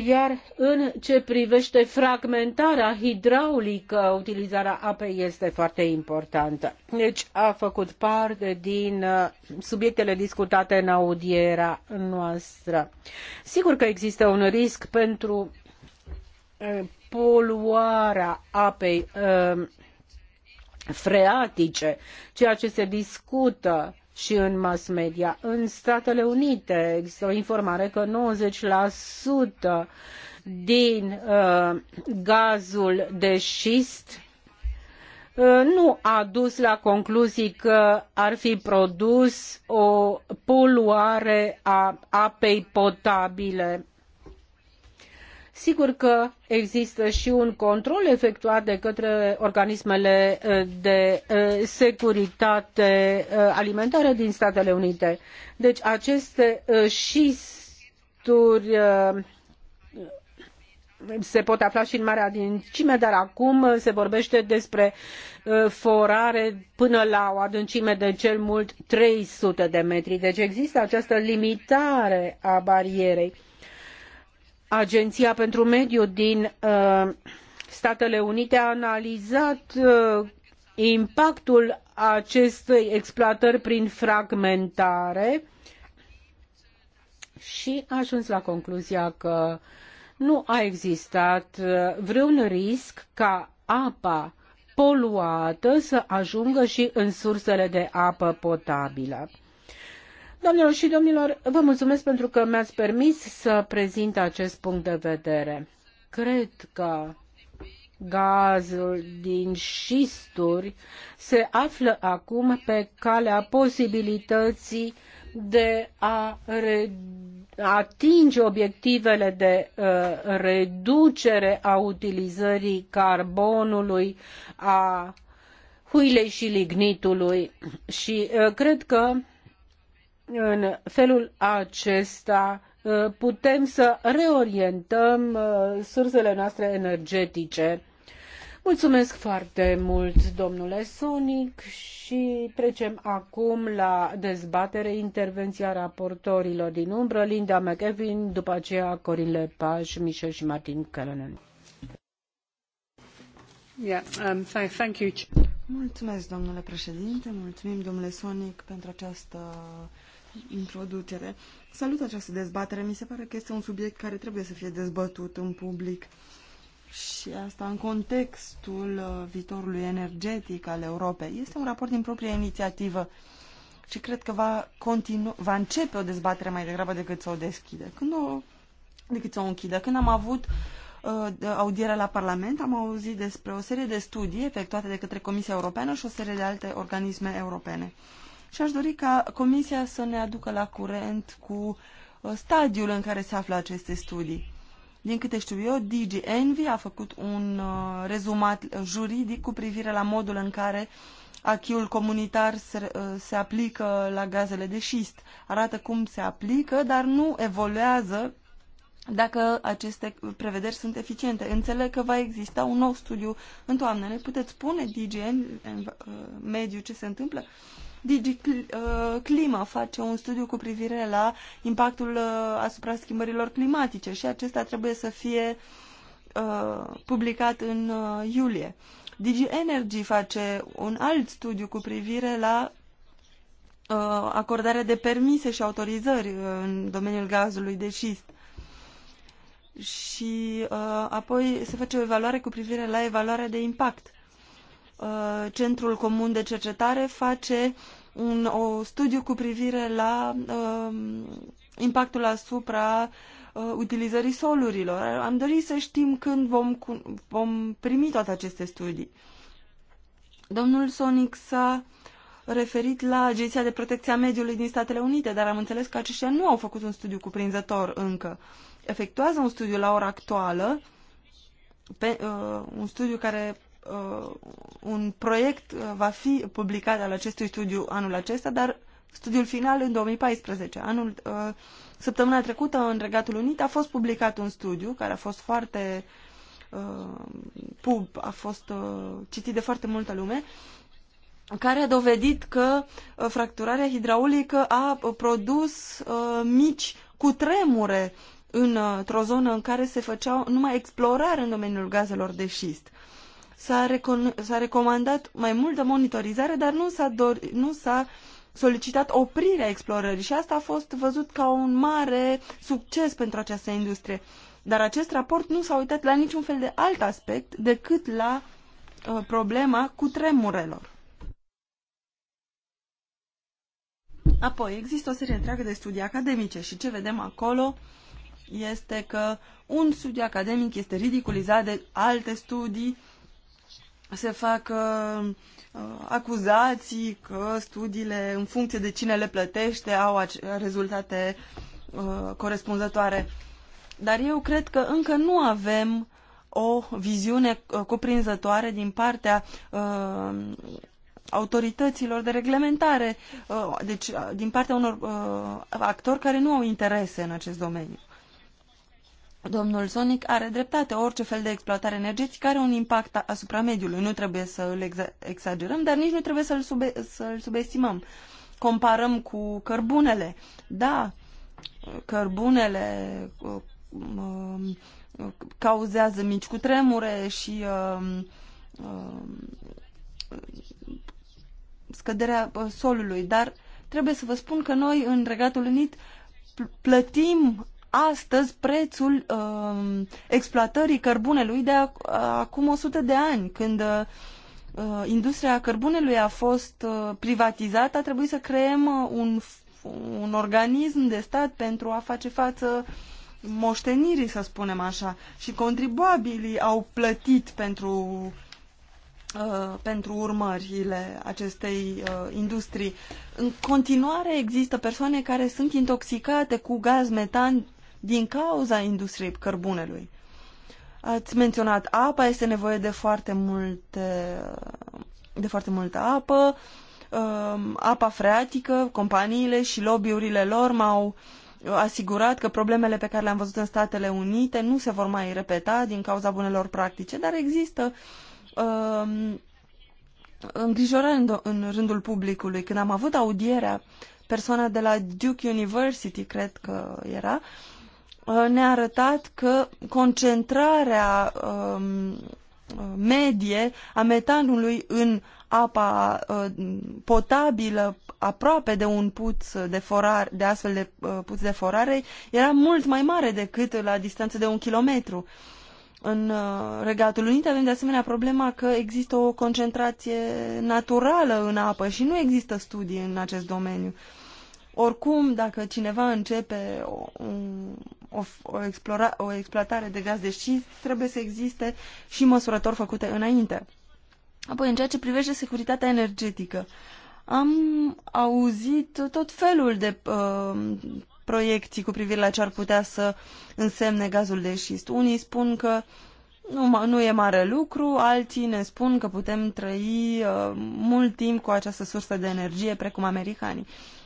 Iar în ce privește fragmentarea hidraulică, utilizarea apei este foarte importantă. Deci a făcut parte din uh, subiectele discutate în audierea noastră. Sigur că există un risc pentru uh, poluarea apei um, freatice, ceea ce se discută și în mass media. În Statele Unite există o informare că 90% din uh, gazul de șist uh, nu a dus la concluzii că ar fi produs o poluare a apei potabile Sigur că există și un control efectuat de către organismele eh, de eh, securitate eh, alimentară din Statele Unite. Deci aceste șisturi se pot afla și în Marea din Cime, dar acum se vorbește despre forare până la o adâncime de cel mult 300 de metri. Deci există această limitare a barierei Agenția pentru Mediu din uh, Statele Unite a analizat uh, impactul acestei exploatări prin fragmentare și a ajuns la concluzia că nu a existat uh, vreun risc ca apa poluată să ajungă și în sursele de apă potabilă. Doamnelor și domnilor, vă mulțumesc pentru că mi-ați permis să prezint acest punct de vedere. Cred că gazul din șisturi se află acum pe calea posibilității de a atinge obiectivele de uh, reducere a utilizării carbonului, a huilei și lignitului și uh, cred că în felul acesta uh, putem să reorientăm uh, sursele noastre energetice. Mulțumesc foarte mult, domnule Sonic, și trecem acum la dezbatere, intervenția raportorilor din umbră, Linda McEvin, după aceea Corin Lepaj, Michel și Martin Kellenen. Yeah, um, thank you. Mulțumesc, domnule președinte, mulțumim, domnule Sonic, pentru această introducere. Salut această dezbatere. Mi se pare că este un subiect care trebuie să fie dezbătut în public. Și asta în contextul uh, viitorului energetic al Europei. Este un raport din propria inițiativă și cred că va, continu- va începe o dezbatere mai degrabă decât să o deschide. Când o, decât să o închidă. Când am avut uh, audierea la Parlament, am auzit despre o serie de studii efectuate de către Comisia Europeană și o serie de alte organisme europene. Uh, și aș dori ca Comisia să ne aducă la curent cu uh, stadiul în care se află aceste studii. Din câte știu eu, DG Envy a făcut un uh, rezumat uh, juridic cu privire la modul în care achiul comunitar se, se aplică la gazele de șist. Arată cum se aplică, dar nu evoluează dacă aceste prevederi sunt eficiente. Înțeleg că va exista un nou studiu în toamnă. Ne puteți spune, DGN, în mediu, ce se întâmplă? DigiClima uh, face un studiu cu privire la impactul uh, asupra schimbărilor climatice și acesta trebuie să fie uh, publicat în iulie. Digi Energy face un alt studiu cu privire la acordarea de permise și autorizări în domeniul gazului de șist. Și uh, apoi se face o evaluare cu privire la evaluarea de impact. Uh, Centrul Comun de Cercetare face un o studiu cu privire la um, impactul asupra uh, utilizării solurilor. Am dorit să știm când vom, vom primi toate aceste studii. Domnul Sonic s-a referit la Agenția de Protecție a Mediului din Statele Unite, dar am înțeles că aceștia nu au făcut un studiu cuprinzător încă. Efectuează un studiu la ora actuală, pe, uh, un studiu care uh, un proiect uh, va fi publicat al acestui studiu anul acesta, dar studiul final în 2014. Anul, uh, săptămâna trecută în Regatul Unit a fost publicat un studiu care a fost foarte uh, pub, a fost uh, citit de foarte multă lume, care a dovedit că uh, fracturarea hidraulică a uh, produs uh, mici cutremure uh, într-o zonă în care se făceau numai explorare în domeniul gazelor de șist. Uh, s-a, recomandat mai multă monitorizare, dar nu s-a, nu s-a solicitat oprirea explorării și asta a fost văzut ca un mare succes pentru această industrie. Dar acest raport nu s-a uitat la niciun fel de alt aspect decât la uh, problema cu tremurelor. Apoi, există o serie întreagă de studii academice și ce vedem acolo este că un studiu academic este ridiculizat de alte studii, se fac uh, acuzații că studiile, în funcție de cine le plătește, au rezultate uh, corespunzătoare. Dar eu cred că încă nu avem o viziune uh, cuprinzătoare din partea uh, autorităților de reglementare, uh, deci uh, din partea unor uh, actori care nu au interese în acest domeniu. Domnul Sonic are dreptate. Orice fel de exploatare energetică are un impact asupra mediului. Nu trebuie să îl exagerăm, dar nici nu trebuie să-l sube- să subestimăm. Comparăm cu cărbunele. Da, cărbunele uh, uh, cauzează mici cutremure și um, um, uh, scăderea solului, dar trebuie să vă spun că noi în Regatul Unit plătim astăzi prețul uh, exploatării cărbunelui de ac acum 100 de ani, când uh, industria cărbunelui a fost uh, privatizată, a trebuit să creăm uh, un, un organism de stat pentru a face față moștenirii, să spunem așa. Și contribuabilii au plătit pentru uh, pentru urmările acestei uh, industrii. În continuare există persoane care sunt intoxicate cu gaz metan din cauza industriei cărbunelui. Ați menționat apa, este nevoie de foarte multe, de foarte multă apă, um, apa freatică, companiile și lobbyurile lor m-au asigurat că problemele pe care le-am văzut în Statele Unite nu se vor mai repeta din cauza bunelor practice, dar există um, îngrijorări în, în rândul publicului. Când am avut audierea, persoana de la Duke University, cred că era, Uh, ne-a arătat că concentrarea um, medie a metanului în apa uh, potabilă aproape de un puț de, forar, de astfel de uh, puț de forare era mult mai mare decât la distanță de un kilometru. În Regatul Unit avem de asemenea problema că există o concentrație naturală în apă și nu există studii în acest domeniu. Uh, oricum, dacă cineva începe o, o, o, explora, o exploatare de gaz de șist, trebuie să existe și măsurători făcute înainte. Apoi, în ceea ce privește securitatea energetică, am auzit tot felul de uh, proiecții cu privire la ce ar putea să însemne gazul de șist. Unii spun că nu, nu e mare lucru, alții ne spun că putem trăi uh, mult timp cu această sursă de energie, precum americanii. Uh,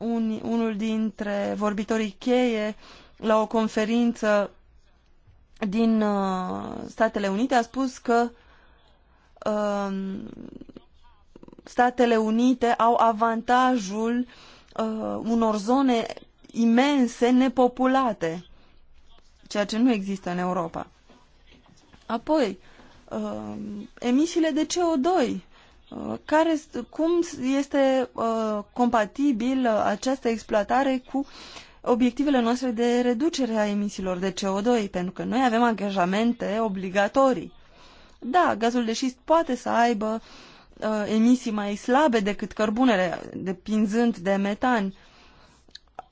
un, unul dintre vorbitorii cheie la o conferință din uh, Statele Unite a spus că uh, Statele Unite au avantajul uh, unor zone imense, nepopulate, ceea ce nu există în Europa. Apoi, uh, emisiile de CO2 Uh, care, cum este uh, compatibil uh, această exploatare cu obiectivele noastre de reducere a emisiilor de CO2, pentru că noi avem angajamente obligatorii. Da, gazul de șist poate să aibă uh, emisii mai slabe decât cărbunele, depinzând de metan.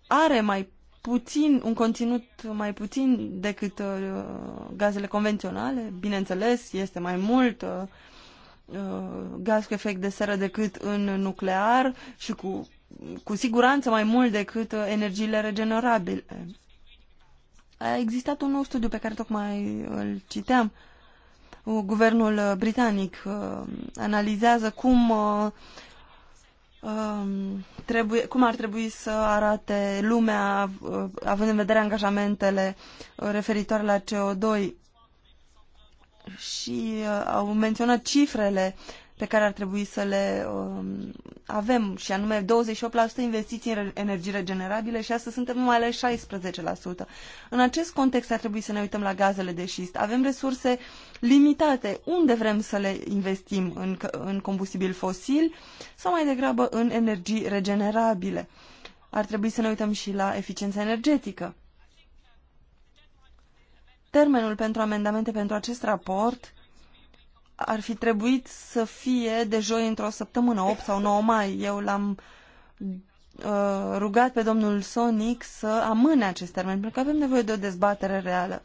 Are mai puțin, un conținut mai puțin decât uh, gazele convenționale, bineînțeles, este mai mult uh, Uh, gaz cu efect de seră decât în nuclear și cu, cu siguranță mai mult decât uh, energiile regenerabile. A existat un nou studiu pe care tocmai îl citeam. Uh, guvernul britanic analizează cum um, trebuie, cum ar trebui să arate lumea având în vedere angajamentele referitoare la CO2 și uh, au menționat cifrele pe care ar trebui să le um, avem, și anume 28% investiții în energii regenerabile și astăzi suntem numai la 16%. În acest context ar trebui să ne uităm la gazele de șist. Avem resurse limitate. Unde vrem să le investim? În, în combustibil fosil sau mai degrabă în energii regenerabile? Ar trebui să ne uităm și la eficiența energetică. Termenul pentru amendamente pentru acest raport ar fi trebuit să fie de joi într-o săptămână, 8 sau 9 mai. Eu l-am uh, rugat pe domnul Sonic să amâne acest termen, pentru că avem nevoie de o dezbatere reală.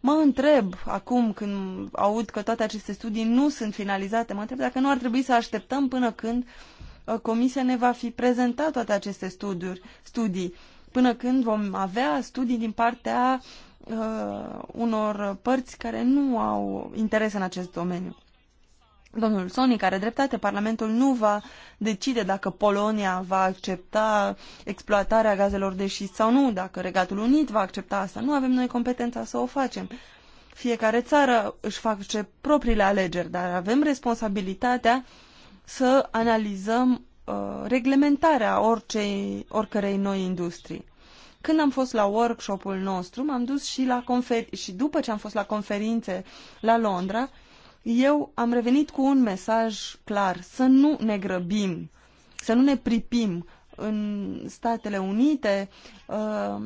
Mă întreb acum când aud că toate aceste studii nu sunt finalizate, mă întreb dacă nu ar trebui să așteptăm până când uh, Comisia ne va fi prezentat toate aceste studiuri, studii, până când vom avea studii din partea uh, unor părți care nu au interes în acest domeniu. Domnul Soni, care dreptate, Parlamentul nu va decide dacă Polonia va accepta exploatarea gazelor de șist sau nu, dacă Regatul Unit va accepta asta. Nu avem noi competența să o facem. Fiecare țară își face propriile alegeri, dar avem responsabilitatea să analizăm uh, reglementarea oricei, oricărei noi industrii. Când am fost la workshopul nostru, m-am dus și la conferi- și după ce am fost la conferințe la Londra, eu am revenit cu un mesaj clar, să nu ne grăbim, să nu ne pripim. În Statele Unite, uh,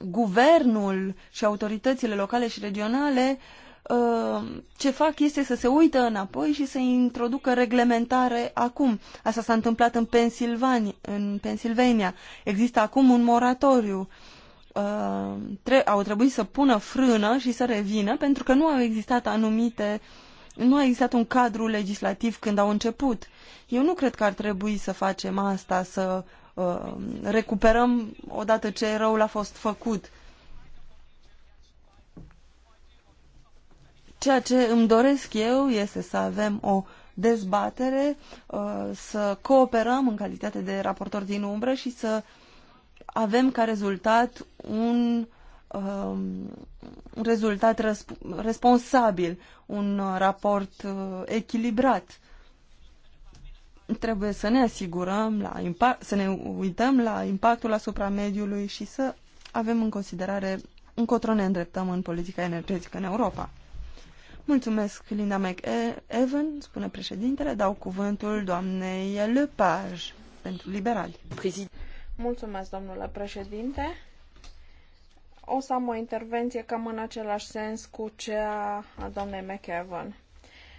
guvernul și autoritățile locale și regionale uh, Uh, ce fac este să se uită înapoi și să introducă reglementare acum. Asta s-a întâmplat în, Pennsylvania. în Pennsylvania. Există acum un moratoriu. Uh, tre au trebuit să pună frână și să revină pentru că nu au existat anumite nu a existat un cadru legislativ când au început. Eu nu cred că ar trebui să facem asta, să uh, recuperăm odată ce răul a fost făcut Ceea ce îmi doresc eu este să avem o dezbatere, uh, să cooperăm în calitate de raportor din umbră și să avem ca rezultat un, um, un rezultat responsabil, un raport uh, echilibrat. Trebuie să ne asigurăm, la impact, să ne uităm la impactul asupra mediului și să avem în considerare încotro ne îndreptăm în politica energetică în Europa. Mulțumesc, Linda McEwan, spune președintele. Dau cuvântul doamnei Lepage pentru liberali. Mulțumesc, domnule președinte. O să am o intervenție cam în același sens cu cea a doamnei McEwan.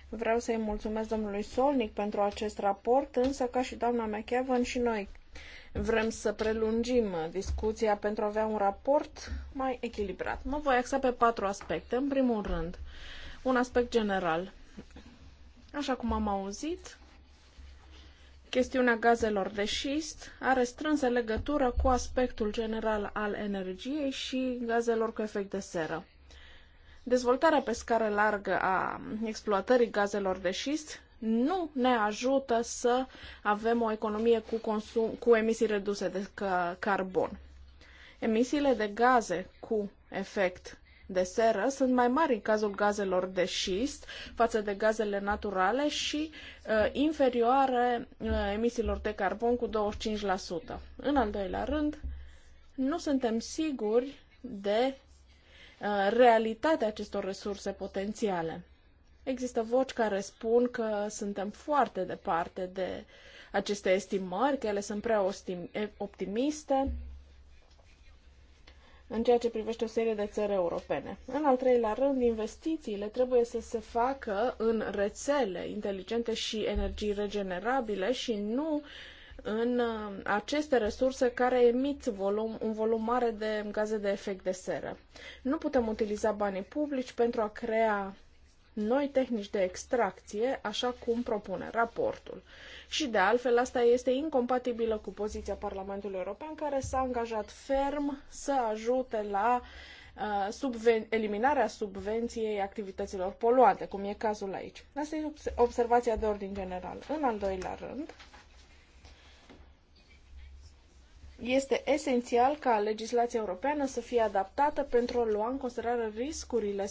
Vreau să-i mulțumesc domnului Solnic pentru acest raport, însă ca și doamna McEwan și noi vrem să prelungim discuția pentru a avea un raport mai echilibrat. Mă voi axa pe patru aspecte. În primul rând, un aspect general. Așa cum am auzit, chestiunea gazelor de șist are strânsă legătură cu aspectul general al energiei și gazelor cu efect de seră. Dezvoltarea pe scară largă a exploatării gazelor de șist nu ne ajută să avem o economie cu, consum, cu emisii reduse de carbon. Emisiile de gaze cu efect de seră sunt mai mari în cazul gazelor de șist față de gazele naturale și uh, inferioare uh, emisiilor de carbon cu 25%. În al doilea rând, nu suntem siguri de uh, realitatea acestor resurse potențiale. Există voci care spun că suntem foarte departe de aceste estimări, că ele sunt prea optimiste, în ceea ce privește o serie de țări europene. În al treilea rând, investițiile trebuie să se facă în rețele inteligente și energii regenerabile și nu în uh, aceste resurse care emit volum, un volum mare de gaze de efect de seră. Nu putem utiliza banii publici pentru a crea noi tehnici de extracție, așa cum propune raportul. Și de altfel, asta este incompatibilă cu poziția Parlamentului European, care s-a angajat ferm să ajute la uh, subven- eliminarea subvenției activităților poluante, cum e cazul aici. Asta e observația de ordin general. În al doilea rând, este esențial ca legislația europeană să fie adaptată pentru a lua în considerare riscurile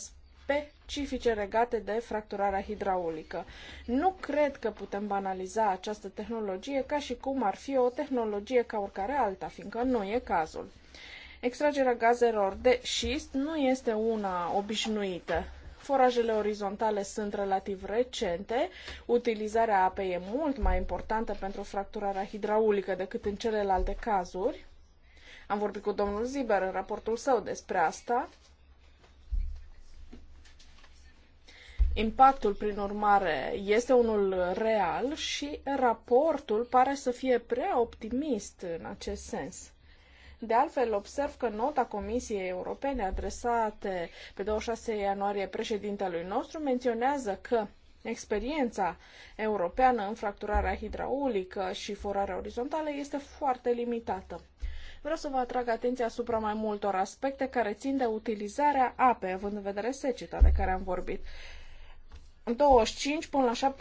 specifice legate de fracturarea hidraulică. Nu cred că putem banaliza această tehnologie ca și cum ar fi o tehnologie ca oricare alta, fiindcă nu e cazul. Extragerea gazelor de șist nu este una obișnuită. Forajele orizontale sunt relativ recente, utilizarea apei e mult mai importantă pentru fracturarea hidraulică decât în celelalte cazuri. Am vorbit cu domnul Ziber în raportul său despre asta Impactul, prin urmare, este unul real și raportul pare să fie prea optimist în acest sens. De altfel, observ că nota Comisiei Europene adresate pe 26 ianuarie președintelui nostru menționează că experiența europeană în fracturarea hidraulică și forarea orizontală este foarte limitată. Vreau să vă atrag atenția asupra mai multor aspecte care țin de utilizarea apei, având în vedere seceta de care am vorbit. 25 până la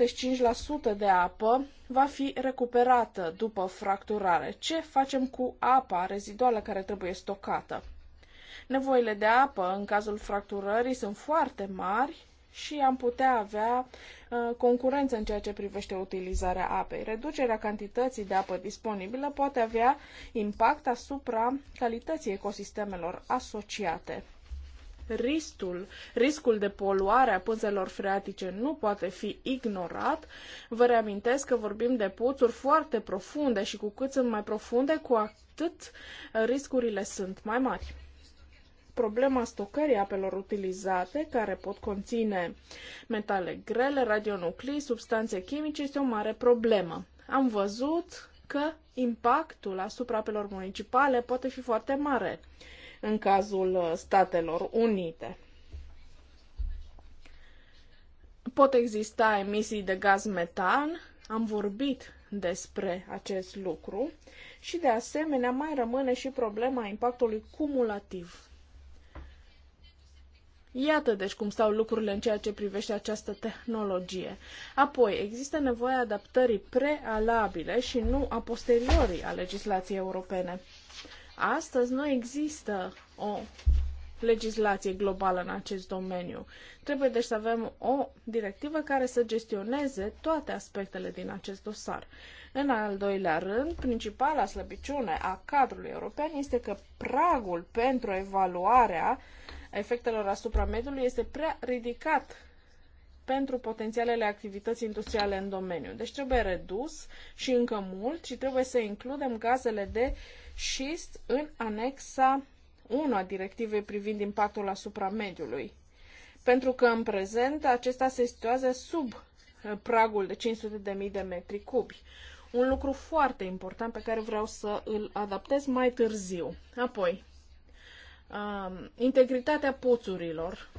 75% de apă va fi recuperată după fracturare. Ce facem cu apa reziduală care trebuie stocată? Nevoile de apă în cazul fracturării sunt foarte mari și am putea avea uh, concurență în ceea ce privește utilizarea apei. Reducerea cantității de apă disponibilă poate avea impact asupra calității ecosistemelor asociate riscul, riscul de poluare a pânzelor freatice nu poate fi ignorat. Vă reamintesc că vorbim de puțuri foarte profunde și cu cât sunt mai profunde, cu atât uh, riscurile sunt mai mari problema stocării apelor utilizate, care pot conține metale grele, radionuclii, substanțe chimice, este o mare problemă. Am văzut că impactul asupra apelor municipale poate fi foarte mare în cazul uh, Statelor Unite. Pot exista emisii de gaz metan, am vorbit despre acest lucru și de asemenea mai rămâne și problema impactului cumulativ. Iată deci cum stau lucrurile în ceea ce privește această tehnologie. Apoi, există nevoia adaptării prealabile și nu a posteriorii a legislației europene. Astăzi nu există o legislație globală în acest domeniu. Trebuie deci să avem o directivă care să gestioneze toate aspectele din acest dosar. În al doilea rând, principala slăbiciune a cadrului european este că pragul pentru evaluarea efectelor asupra mediului este prea ridicat pentru potențialele activități industriale în domeniu. Deci trebuie redus și încă mult și trebuie să includem gazele de șist în anexa 1 a directivei privind impactul asupra mediului. Pentru că în prezent acesta se situează sub eh, pragul de 500.000 de metri cubi. Un lucru foarte important pe care vreau să îl adaptez mai târziu. Apoi, integritatea poțurilor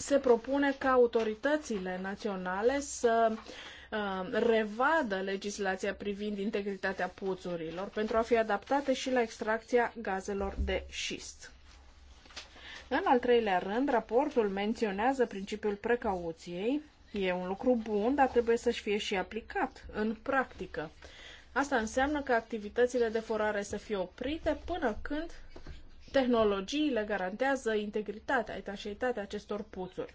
se propune ca autoritățile naționale să uh, revadă legislația privind integritatea puțurilor pentru a fi adaptate și la extracția gazelor de șist. În al treilea rând, raportul menționează principiul precauției. E un lucru bun, dar trebuie să-și fie și aplicat în practică. Asta înseamnă că activitățile de forare să fie oprite până când tehnologiile garantează integritatea, etașitatea acestor puțuri.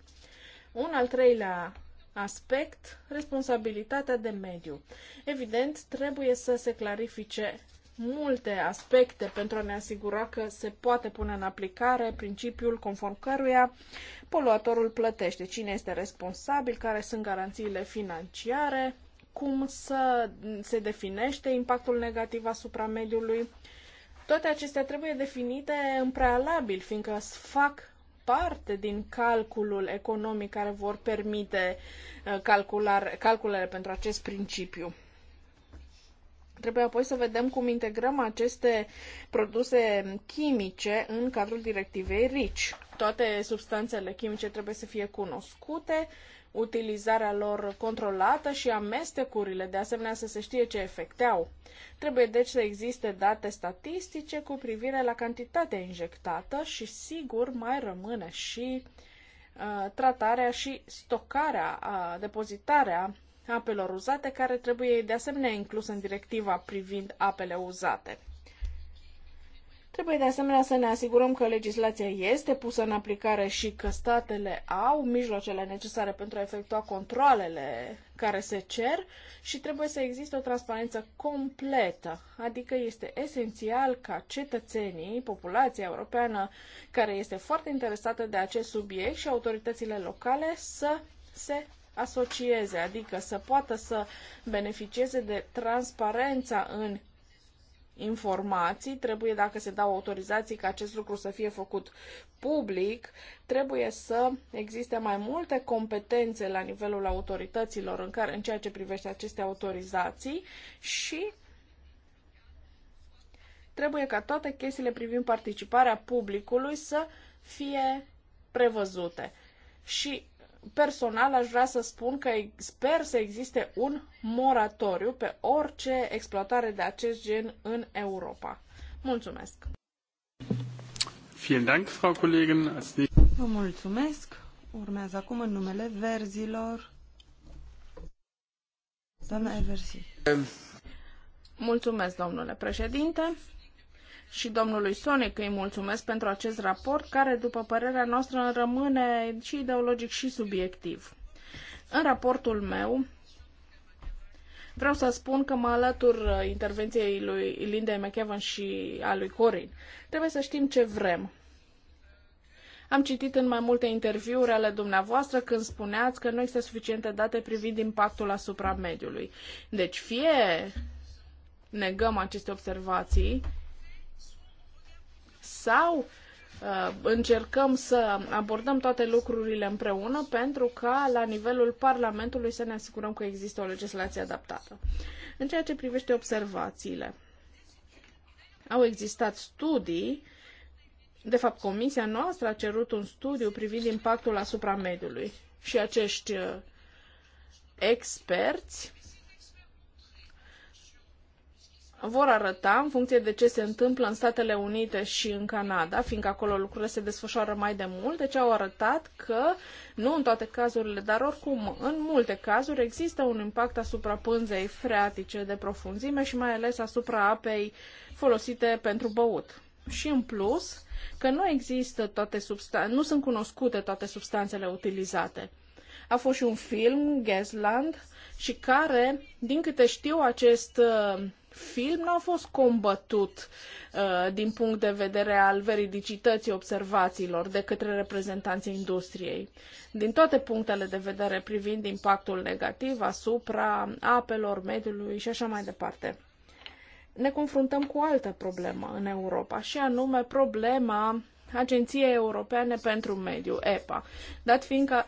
Un al treilea aspect, responsabilitatea de mediu. Evident, trebuie să se clarifice multe aspecte pentru a ne asigura că se poate pune în aplicare principiul conform căruia poluatorul plătește, cine este responsabil, care sunt garanțiile financiare, cum să se definește impactul negativ asupra mediului, toate acestea trebuie definite în prealabil, fiindcă fac parte din calculul economic care vor permite uh, calculele pentru acest principiu. Trebuie apoi să vedem cum integrăm aceste produse chimice în cadrul directivei RICI. Toate substanțele chimice trebuie să fie cunoscute utilizarea lor controlată și amestecurile, de asemenea să se știe ce efecte au. Trebuie deci să existe date statistice cu privire la cantitatea injectată și sigur mai rămâne și uh, tratarea și stocarea, uh, depozitarea apelor uzate, care trebuie de asemenea inclusă în directiva privind apele uzate. Trebuie de asemenea să ne asigurăm că legislația este pusă în aplicare și că statele au mijloacele necesare pentru a efectua controlele care se cer și trebuie să existe o transparență completă. Adică este esențial ca cetățenii, populația europeană care este foarte interesată de acest subiect și autoritățile locale să se asocieze, adică să poată să beneficieze de transparența în informații, trebuie dacă se dau autorizații ca acest lucru să fie făcut public, trebuie să existe mai multe competențe la nivelul autorităților în, care, în ceea ce privește aceste autorizații și trebuie ca toate chestiile privind participarea publicului să fie prevăzute. Și personal aș vrea să spun că sper să existe un moratoriu pe orice exploatare de acest gen în Europa. Mulțumesc! Vă mulțumesc! Urmează acum în numele verzilor. Doamna Eversi. Mulțumesc, domnule președinte și domnului Sonic îi mulțumesc pentru acest raport, care, după părerea noastră, rămâne și ideologic și subiectiv. În raportul meu, vreau să spun că mă alătur intervenției lui Linda McEvan și a lui Corin. Trebuie să știm ce vrem. Am citit în mai multe interviuri ale dumneavoastră când spuneați că nu există suficiente date privind impactul asupra mediului. Deci fie negăm aceste observații sau uh, încercăm să abordăm toate lucrurile împreună pentru ca la nivelul Parlamentului să ne asigurăm că există o legislație adaptată. În ceea ce privește observațiile, au existat studii de fapt, comisia noastră a cerut un studiu privind impactul asupra mediului și acești uh, experți vor arăta în funcție de ce se întâmplă în Statele Unite și în Canada, fiindcă acolo lucrurile se desfășoară mai de mult, deci au arătat că, nu în toate cazurile, dar oricum în multe cazuri există un impact asupra pânzei freatice de profunzime și mai ales asupra apei folosite pentru băut. Și în plus, că nu există toate substan- nu sunt cunoscute toate substanțele utilizate. A fost și un film, Gasland, și care, din câte știu, acest uh, film nu a fost combătut uh, din punct de vedere al veridicității observațiilor de către reprezentanții industriei. Din toate punctele de vedere privind impactul negativ asupra apelor, mediului și așa mai departe. Ne confruntăm cu o altă problemă în Europa și anume problema Agenției Europene pentru Mediu, EPA, dat fiindcă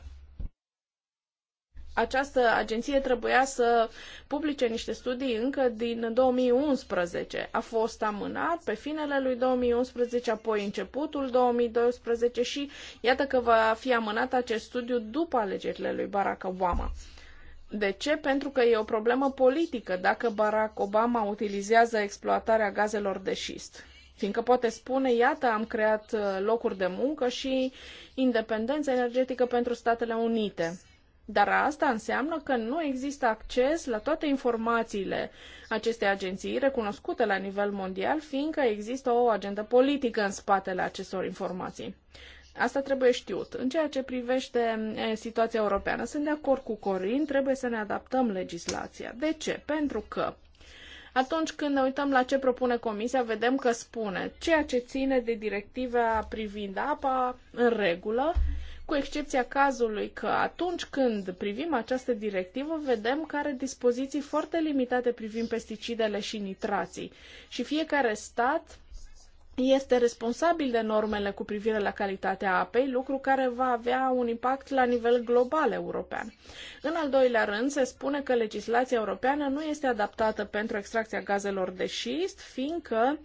această agenție trebuia să publice niște studii încă din 2011. A fost amânat pe finele lui 2011, apoi începutul 2012 și iată că va fi amânat acest studiu după alegerile lui Barack Obama. De ce? Pentru că e o problemă politică dacă Barack Obama utilizează exploatarea gazelor de șist fiindcă poate spune, iată, am creat uh, locuri de muncă și independență energetică pentru Statele Unite. Dar asta înseamnă că nu există acces la toate informațiile acestei agenții recunoscute la nivel mondial, fiindcă există o agendă politică în spatele acestor informații. Asta trebuie știut. În ceea ce privește situația europeană, sunt de acord cu Corin, trebuie să ne adaptăm legislația. De ce? Pentru că atunci când ne uităm la ce propune Comisia, vedem că spune ceea ce ține de directiva privind apa în regulă, cu excepția cazului că atunci când privim această directivă, vedem că are dispoziții foarte limitate privind pesticidele și nitrații. Și fiecare stat este responsabil de normele cu privire la calitatea apei, lucru care va avea un impact la nivel global european. În al doilea rând, se spune că legislația europeană nu este adaptată pentru extracția gazelor de șist, fiindcă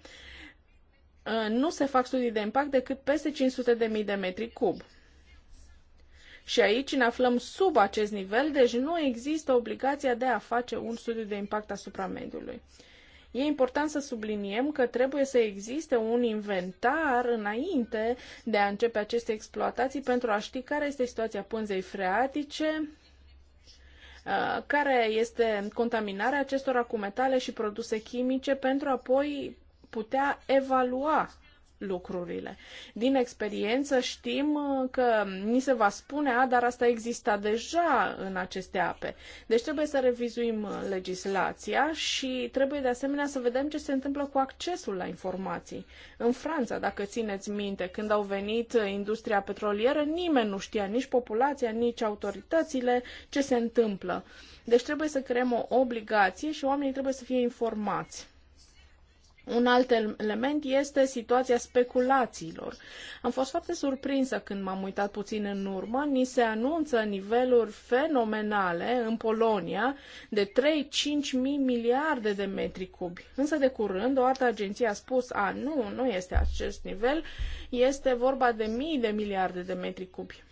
uh, nu se fac studii de impact decât peste 500.000 de metri cub. Și aici ne aflăm sub acest nivel, deci nu există obligația de a face un studiu de impact asupra mediului. E important să subliniem că trebuie să existe un inventar înainte de a începe aceste exploatații pentru a ști care este situația pânzei freatice, care este contaminarea acestora cu metale și produse chimice pentru a apoi putea evalua lucrurile. Din experiență știm uh, că ni se va spune, a, dar asta exista deja în aceste ape. Deci trebuie să revizuim uh, legislația și trebuie de asemenea să vedem ce se întâmplă cu accesul la informații. În Franța, dacă țineți minte, când au venit uh, industria petrolieră, nimeni nu știa, nici populația, nici autoritățile, ce se întâmplă. Deci trebuie să creăm o obligație și oamenii trebuie să fie informați. Un alt element este situația speculațiilor. Am fost foarte surprinsă când m-am uitat puțin în urmă. Ni se anunță niveluri fenomenale în Polonia de 3-5 miliarde de metri cubi. Însă de curând o altă agenție a spus, a, nu, nu este acest nivel, este vorba de mii de miliarde de metri cubi.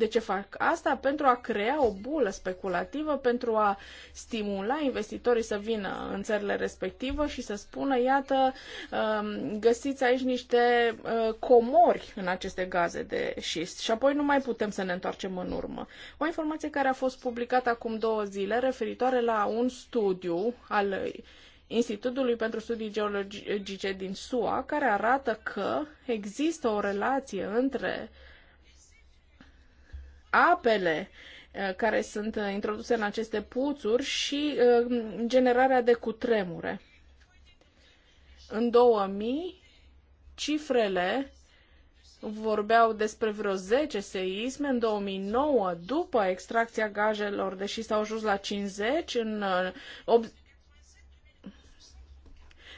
De ce fac asta? Pentru a crea o bulă speculativă, pentru a stimula investitorii să vină în țările respective și să spună, iată, um, găsiți aici niște uh, comori în aceste gaze de șist și apoi nu mai putem să ne întoarcem în urmă. O informație care a fost publicată acum două zile referitoare la un studiu al Institutului pentru Studii Geologice din SUA, care arată că există o relație între uh, apele uh, care sunt uh, introduse în aceste puțuri și uh, generarea de cutremure. În 2000, cifrele vorbeau despre vreo 10 seisme. În 2009, după extracția gajelor deși s au ajuns la 50. În, 8...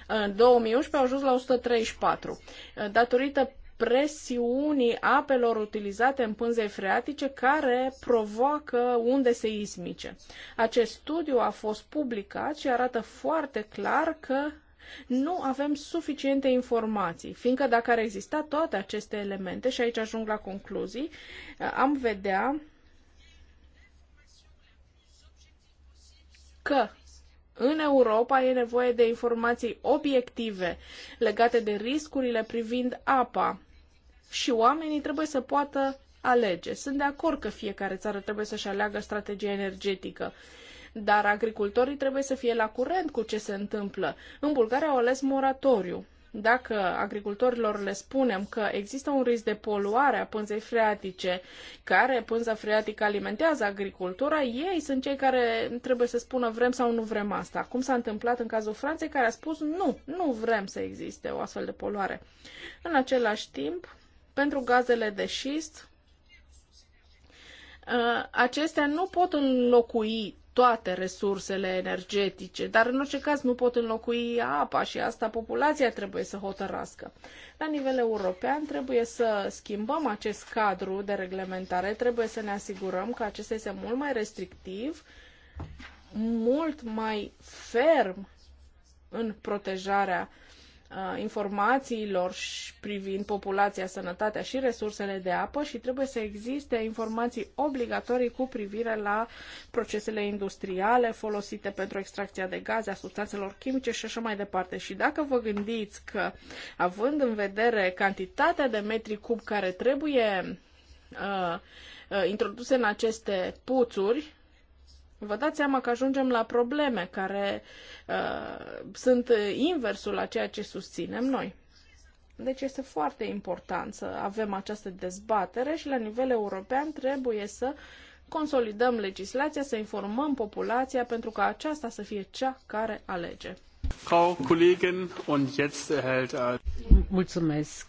în 2011 au ajuns la 134. Datorită presiunii apelor utilizate în pânzei freatice care provoacă unde seismice. Acest studiu a fost publicat și arată foarte clar că nu avem suficiente informații, fiindcă dacă ar exista toate aceste elemente, și aici ajung la concluzii, am vedea că în Europa e nevoie de informații obiective legate de riscurile privind apa, și oamenii trebuie să poată alege. Sunt de acord că fiecare țară trebuie să-și aleagă strategia energetică, dar agricultorii trebuie să fie la curent cu ce se întâmplă. În Bulgaria au ales moratoriu. Dacă agricultorilor le spunem că există un risc de poluare a pânzei freatice, care pânza freatică alimentează agricultura, ei sunt cei care trebuie să spună vrem sau nu vrem asta. Cum s-a întâmplat în cazul Franței, care a spus nu, nu vrem să existe o astfel de poluare. În același timp, pentru gazele de șist, uh, acestea nu pot înlocui toate resursele energetice, dar în orice caz nu pot înlocui apa și asta populația trebuie să hotărască. La nivel european trebuie să schimbăm acest cadru de reglementare, trebuie să ne asigurăm că acesta este mult mai restrictiv, mult mai ferm în protejarea uh, informațiilor privind populația, sănătatea și resursele de apă și trebuie să existe informații obligatorii cu privire la procesele industriale folosite pentru extracția de gaze, a substanțelor chimice și așa mai departe. Și dacă vă gândiți că, având în vedere cantitatea de metri cub care trebuie uh, introduse în aceste puțuri, Vă dați seama că ajungem la probleme care uh, sunt inversul la ceea ce susținem noi. Deci este foarte important să avem această dezbatere și la nivel european trebuie să consolidăm legislația, să informăm populația pentru ca aceasta să fie cea care alege. Frau Kollegin und jetzt erhält äh, Mulțumesc.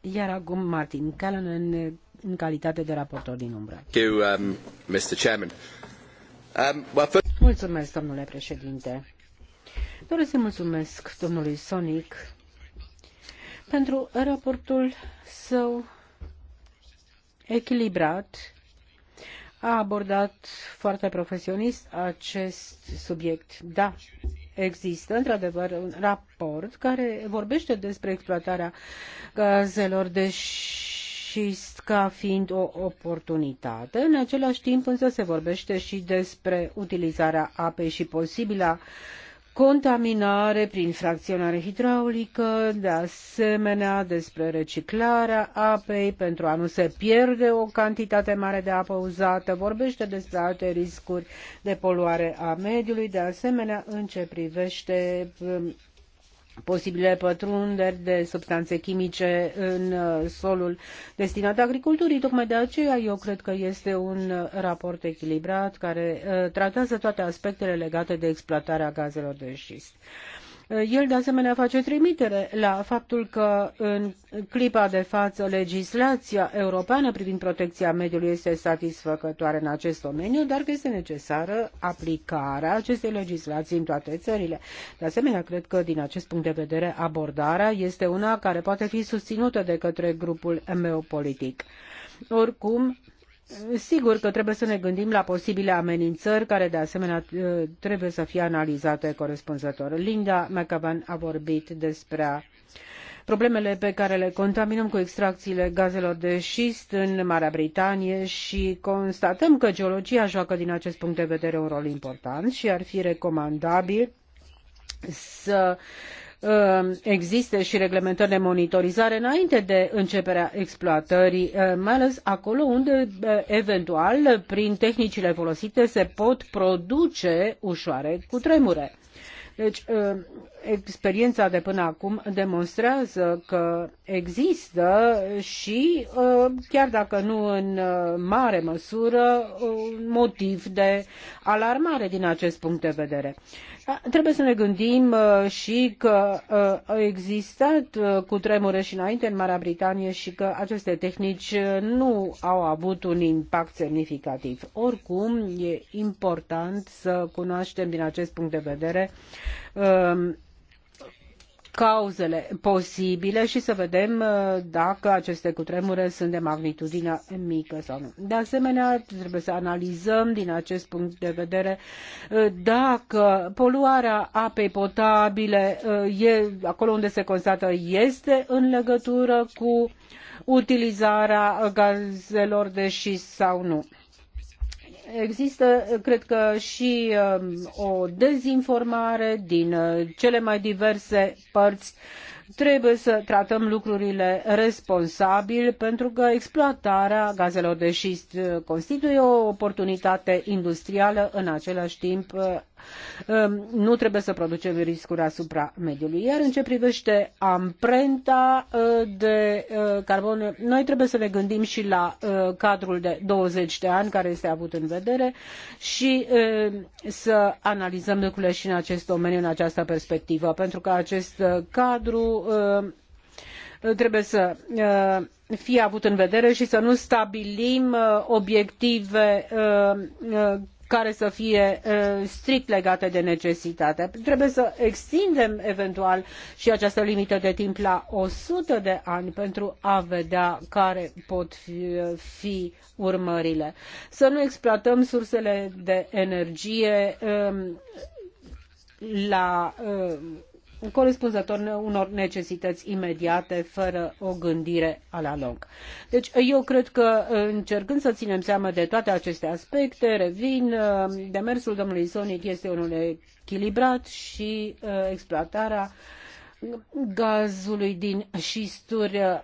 Iar acum Martin Callanan în calitate de raportor din umbră. Thank you, um, Mr. Chairman. Um, mulțumesc, domnule președinte. Doresc să mulțumesc domnului sonik pentru raportul său echilibrat. A abordat foarte profesionist acest subiect. Da, există într-adevăr un raport care vorbește despre exploatarea gazelor de șist ca fiind o oportunitate. În același timp însă se vorbește și despre utilizarea apei și posibila contaminare prin fracționare hidraulică, de asemenea despre reciclarea apei pentru a nu se pierde o cantitate mare de apă uzată, vorbește despre alte riscuri de poluare a mediului, de asemenea în ce privește um, posibile pătrunderi de substanțe chimice în uh, solul destinat agriculturii. Tocmai de aceea eu cred că este un raport echilibrat care uh, tratează toate aspectele legate de exploatarea gazelor de șist. Uh, el de asemenea face trimitere la faptul că în clipa de față legislația europeană privind protecția mediului este satisfăcătoare în acest domeniu, dar că este necesară aplicarea acestei legislații în toate țările. De asemenea, cred că din acest punct de vedere abordarea este una care poate fi susținută de către grupul meu politic. Oricum, Sigur că trebuie să ne gândim la posibile amenințări care de asemenea ă, trebuie să fie analizate corespunzător. Linda McAvan a vorbit despre problemele pe care le contaminăm cu extracțiile gazelor de șist în Marea Britanie și constatăm că geologia joacă din acest punct de vedere un rol important și ar fi recomandabil să uh, Ehm, existe și reglementări de monitorizare înainte de începerea exploatării, ehm, mai ales acolo unde ehm, eventual prin tehnicile folosite se pot produce ușoare cu tremure. Deci experiența de până acum demonstrează că există și, uh, chiar dacă nu în uh, mare măsură, uh, un motiv de alarmare din acest punct de vedere. Da, trebuie să ne gândim și că au existat cu tremure și înainte în Marea Britanie și că aceste tehnici nu au avut un impact semnificativ. Oricum, e important să cunoaștem din acest punct de vedere cauzele posibile și să vedem uh, dacă aceste cutremure sunt de magnitudine mică sau nu. De asemenea, trebuie să analizăm din acest punct de vedere uh, dacă poluarea apei potabile uh, e, acolo unde se constată este în legătură cu utilizarea gazelor de șist sau nu Există, cred că, și um, o dezinformare din uh, cele mai diverse părți. Trebuie să tratăm lucrurile responsabil pentru că exploatarea gazelor de șist uh, constituie o oportunitate industrială, în același timp uh, Ehm, nu trebuie să producem riscuri asupra mediului. Iar în ce privește amprenta eh, de eh, carbon, noi trebuie să ne gândim și la eh, cadrul de 20 de ani care este avut în vedere și ehm, să analizăm lucrurile și în acest domeniu, în această perspectivă, pentru că acest cadru ehm, trebuie să fie avut în vedere și să nu stabilim obiective care să fie uh, strict legate de necesitate. Trebuie să extindem eventual și această limită de timp la 100 de ani pentru a vedea care pot fi, fi urmările. Să nu exploatăm sursele de energie um, la um, corespunzător unor necesități imediate, fără o gândire a la lung. Deci eu cred că încercând să ținem seama de toate aceste aspecte, revin, uh, demersul domnului Sonic este unul echilibrat și uh, exploatarea gazului din șisturi uh,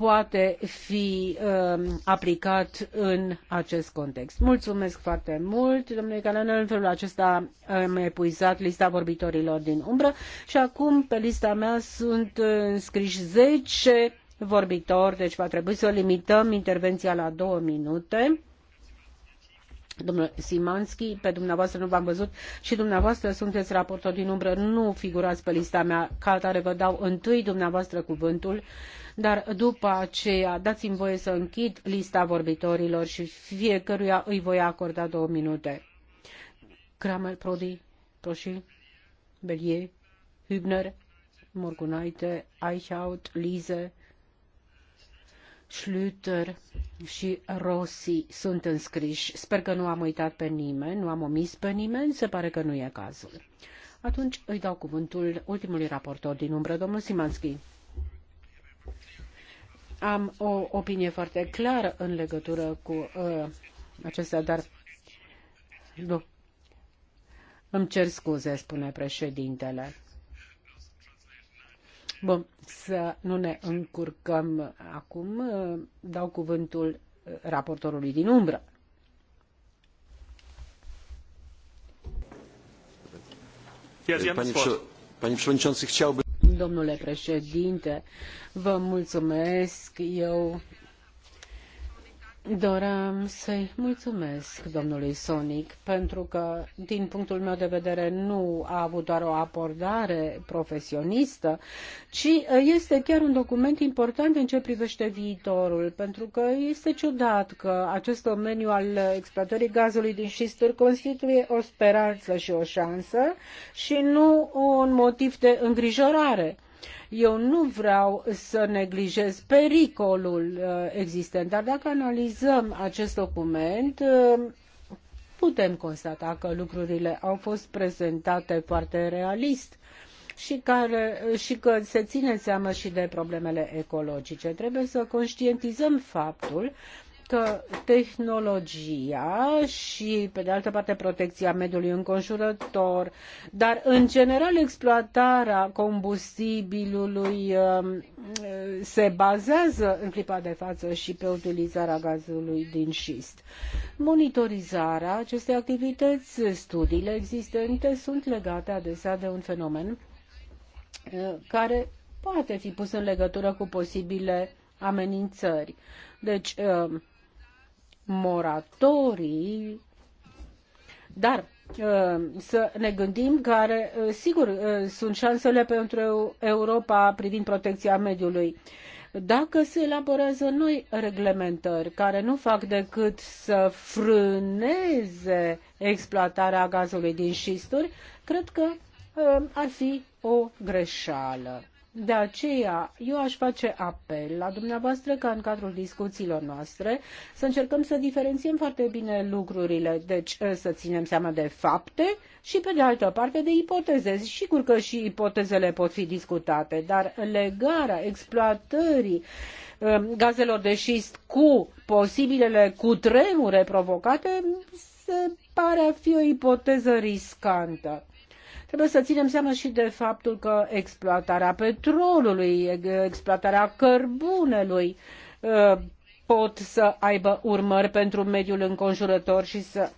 poate fi uh, aplicat în acest context. Mulțumesc foarte mult, domnule Calan, în felul acesta am epuizat lista vorbitorilor din umbră și acum pe lista mea sunt uh, înscriși 10 vorbitori, deci va trebui să limităm intervenția la două minute. Domnule Simanski, pe dumneavoastră nu v-am văzut și dumneavoastră sunteți raportor din umbră, nu figurați pe lista mea, ca atare vă dau întâi dumneavoastră cuvântul, dar după aceea dați-mi voie să închid lista vorbitorilor și fiecăruia îi voi acorda două minute. Kramer, Prodi, Proșil, Belie, Hübner, Morgunaite, Eichhout, Lise, Schlüter și Rossi sunt înscriși. Sper că nu am uitat pe nimeni, nu am omis pe nimeni, se pare că nu e cazul. Atunci îi dau cuvântul ultimului raportor din umbră, domnul Simanski. Am o opinie foarte clară în legătură cu uh, acestea, dar... Nu. Îmi cer scuze, spune președintele. Bun, să nu ne încurcăm acum. Uh, dau cuvântul uh, raportorului din umbră. Domnule președinte, vă mulțumesc. Eu Doream să-i mulțumesc domnului Sonic pentru că, din punctul meu de vedere, nu a avut doar o abordare profesionistă, ci uh, este chiar un document important în ce privește viitorul, pentru că este ciudat că acest domeniu al exploatării gazului din șisturi constituie o speranță și o șansă și nu un motiv de îngrijorare eu nu vreau să neglijez pericolul uh, existent, dar dacă analizăm acest document, uh, putem constata că lucrurile au fost prezentate foarte realist și, care, uh, și că se ține seama și de problemele ecologice. Trebuie să conștientizăm faptul că tehnologia și, pe de altă parte, protecția mediului înconjurător, dar, în general, exploatarea combustibilului um, se bazează în clipa de față și pe utilizarea gazului din șist. Monitorizarea acestei activități, studiile existente sunt legate adesea de un fenomen uh, care poate fi pus în legătură cu posibile amenințări. Deci, uh, moratorii, dar uh, să ne gândim că, uh, sigur, uh, sunt șansele pentru Europa privind protecția mediului. Dacă se elaborează noi reglementări care nu fac decât să frâneze exploatarea gazului din șisturi, cred că ar fi o greșeală. De aceea, eu aș face apel la dumneavoastră ca în cadrul discuțiilor noastre să încercăm să diferențiem foarte bine lucrurile, deci eh, să ținem seama de fapte și, pe de altă parte, de ipoteze. Sigur că și ipotezele pot fi discutate, dar legarea exploatării eh, gazelor de șist cu posibilele cutremure provocate se pare a fi o ipoteză riscantă. Trebuie să ținem seama și de faptul că exploatarea petrolului, exploatarea cărbunelui uh, pot să aibă urmări pentru mediul înconjurător și să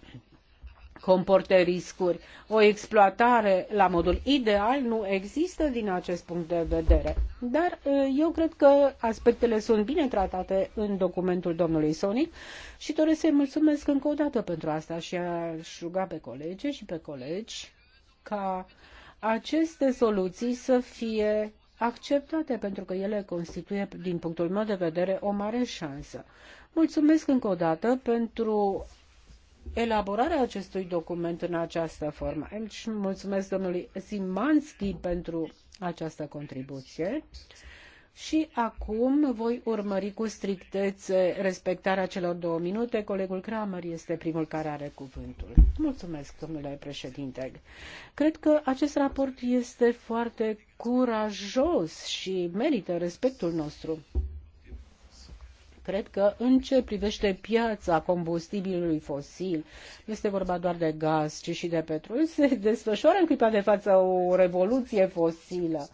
comporte riscuri. O exploatare la modul ideal nu există din acest punct de vedere. Dar uh, eu cred că aspectele sunt bine tratate în documentul domnului Sonic și doresc să-i mulțumesc încă o dată pentru asta și aș ruga pe colege și pe colegi ca aceste soluții să fie acceptate, pentru că ele constituie, din punctul meu de vedere, o mare șansă. Mulțumesc încă o dată pentru elaborarea acestui document în această formă. mulțumesc domnului Simanski pentru această contribuție și acum voi urmări cu strictețe respectarea celor două minute. Colegul Kramer este primul care are cuvântul. Mulțumesc, domnule președinte. Cred că acest raport este foarte curajos și merită respectul nostru. Cred că în ce privește piața combustibilului fosil, nu este vorba doar de gaz, ci și de petrol, se desfășoară în clipa de față o revoluție fosilă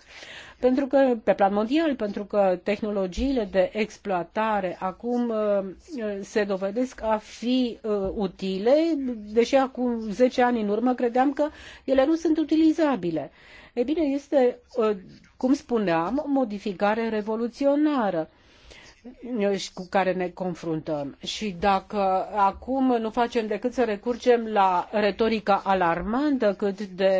pentru că, pe plan mondial, pentru că tehnologiile de exploatare acum uh, se dovedesc a fi uh, utile, deși acum 10 ani în urmă credeam că ele nu sunt utilizabile. Ei bine, este, uh, cum spuneam, o modificare revoluționară cu care ne confruntăm. Și dacă acum nu facem decât să recurgem la retorica alarmantă cât de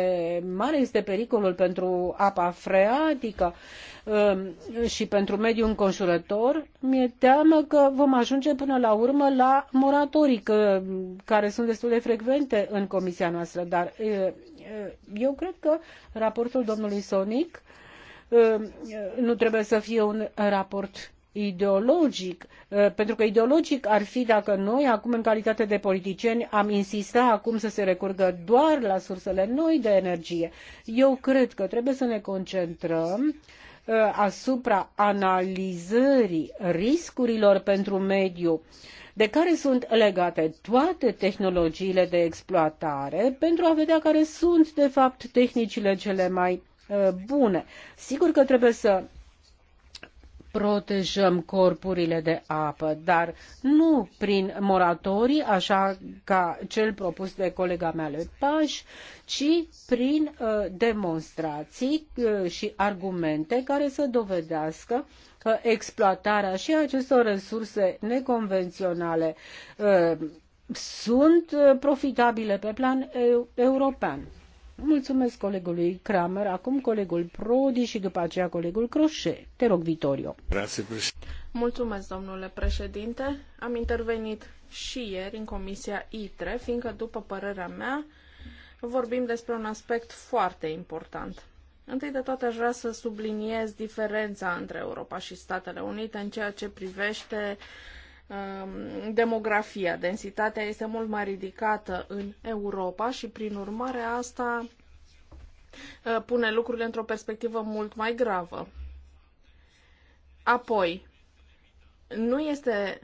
mare este pericolul pentru apa freatică um, și pentru mediul înconjurător, mi-e teamă că vom ajunge până la urmă la moratorii care sunt destul de frecvente în comisia noastră. Dar uh, uh, eu cred că raportul domnului Sonic uh, nu trebuie să fie un raport ideologic, uh, pentru că ideologic ar fi dacă noi, acum în calitate de politicieni, am insista acum să se recurgă doar la sursele noi de energie. Eu cred că trebuie să ne concentrăm uh, asupra analizării riscurilor pentru mediu de care sunt legate toate tehnologiile de exploatare pentru a vedea care sunt de fapt tehnicile cele mai uh, bune. Sigur că trebuie să protejăm corpurile de apă, dar nu prin moratorii, așa ca cel propus de colega mea Lepaș, ci prin uh, demonstrații uh, și argumente care să dovedească că exploatarea și acestor resurse neconvenționale uh, sunt uh, profitabile pe plan eu, european. Mulțumesc colegului Kramer, acum colegul Prodi și după aceea colegul Croșe. Te rog, Vitorio. Mulțumesc, domnule președinte. Am intervenit și ieri în Comisia ITRE, fiindcă, după părerea mea, vorbim despre un aspect foarte important. Întâi de toate aș vrea să subliniez diferența între Europa și Statele Unite în ceea ce privește uh, Um, demografia. Densitatea este mult mai ridicată în Europa și, prin urmare, asta uh, pune lucrurile într-o perspectivă mult mai gravă. Apoi, nu este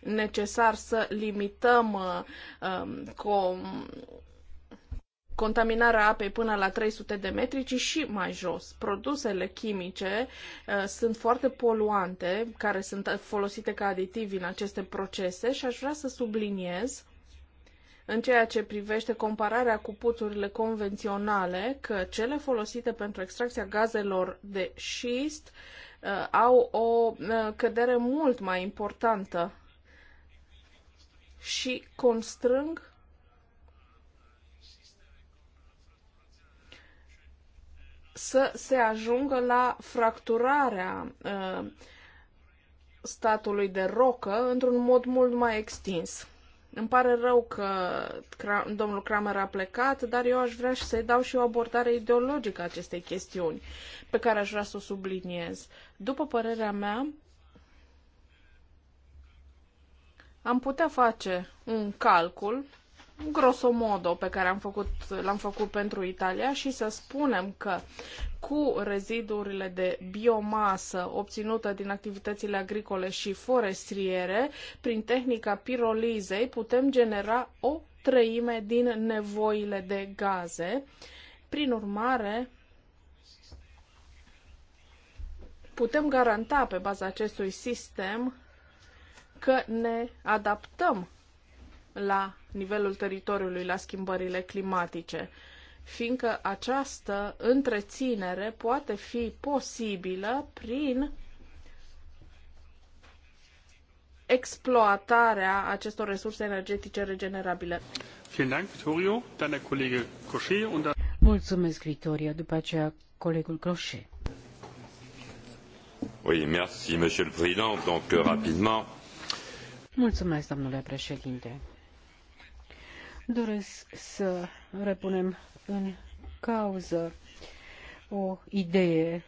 necesar să limităm uh, um, com, contaminarea apei până la 300 de metri, ci și mai jos. Produsele chimice uh, sunt foarte poluante, care sunt uh, folosite ca aditivi în aceste procese și aș vrea să subliniez în ceea ce privește compararea cu puțurile convenționale, că cele folosite pentru extracția gazelor de șist uh, au o uh, cădere mult mai importantă și constrâng să se ajungă la fracturarea uh, statului de rocă într-un mod mult mai extins. Îmi pare rău că domnul Kramer a plecat, dar eu aș vrea și să-i dau și o abordare ideologică acestei chestiuni, pe care aș vrea să o subliniez. După părerea mea, am putea face un calcul grosomodo pe care am făcut, l-am făcut pentru Italia și să spunem că cu rezidurile de biomasă obținută din activitățile agricole și forestiere, prin tehnica pirolizei putem genera o treime din nevoile de gaze. Prin urmare, putem garanta pe baza acestui sistem că ne adaptăm la nivelul teritoriului la schimbările climatice, fiindcă această întreținere poate fi posibilă prin exploatarea acestor resurse energetice regenerabile. Mulțumesc, Victoria. După aceea, colegul Crochet. Oui, merci, Monsieur le Président. Donc, euh, rapidement. Mulțumesc, domnule președinte doresc să repunem în cauză o idee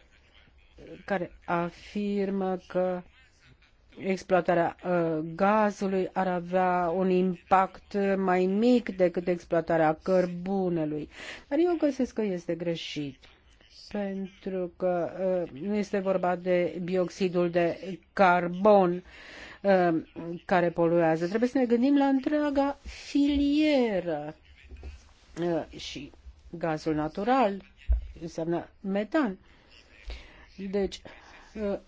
care afirmă că exploatarea uh, gazului ar avea un impact mai mic decât exploatarea cărbunelui. Dar eu găsesc că este greșit pentru că uh, nu este vorba de bioxidul de carbon Uh, care poluează. Trebuie să ne gândim la întreaga filieră uh, și gazul natural înseamnă metan. Deci, uh,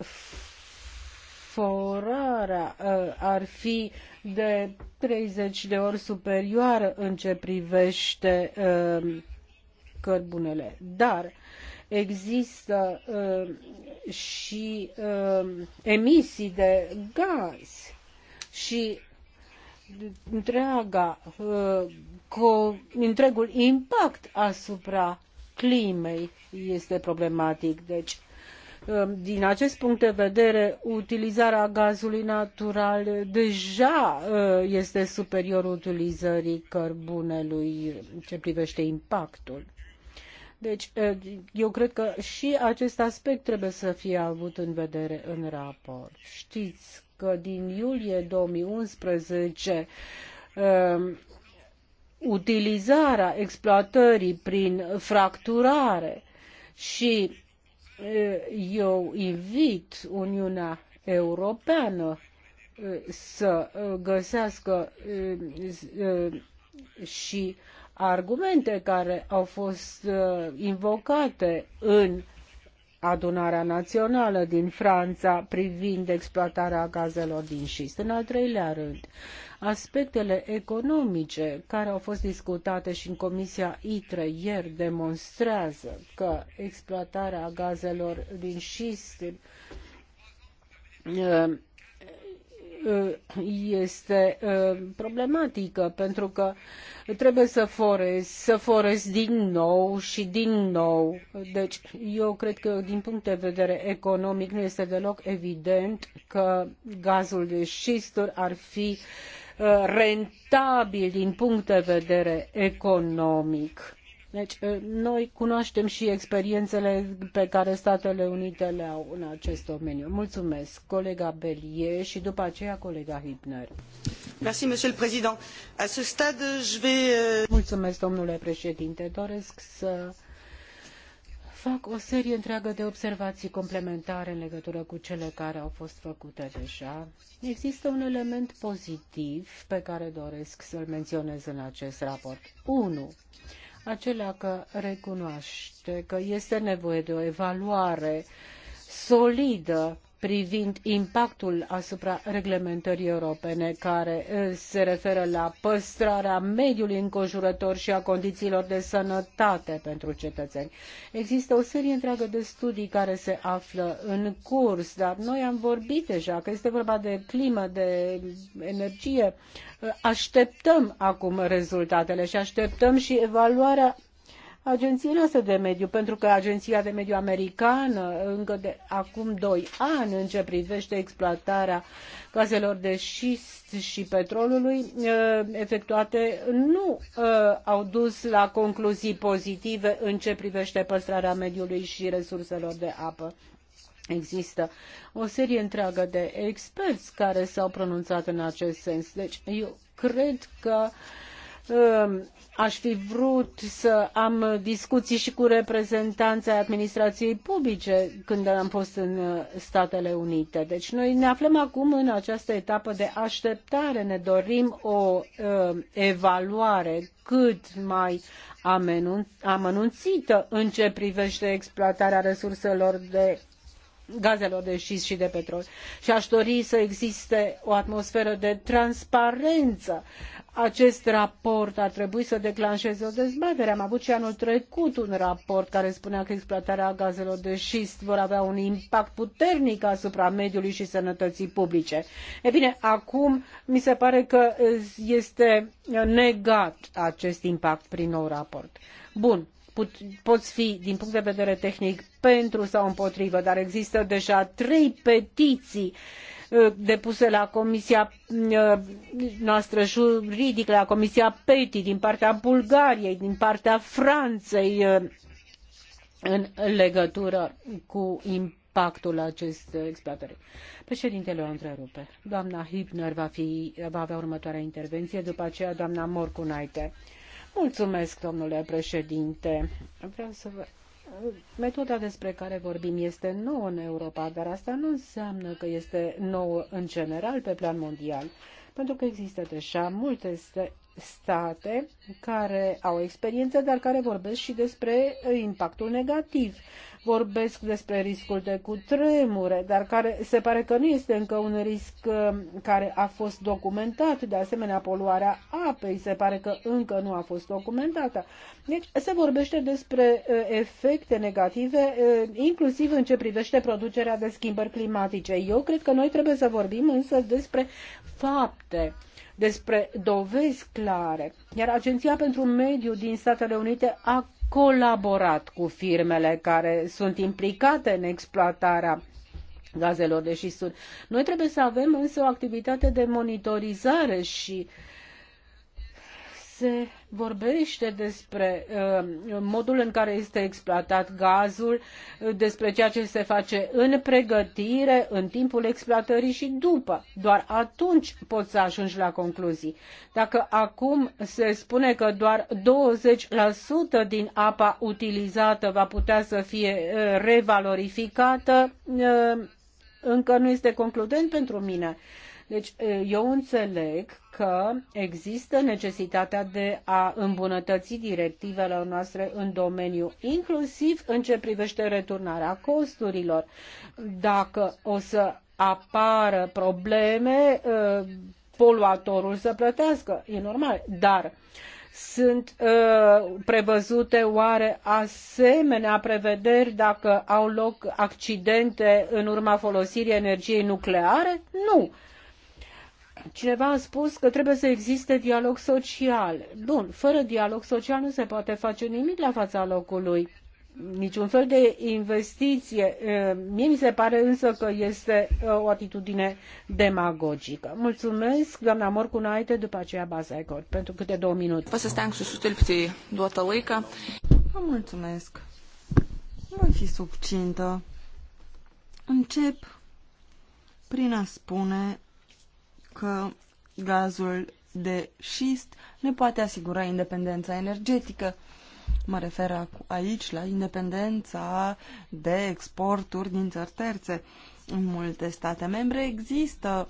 forarea ar fi de 30 de ori superioară în ce privește cărbunele. Dar există uh, și uh, emisii de gaz și întreaga, uh, cu întregul impact asupra climei este problematic. Deci, uh, din acest punct de vedere, utilizarea gazului natural deja uh, este superior utilizării cărbunelui ce privește impactul. Deci, eu cred că și acest aspect trebuie să fie avut în vedere în raport. Știți că din iulie 2011 utilizarea exploatării prin fracturare și eu invit Uniunea Europeană să găsească și argumente care au fost uh, invocate în adunarea națională din Franța privind exploatarea gazelor din șist. În al treilea rând, aspectele economice care au fost discutate și în Comisia ITRE ieri demonstrează că exploatarea gazelor din șist uh, Uh, este uh, problematică pentru că trebuie să forez, să forez din nou și din nou. Deci eu cred că din punct de vedere economic nu este deloc evident că gazul de șisturi ar fi uh, rentabil din punct de vedere economic deci, eh, noi cunoaștem și experiențele pe care Statele Unite le au în acest domeniu. Mulțumesc, colega Belie și după aceea colega Hipner. Merci, monsieur le président. À ce stade, je vais... Euh, Mulțumesc, domnule președinte. Doresc să fac o serie întreagă de observații complementare în legătură cu cele care au fost făcute deja. Există un element pozitiv pe care doresc să-l menționez în acest raport. 1 acelea că recunoaște că este nevoie de o evaluare solidă privind impactul asupra reglementării europene care se referă la păstrarea mediului înconjurător și a condițiilor de sănătate pentru cetățeni. Există o serie întreagă de studii care se află în curs, dar noi am vorbit deja că este vorba de climă, de energie. Așteptăm acum rezultatele și așteptăm și evaluarea Agenția astea de mediu, pentru că Agenția de Mediu Americană încă de acum doi ani în ce privește exploatarea gazelor de șist și petrolului ă, efectuate nu ă, au dus la concluzii pozitive în ce privește păstrarea mediului și resurselor de apă. Există o serie întreagă de experți care s-au pronunțat în acest sens. Deci eu cred că uh, Ehm, aș fi vrut să am discuții și cu reprezentanții administrației publice când am fost în eh, Statele Unite. Deci noi ne aflăm acum în această etapă de așteptare. Ne dorim o ehm, evaluare cât mai amenunțită în ce privește exploatarea resurselor de gazelor de șist și de petrol. Și aș dori să existe o atmosferă de transparență. Acest raport ar trebui să declanșeze o dezbatere. Am avut și anul trecut un raport care spunea că exploatarea gazelor de șist vor avea un impact puternic asupra mediului și sănătății publice. E bine, acum mi se pare că este negat acest impact prin nou raport. Bun put, poți fi, din punct de vedere tehnic, pentru sau împotrivă, dar există deja trei petiții uh, depuse la Comisia uh, noastră juridică, la Comisia PETI, din partea Bulgariei, din partea Franței, uh, în legătură cu impactul acestei exploatări. Președintele o întrerupe. Doamna Hübner va, fi, va avea următoarea intervenție, după aceea doamna Morcunaite domnule președinte. Metoda despre care vorbim este nouă în Europa, dar asta nu înseamnă că este nouă în general pe plan mondial, pentru că există deja multe state care au experiență, dar care vorbesc și despre impactul negativ vorbesc despre riscul de cutremure, dar care se pare că nu este încă un risc uh, care a fost documentat, de asemenea poluarea apei se pare că încă nu a fost documentată. Deci se vorbește despre uh, efecte negative, uh, inclusiv în ce privește producerea de schimbări climatice. Eu cred că noi trebuie să vorbim însă despre fapte despre dovezi clare. Iar Agenția pentru Mediu din Statele Unite a colaborat cu firmele care sunt implicate în exploatarea gazelor de șisturi. Noi trebuie să avem însă o activitate de monitorizare și uh, se vorbește despre uh, modul în care este exploatat gazul, uh, despre ceea ce se face în pregătire, în timpul exploatării și după. Doar atunci poți să ajungi la concluzii. Dacă acum se spune că doar 20% din apa utilizată va putea să fie uh, revalorificată, uh, încă nu este concludent pentru mine. Uh, deci eu înțeleg că există necesitatea de a îmbunătăți directivele noastre în domeniu, inclusiv în ce privește returnarea costurilor. Dacă o să apară probleme, poluatorul să plătească, e normal, dar sunt uh, prevăzute oare asemenea prevederi dacă au loc accidente în urma folosirii energiei nucleare? Nu. Cineva a spus că trebuie să existe dialog social. Bun, fără dialog social nu se poate face nimic la fața locului. Niciun fel de investiție. Mie mi se pare însă că este o atitudine demagogică. Mulțumesc, doamna Morcunaite, după aceea Bazaicor, pentru câte două minute. Vă să stai să sutilpti doată lăica. Vă mulțumesc. Voi fi subcintă. Încep prin a spune că gazul de șist ne poate asigura independența energetică. Mă refer aici la independența de exporturi din țări terțe. În multe state membre există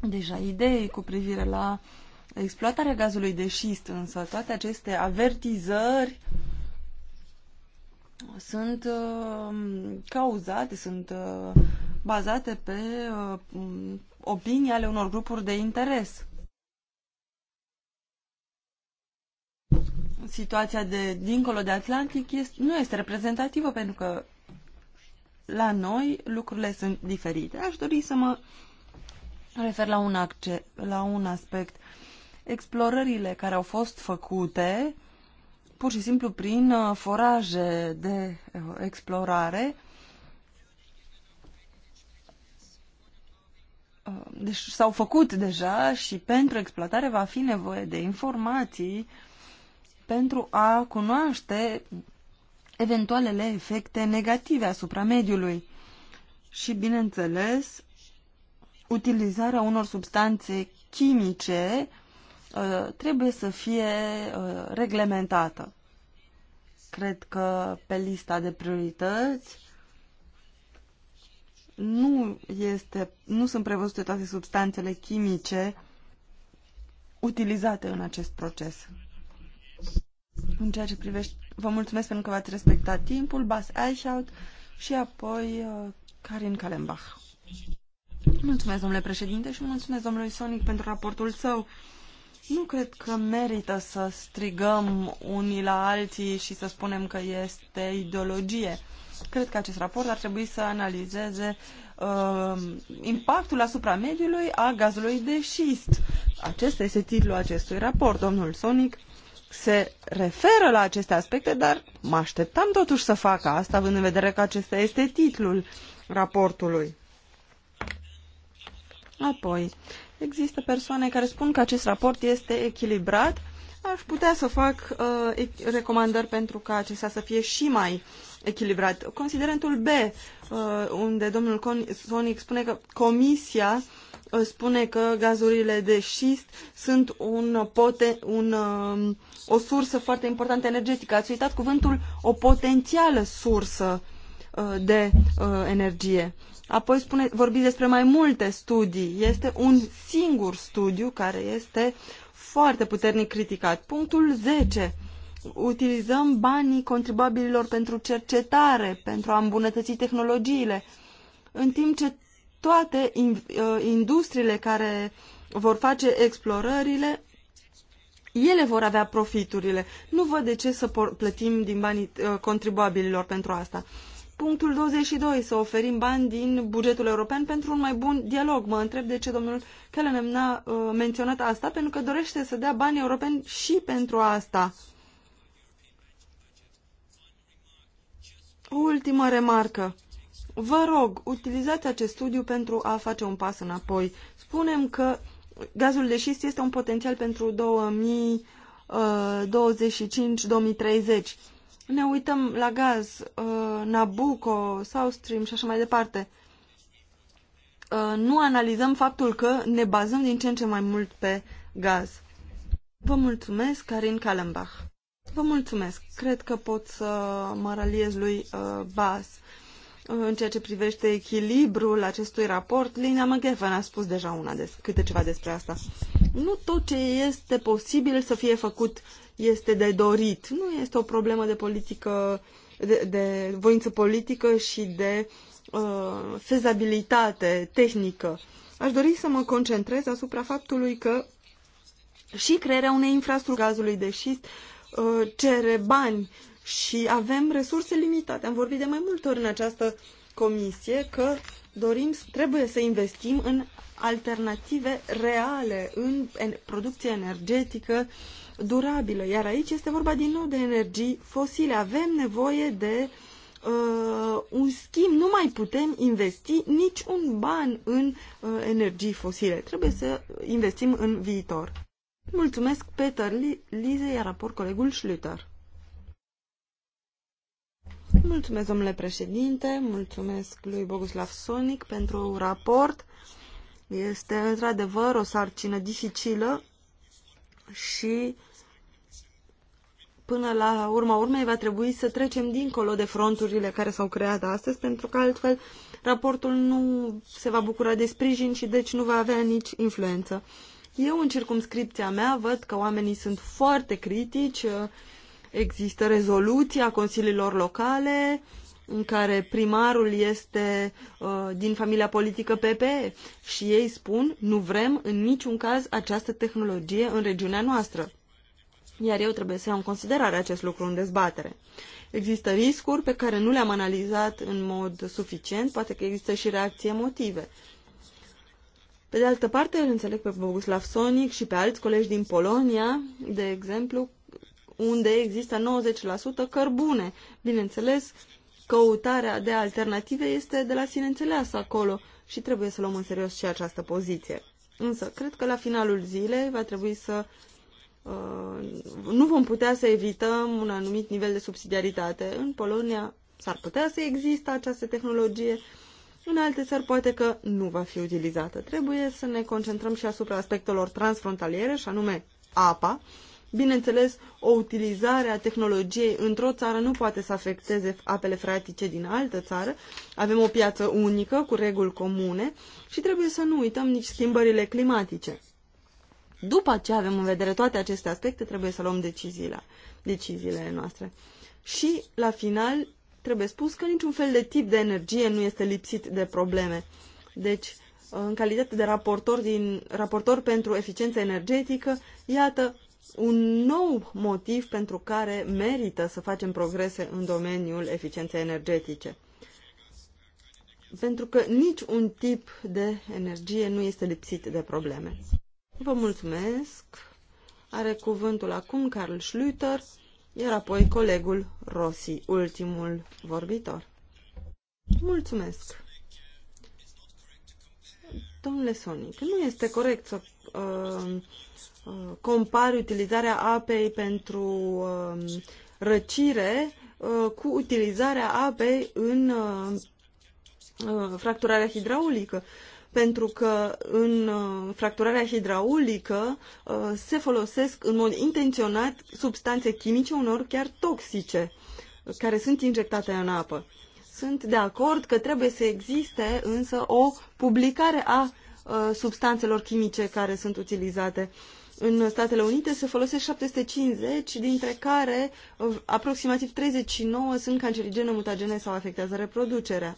deja idei cu privire la exploatarea gazului de șist, însă toate aceste avertizări sunt uh, cauzate, sunt uh, bazate pe uh, opinii ale unor grupuri de interes. Situația de dincolo de Atlantic este, nu este reprezentativă pentru că la noi lucrurile sunt diferite. Aș dori să mă refer la un, acce, la un aspect. Explorările care au fost făcute pur și simplu prin uh, foraje de uh, explorare Uh, deci s-au făcut deja și pentru exploatare va fi nevoie de informații pentru a cunoaște eventualele efecte negative asupra mediului. Și, bineînțeles, utilizarea unor substanțe chimice uh, trebuie să fie uh, reglementată. Cred că pe lista de priorități nu, este, nu sunt prevăzute toate substanțele chimice utilizate în acest proces. În ceea ce privește, vă mulțumesc pentru că v-ați respectat timpul, Bas Eichhout și apoi uh, Karin Kalembach. Mulțumesc, domnule președinte, și mulțumesc domnului Sonic pentru raportul său. Nu cred că merită să strigăm unii la alții și să spunem că este ideologie. Cred că acest raport ar trebui să analizeze uh, impactul asupra mediului a gazului de șist. Acesta este titlul acestui raport. Domnul Sonic se referă la aceste aspecte, dar mă așteptam totuși să facă asta, având în vedere că acesta este titlul raportului. Apoi, există persoane care spun că acest raport este echilibrat aș putea să fac uh, recomandări pentru ca acesta să fie și mai echilibrat. Considerentul B, uh, unde domnul Sonic spune că comisia uh, spune că gazurile de șist sunt un poten, un, uh, o sursă foarte importantă energetică. Ați uitat cuvântul o potențială sursă uh, de energie. Apoi spune, vorbiți despre mai multe studii. Este un singur studiu care este foarte puternic criticat. Punctul 10. Utilizăm banii contribuabililor pentru cercetare, pentru a îmbunătăți tehnologiile, în timp ce toate uh, industriile care vor face explorările, ele vor avea profiturile. Nu văd de ce să plătim din banii uh, contribuabililor pentru asta. Punctul 22, să oferim bani din bugetul european pentru un mai bun dialog. Mă întreb de ce domnul Kellenen n-a uh, menționat asta, pentru că dorește să dea bani europeni și pentru asta. O ultimă remarcă. Vă rog, utilizați acest studiu pentru a face un pas înapoi. Spunem că gazul de șist este un potențial pentru 2025-2030 ne uităm la gaz, uh, Nabucco, South Stream și așa mai departe, uh, nu analizăm faptul că ne bazăm din ce în ce mai mult pe gaz. Vă mulțumesc, Karin Kallenbach. Vă mulțumesc. Cred că pot să mă raliez lui uh, Bas. Uh, în ceea ce privește echilibrul acestui raport, Lina McGeffen a spus deja una des- câte ceva despre asta. Nu tot ce este posibil să fie făcut uh, este de dorit. Nu este o problemă de politică, de, de voință politică și de uh, fezabilitate tehnică. Aș dori să mă concentrez asupra faptului că și crearea unei infrastructuri gazului de șist uh, cere bani și avem resurse limitate. Am vorbit de mai multe ori în această comisie că dorim, trebuie să investim în alternative reale, în producție energetică, durabilă. Iar aici este vorba din nou de energii fosile. Avem nevoie de uh, un schimb. Nu mai putem investi nici un ban în uh, energii fosile. Trebuie să investim în viitor. Mulțumesc, Peter Lize, iar raport colegul Schlüter. Mulțumesc, domnule președinte, mulțumesc lui Boguslav Sonic pentru raport. Este într-adevăr o sarcină dificilă și până la urma urmei va trebui să trecem dincolo de fronturile care s-au creat astăzi, pentru că altfel raportul nu se va bucura de sprijin și deci nu va avea nici influență. Eu, în circumscripția mea, văd că oamenii sunt foarte critici, există rezoluția consiliilor locale, în care primarul este uh, din familia politică PPE și ei spun nu vrem în niciun caz această tehnologie în regiunea noastră iar eu trebuie să iau în considerare acest lucru în dezbatere. Există riscuri pe care nu le-am analizat în mod suficient, poate că există și reacții emotive. Pe de altă parte, îl înțeleg pe Boguslav Sonic și pe alți colegi din Polonia, de exemplu, unde există 90% cărbune. Bineînțeles, căutarea de alternative este de la sine înțeleasă acolo și trebuie să luăm în serios și această poziție. Însă, cred că la finalul zilei va trebui să Uh, nu vom putea să evităm un anumit nivel de subsidiaritate. În Polonia s-ar putea să existe această tehnologie, în alte țări poate că nu va fi utilizată. Trebuie să ne concentrăm și asupra aspectelor transfrontaliere, și anume apa. Bineînțeles, o utilizare a tehnologiei într-o țară nu poate să afecteze apele fratice din altă țară. Avem o piață unică cu reguli comune și trebuie să nu uităm nici schimbările climatice. După ce avem în vedere toate aceste aspecte, trebuie să luăm deciziile, deciziile noastre. Și, la final, trebuie spus că niciun fel de tip de energie nu este lipsit de probleme. Deci, în calitate de raportor, din, raportor pentru eficiență energetică, iată un nou motiv pentru care merită să facem progrese în domeniul eficienței energetice. Pentru că nici un tip de energie nu este lipsit de probleme. Vă mulțumesc. Are cuvântul acum Carl Schlüter, iar apoi colegul Rossi, ultimul vorbitor. Mulțumesc. Domnule Sonic, nu este corect să uh, uh, compari utilizarea apei pentru uh, răcire uh, cu utilizarea apei în uh, uh fracturarea hidraulică pentru că în uh, fracturarea hidraulică uh, se folosesc în mod intenționat substanțe chimice, unor chiar toxice, care sunt injectate în apă. Sunt de acord că trebuie să existe însă o publicare a uh, substanțelor chimice care sunt utilizate. În Statele Unite se folosesc 750, dintre care aproximativ 39 sunt cancerigene, mutagene sau afectează reproducerea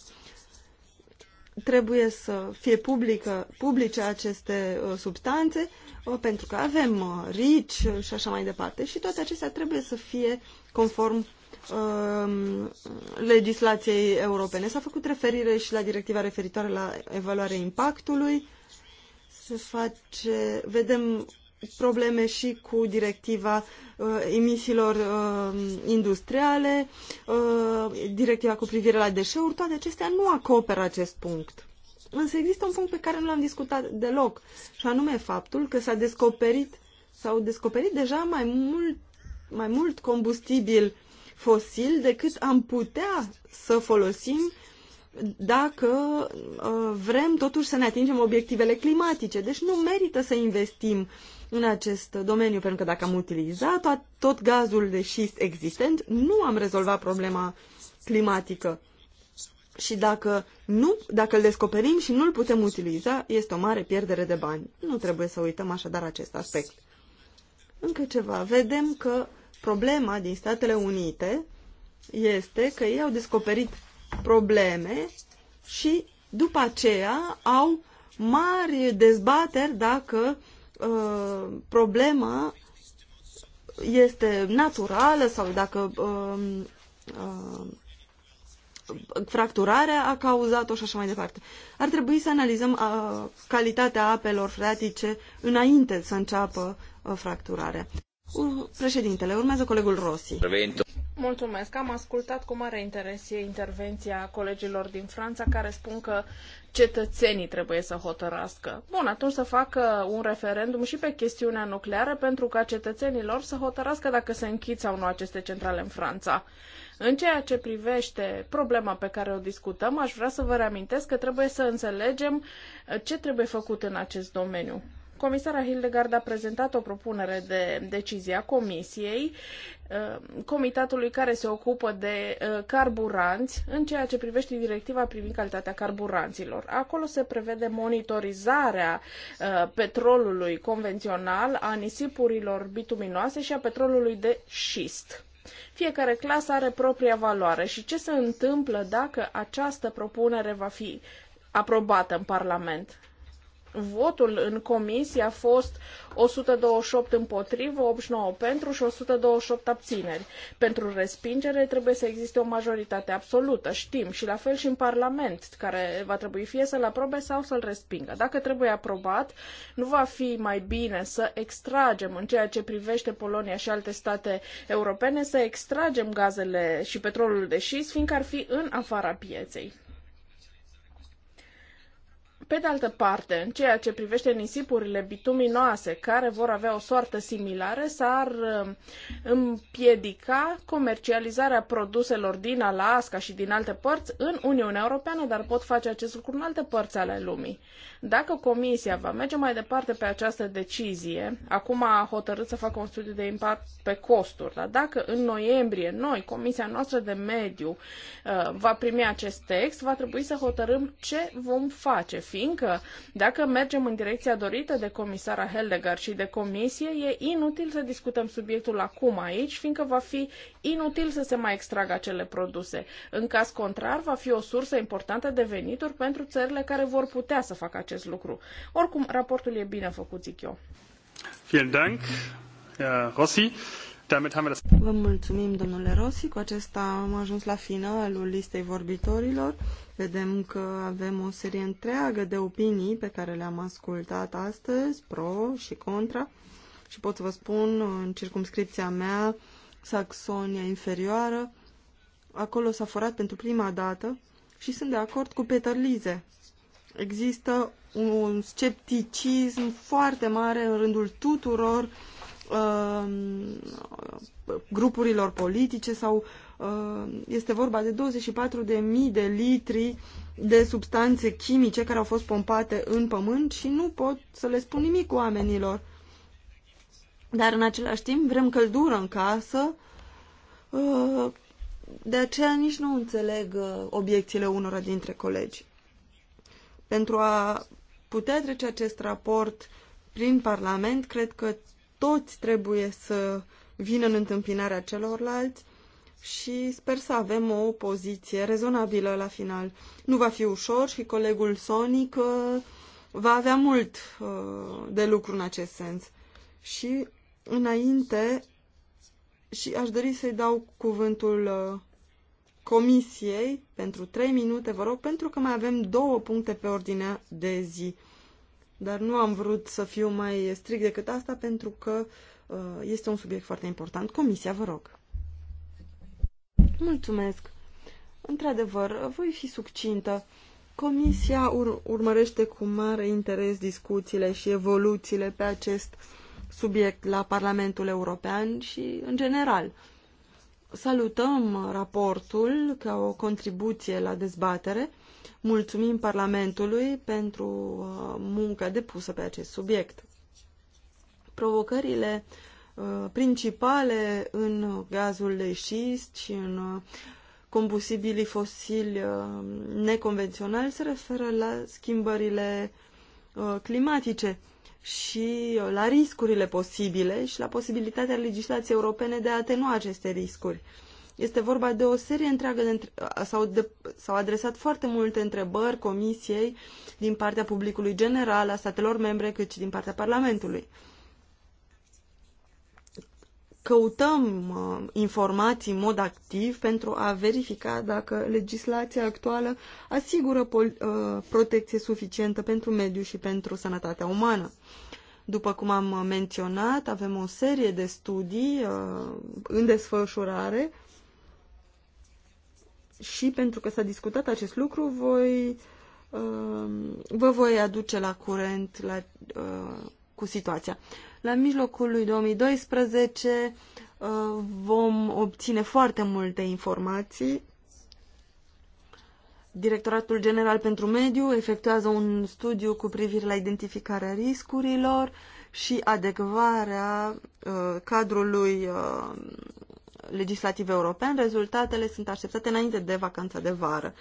trebuie să fie publică, publice aceste uh, substanțe, uh, pentru că avem uh, RICI și așa mai departe. Și toate acestea trebuie să fie conform um, legislației europene. S-a făcut referire și la directiva referitoare la evaluarea impactului. Se face, vedem probleme și cu directiva uh, emisiilor uh, industriale, uh, directiva cu privire la deșeuri, toate acestea nu acoperă acest punct. Însă există un punct pe care nu l-am discutat deloc, și anume faptul că s-a descoperit, s-au descoperit deja mai mult, mai mult combustibil fosil decât am putea să folosim dacă uh, vrem totuși să ne atingem obiectivele climatice. Deci nu merită să investim uh, în acest domeniu, pentru că dacă am utilizat tot gazul de șist existent, nu am rezolvat problema climatică. Și dacă, nu, dacă îl descoperim și nu îl putem utiliza, este o mare pierdere de bani. Nu trebuie să uităm așadar acest aspect. Încă ceva. Vedem că problema din Statele Unite este că ei au descoperit probleme și după aceea au mari dezbateri dacă Uh, problema este naturală sau dacă uh, uh, fracturarea a cauzat-o și așa mai departe. Ar trebui să analizăm uh, calitatea apelor freatice înainte să înceapă uh, fracturarea. Uh, președintele, urmează colegul Rossi. Mulțumesc. Am ascultat cu mare interes intervenția colegilor din Franța care spun că cetățenii trebuie să hotărască. Bun, atunci să facă un referendum și pe chestiunea nucleară pentru ca cetățenilor să hotărască dacă se închid sau nu aceste centrale în Franța. În ceea ce privește problema pe care o discutăm, aș vrea să vă reamintesc că trebuie să înțelegem ce trebuie făcut în acest domeniu. Comisara Hildegard a prezentat o propunere de decizie a Comisiei, uh, comitatului care se ocupă de uh, carburanți în ceea ce privește directiva privind calitatea carburanților. Acolo se prevede monitorizarea uh, petrolului convențional, a nisipurilor bituminoase și a petrolului de șist. Fiecare clasă are propria valoare și ce se întâmplă dacă această propunere va fi aprobată în Parlament? votul în comisie a fost 128 împotrivă, 89 pentru și 128 abțineri. Pentru respingere trebuie să existe o majoritate absolută, știm, și la fel și în Parlament, care va trebui fie să-l aprobe sau să-l respingă. Dacă trebuie aprobat, nu va fi mai bine să extragem, în ceea ce privește Polonia și alte state europene, să extragem gazele și petrolul de șist, fiindcă ar fi în afara pieței. Pe de altă parte, în ceea ce privește nisipurile bituminoase, care vor avea o soartă similară, s-ar uh, împiedica comercializarea produselor din Alaska și din alte părți în Uniunea Europeană, dar pot face acest lucru în alte părți ale lumii. Dacă Comisia va merge mai departe pe această decizie, acum a hotărât să facă un studiu de impact pe costuri, dar dacă în noiembrie noi, Comisia noastră de Mediu, uh, va primi acest text, va trebui să hotărâm ce vom face, Fi fiindcă dacă mergem în direcția dorită de comisara Heldegar și de comisie, e inutil să discutăm subiectul acum aici, fiindcă va fi inutil să se mai extragă acele produse. În caz contrar, va fi o sursă importantă de venituri pentru țările care vor putea să facă acest lucru. Oricum, raportul e bine făcut, zic eu. Vielen Dank, Herr Rossi. Vă mulțumim, domnule Rossi. Cu acesta am ajuns la finalul listei vorbitorilor. Vedem că avem o serie întreagă de opinii pe care le-am ascultat astăzi, pro și contra. Și pot să vă spun, în circumscripția mea, Saxonia inferioară, acolo s-a forat pentru prima dată și sunt de acord cu Peter Lize. Există un scepticism foarte mare în rândul tuturor Um, grupurilor politice sau um, este vorba de 24.000 de litri de substanțe chimice care au fost pompate în pământ și nu pot să le spun nimic oamenilor. Dar în același timp vrem căldură în casă, uh, de aceea nici nu înțeleg uh, obiecțiile unora dintre colegi. Pentru a putea trece acest raport prin Parlament, cred că toți trebuie să vină în întâmpinarea celorlalți și sper să avem o poziție rezonabilă la final. Nu va fi ușor și colegul Sonic uh, va avea mult uh, de lucru în acest sens. Și înainte, și aș dori să-i dau cuvântul uh, comisiei pentru 3 minute, vă rog, pentru că mai avem două puncte pe ordinea de zi. Dar nu am vrut să fiu mai strict decât asta pentru că uh, este un subiect foarte important. Comisia, vă rog. Mulțumesc. Într-adevăr, voi fi succintă. Comisia ur- urmărește cu mare interes discuțiile și evoluțiile pe acest subiect la Parlamentul European și în general. Salutăm raportul ca o contribuție la dezbatere Mulțumim Parlamentului pentru uh, munca depusă pe acest subiect. Provocările uh, principale în gazul de șist și în uh, combustibilii fosili neconvenționali se referă la schimbările climatice și la riscurile posibile și la posibilitatea legislației europene de a atenua aceste riscuri. Este vorba de o serie întreagă de, s-au, de, s-au adresat foarte multe întrebări comisiei din partea publicului general, a statelor membre, cât și din partea Parlamentului. Căutăm uh, informații în mod activ pentru a verifica dacă legislația actuală asigură pol, uh, protecție suficientă pentru mediu și pentru sănătatea umană. După cum am menționat, avem o serie de studii uh, în desfășurare și pentru că s-a discutat acest lucru, voi, uh, vă voi aduce la curent la, uh, cu situația. La mijlocul lui 2012 uh, vom obține foarte multe informații. Directoratul General pentru Mediu efectuează un studiu cu privire la identificarea riscurilor și adecvarea cadrului legislativ european. Rezultatele sunt așteptate înainte de vacanța de vară.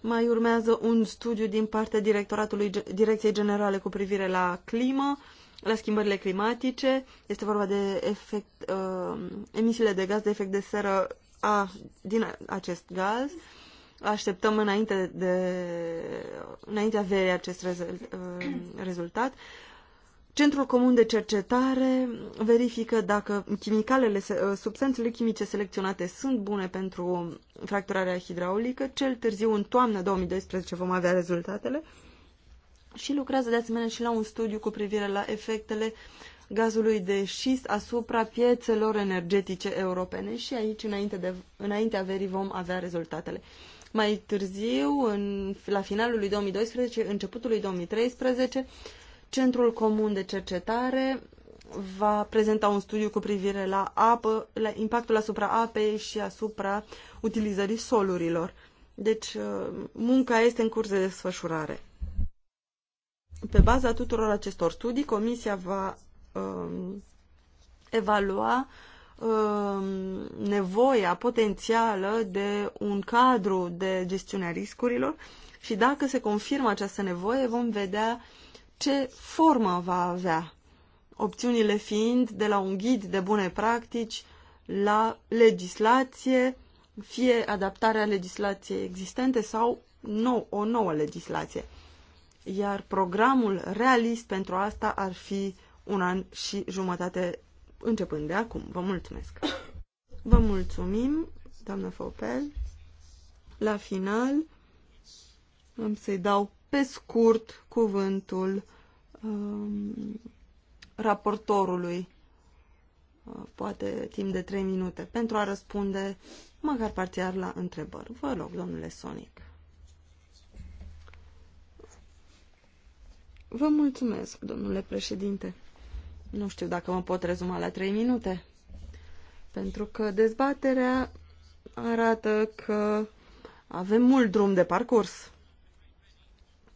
Mai urmează un studiu din partea directoratului Direcției Generale cu privire la climă, la schimbările climatice. Este vorba de efect, uh, emisiile de gaz de efect de seră a, din acest gaz. Așteptăm înainte de, înaintea verii acest rezult, uh, rezultat. Centrul Comun de Cercetare verifică dacă chimicalele, ă, substanțele chimice selecționate sunt bune pentru fracturarea hidraulică. Cel târziu, în toamna 2012, vom avea rezultatele. Și lucrează de asemenea și la un studiu cu privire la efectele gazului de șist asupra piețelor energetice europene și aici, înainte de, înaintea verii, vom avea rezultatele. Mai târziu, în, la finalul lui 2012, începutul lui 2013, Centrul Comun de Cercetare va prezenta un studiu cu privire la apă, la impactul asupra apei și asupra utilizării solurilor. Deci, uh, munca este în curs de desfășurare. Pe baza tuturor acestor studii, Comisia va um, evalua um, nevoia potențială de un cadru de gestiune a riscurilor și dacă se confirmă această nevoie, vom vedea uh, ce formă va avea, opțiunile fiind de la un ghid de bune practici la legislație, fie adaptarea legislației existente sau nou, o nouă legislație. Iar programul realist pentru asta ar fi un an și jumătate începând de acum. Vă mulțumesc! Vă mulțumim, doamnă Fopel. La final am să-i dau pe scurt cuvântul um, raportorului, uh, poate timp de 3 minute, pentru a răspunde măcar parțial la întrebări. Vă rog, domnule Sonic. Vă mulțumesc, domnule președinte. Nu știu dacă mă pot rezuma la trei minute, pentru că dezbaterea arată că avem mult drum de parcurs.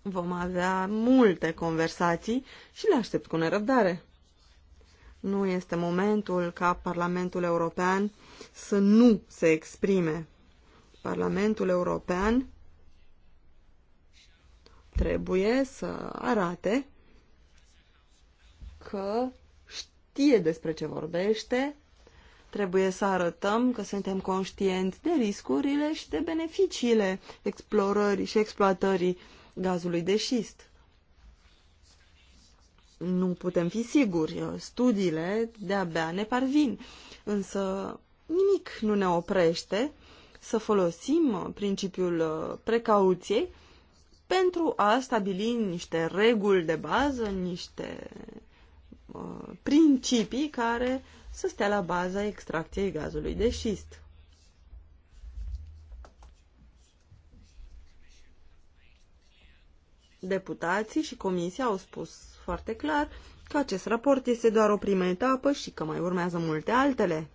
Vom avea multe conversații și le aștept cu nerăbdare. Nu este momentul ca Parlamentul European să nu se exprime. Parlamentul European trebuie să arate că știe despre ce vorbește, trebuie să arătăm că suntem conștienți de riscurile și de beneficiile explorării și exploatării gazului de șist. Nu putem fi siguri, studiile de-abia ne parvin, însă nimic nu ne oprește să folosim principiul precauției pentru a stabili niște reguli de bază, niște uh, principii care să stea la baza extracției gazului de șist. Deputații și Comisia au spus foarte clar că acest raport este doar o primă etapă și că mai urmează multe altele.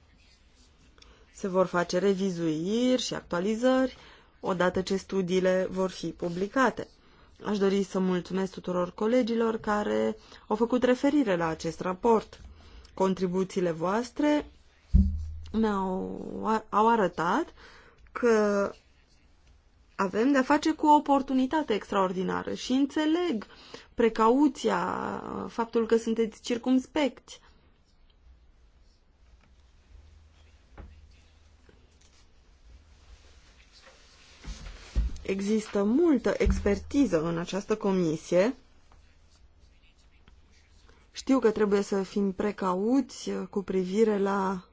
Se vor face revizuiri și actualizări odată ce studiile vor fi publicate. Aș dori să mulțumesc tuturor colegilor care au făcut referire la acest raport. Contribuțiile voastre ne au au arătat că avem de-a face cu o oportunitate extraordinară și înțeleg precauția, faptul că sunteți circumspecti. Există multă expertiză în această comisie. Știu că trebuie să fim precauți cu privire la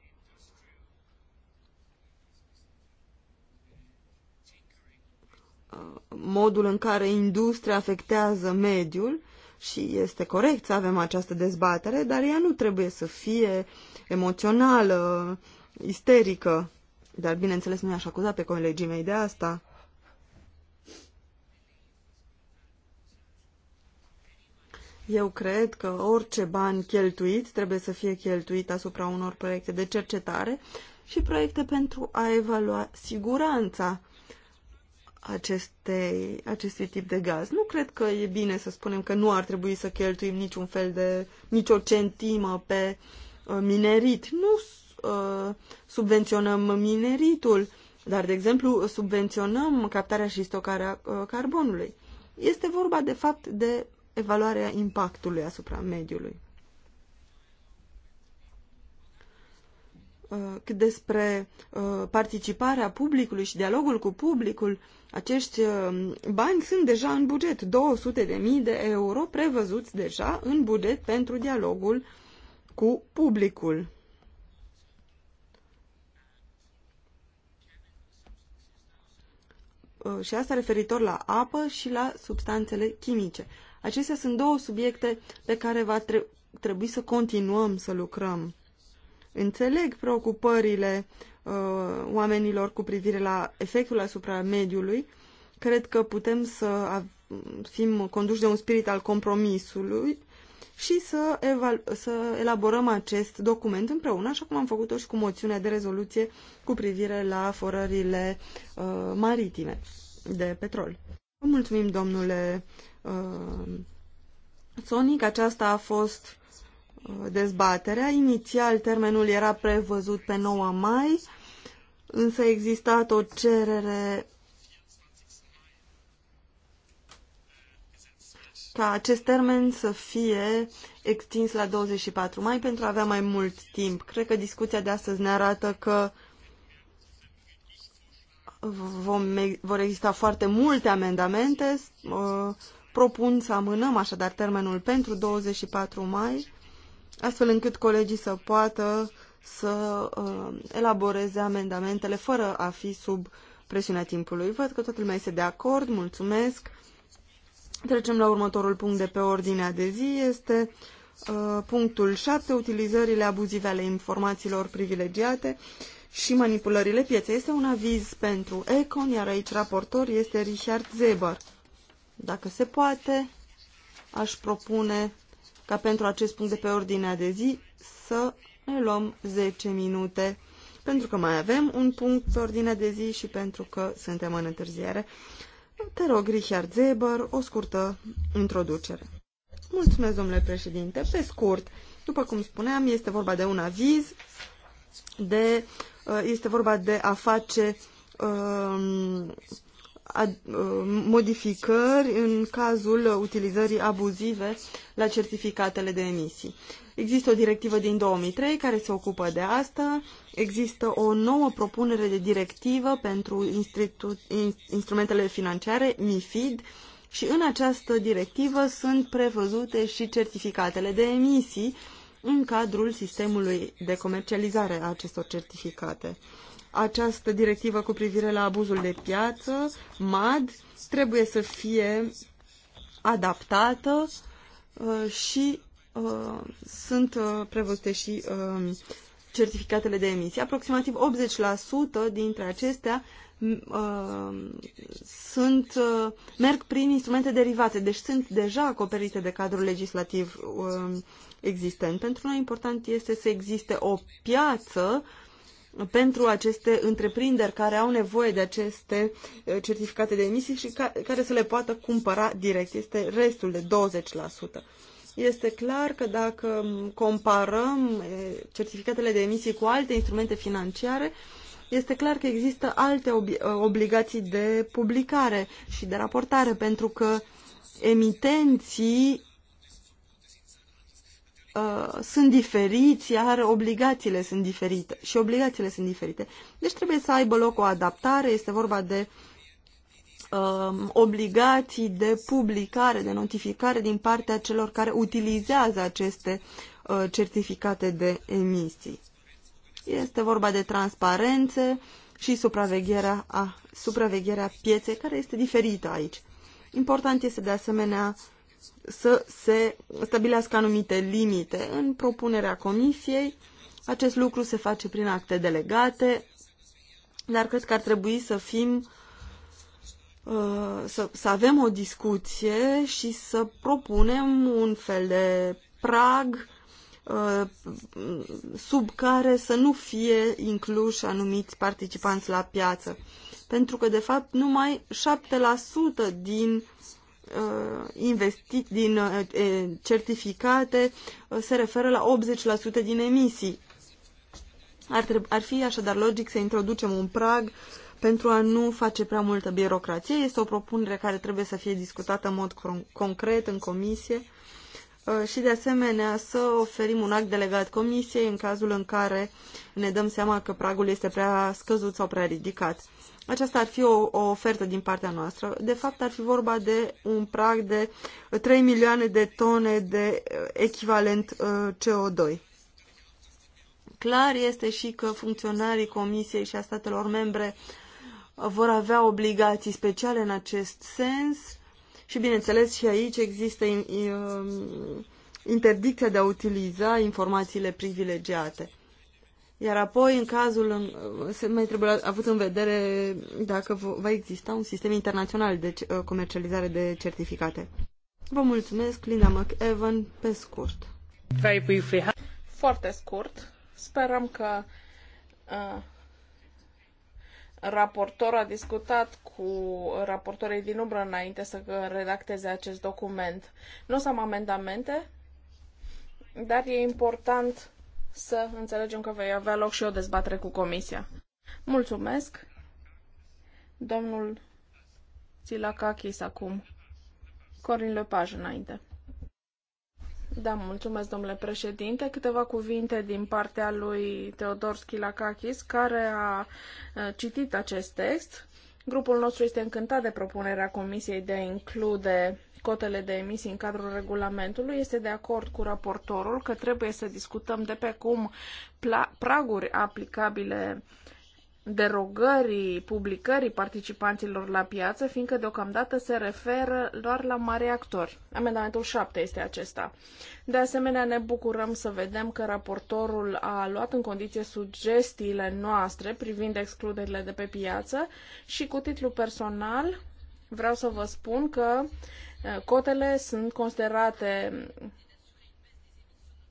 modul în care industria afectează mediul și este corect să avem această dezbatere, dar ea nu trebuie să fie emoțională, isterică. Dar bineînțeles nu i-aș acuza pe colegii mei de asta. Eu cred că orice bani cheltuit trebuie să fie cheltuit asupra unor proiecte de cercetare și proiecte pentru a evalua siguranța acestei, acestui tip de gaz. Nu cred că e bine să spunem că nu ar trebui să cheltuim niciun fel de, nicio centimă pe uh, minerit. Nu uh, subvenționăm mineritul, dar, de exemplu, subvenționăm captarea și stocarea uh, carbonului. Este vorba, de fapt, de evaluarea impactului asupra mediului. Uh, cât despre uh, participarea publicului și dialogul cu publicul, acești uh, bani sunt deja în buget, 200.000 de de euro prevăzuți deja în buget pentru dialogul cu publicul. Și asta referitor la apă și la substanțele chimice. Acestea sunt două subiecte pe care va trebui să continuăm să lucrăm Înțeleg preocupările uh, oamenilor cu privire la efectul asupra mediului. Cred că putem să fim conduși de un spirit al compromisului și să, să elaborăm acest document împreună, așa cum am făcut-o și cu moțiunea de rezoluție cu privire la forările uh, maritime de petrol. Vă mulțumim, domnule uh, Sonic. Aceasta a fost dezbaterea. Inițial termenul era prevăzut pe 9 mai, însă a existat o cerere ca acest termen să fie extins la 24 mai pentru a avea mai mult timp. Cred că discuția de astăzi ne arată că vom, vor exista foarte multe amendamente. Uh, propun să amânăm așadar termenul pentru 24 mai astfel încât colegii să poată să uh, elaboreze amendamentele fără a fi sub presiunea timpului. Văd că toată lumea este de acord, mulțumesc. Trecem la următorul punct de pe ordinea de zi, este uh, punctul 7, utilizările abuzive ale informațiilor privilegiate și manipulările pieței. Este un aviz pentru Econ, iar aici raportor este Richard Zeber. Dacă se poate, aș propune ca pentru acest punct de pe ordinea de zi să ne luăm 10 minute, pentru că mai avem un punct pe ordinea de zi și pentru că suntem în întârziere. Te rog, Richard Zeber, o scurtă introducere. Mulțumesc, domnule președinte. Pe scurt, după cum spuneam, este vorba de un aviz, de, uh, este vorba de a face um, Uh, modificări în cazul utilizării abuzive la certificatele de emisii. Există o directivă din 2003 care se ocupă de asta, există o nouă propunere de directivă pentru instrumentele financiare, MIFID, și în această directivă sunt prevăzute și certificatele de emisii în cadrul sistemului de comercializare a acestor certificate această directivă cu privire la abuzul de piață, MAD, trebuie să fie adaptată uh, și uh, sunt uh, prevăzute și certificatele de emisie. Aproximativ 80% dintre acestea sunt, merg prin instrumente derivate, deci sunt deja acoperite de cadrul legislativ existent. Pentru noi important este să existe o piață uh, pentru aceste întreprinderi care au nevoie de aceste uh, certificate de emisii și care să le poată cumpăra direct. Este restul de 20%. Este clar că dacă um, comparăm uh, certificatele de emisii cu alte instrumente financiare, este clar că există alte ob- uh, obligații de publicare și de raportare, pentru că emitenții Uh, sunt diferiți, iar obligațiile sunt diferite. Și obligațiile sunt diferite. Deci trebuie să aibă loc o adaptare, este vorba de uh, obligații de publicare, de notificare din partea celor care utilizează aceste uh, certificate de emisii. Este vorba de transparențe și supravegherea, a, supravegherea pieței, care este diferită aici. Important este de asemenea uh, să se stabilească anumite limite. În propunerea comisiei, acest lucru se face prin acte delegate, dar cred că ar trebui să fim uh, să, să avem o discuție și să propunem un fel de prag uh, sub care să nu fie incluși anumiți participanți la piață. Pentru că, de fapt, numai 7% din Uh, investit din uh, certificate uh, se referă la 80% din emisii. Ar, treb- ar fi așadar logic să introducem un prag pentru a nu face prea multă birocrație. Este o propunere care trebuie să fie discutată în mod concret în comisie și de asemenea să oferim un act delegat comisiei în cazul în care ne dăm seama că pragul este prea scăzut sau prea ridicat. Aceasta ar fi o, o ofertă din partea noastră. De fapt, ar fi vorba de un prag de 3 milioane de tone de uh, echivalent uh, CO2. Clar este și că funcționarii Comisiei și a statelor membre vor avea obligații speciale în acest sens și, bineînțeles, și aici există um, interdicția de a utiliza informațiile privilegiate. Iar apoi, în cazul, se mai trebuie avut în vedere dacă va exista un sistem internațional de uh, comercializare de certificate. Vă mulțumesc, Linda McEvan, pe scurt. Very briefly. Foarte scurt. Sperăm că uh, raportor a discutat cu raportorii din umbră înainte să redacteze acest document. Nu o să am amendamente, dar e important să înțelegem că vei avea loc și o dezbatere cu Comisia. Mulțumesc. Domnul Tilakakis acum. Corin Lepaj înainte. Da, mulțumesc, domnule președinte. Câteva cuvinte din partea lui Teodor Schilakakis, care a citit acest text. Grupul nostru este încântat de propunerea Comisiei de a include cotele de emisii în cadrul regulamentului, este de acord cu raportorul că trebuie să discutăm de pe cum praguri aplicabile derogării publicării participanților la piață, fiindcă deocamdată se referă doar la mari actori. Amendamentul 7 este acesta. De asemenea, ne bucurăm să vedem că raportorul a luat în condiție sugestiile noastre privind excluderile de pe piață și cu titlu personal vreau să vă spun că Cotele sunt considerate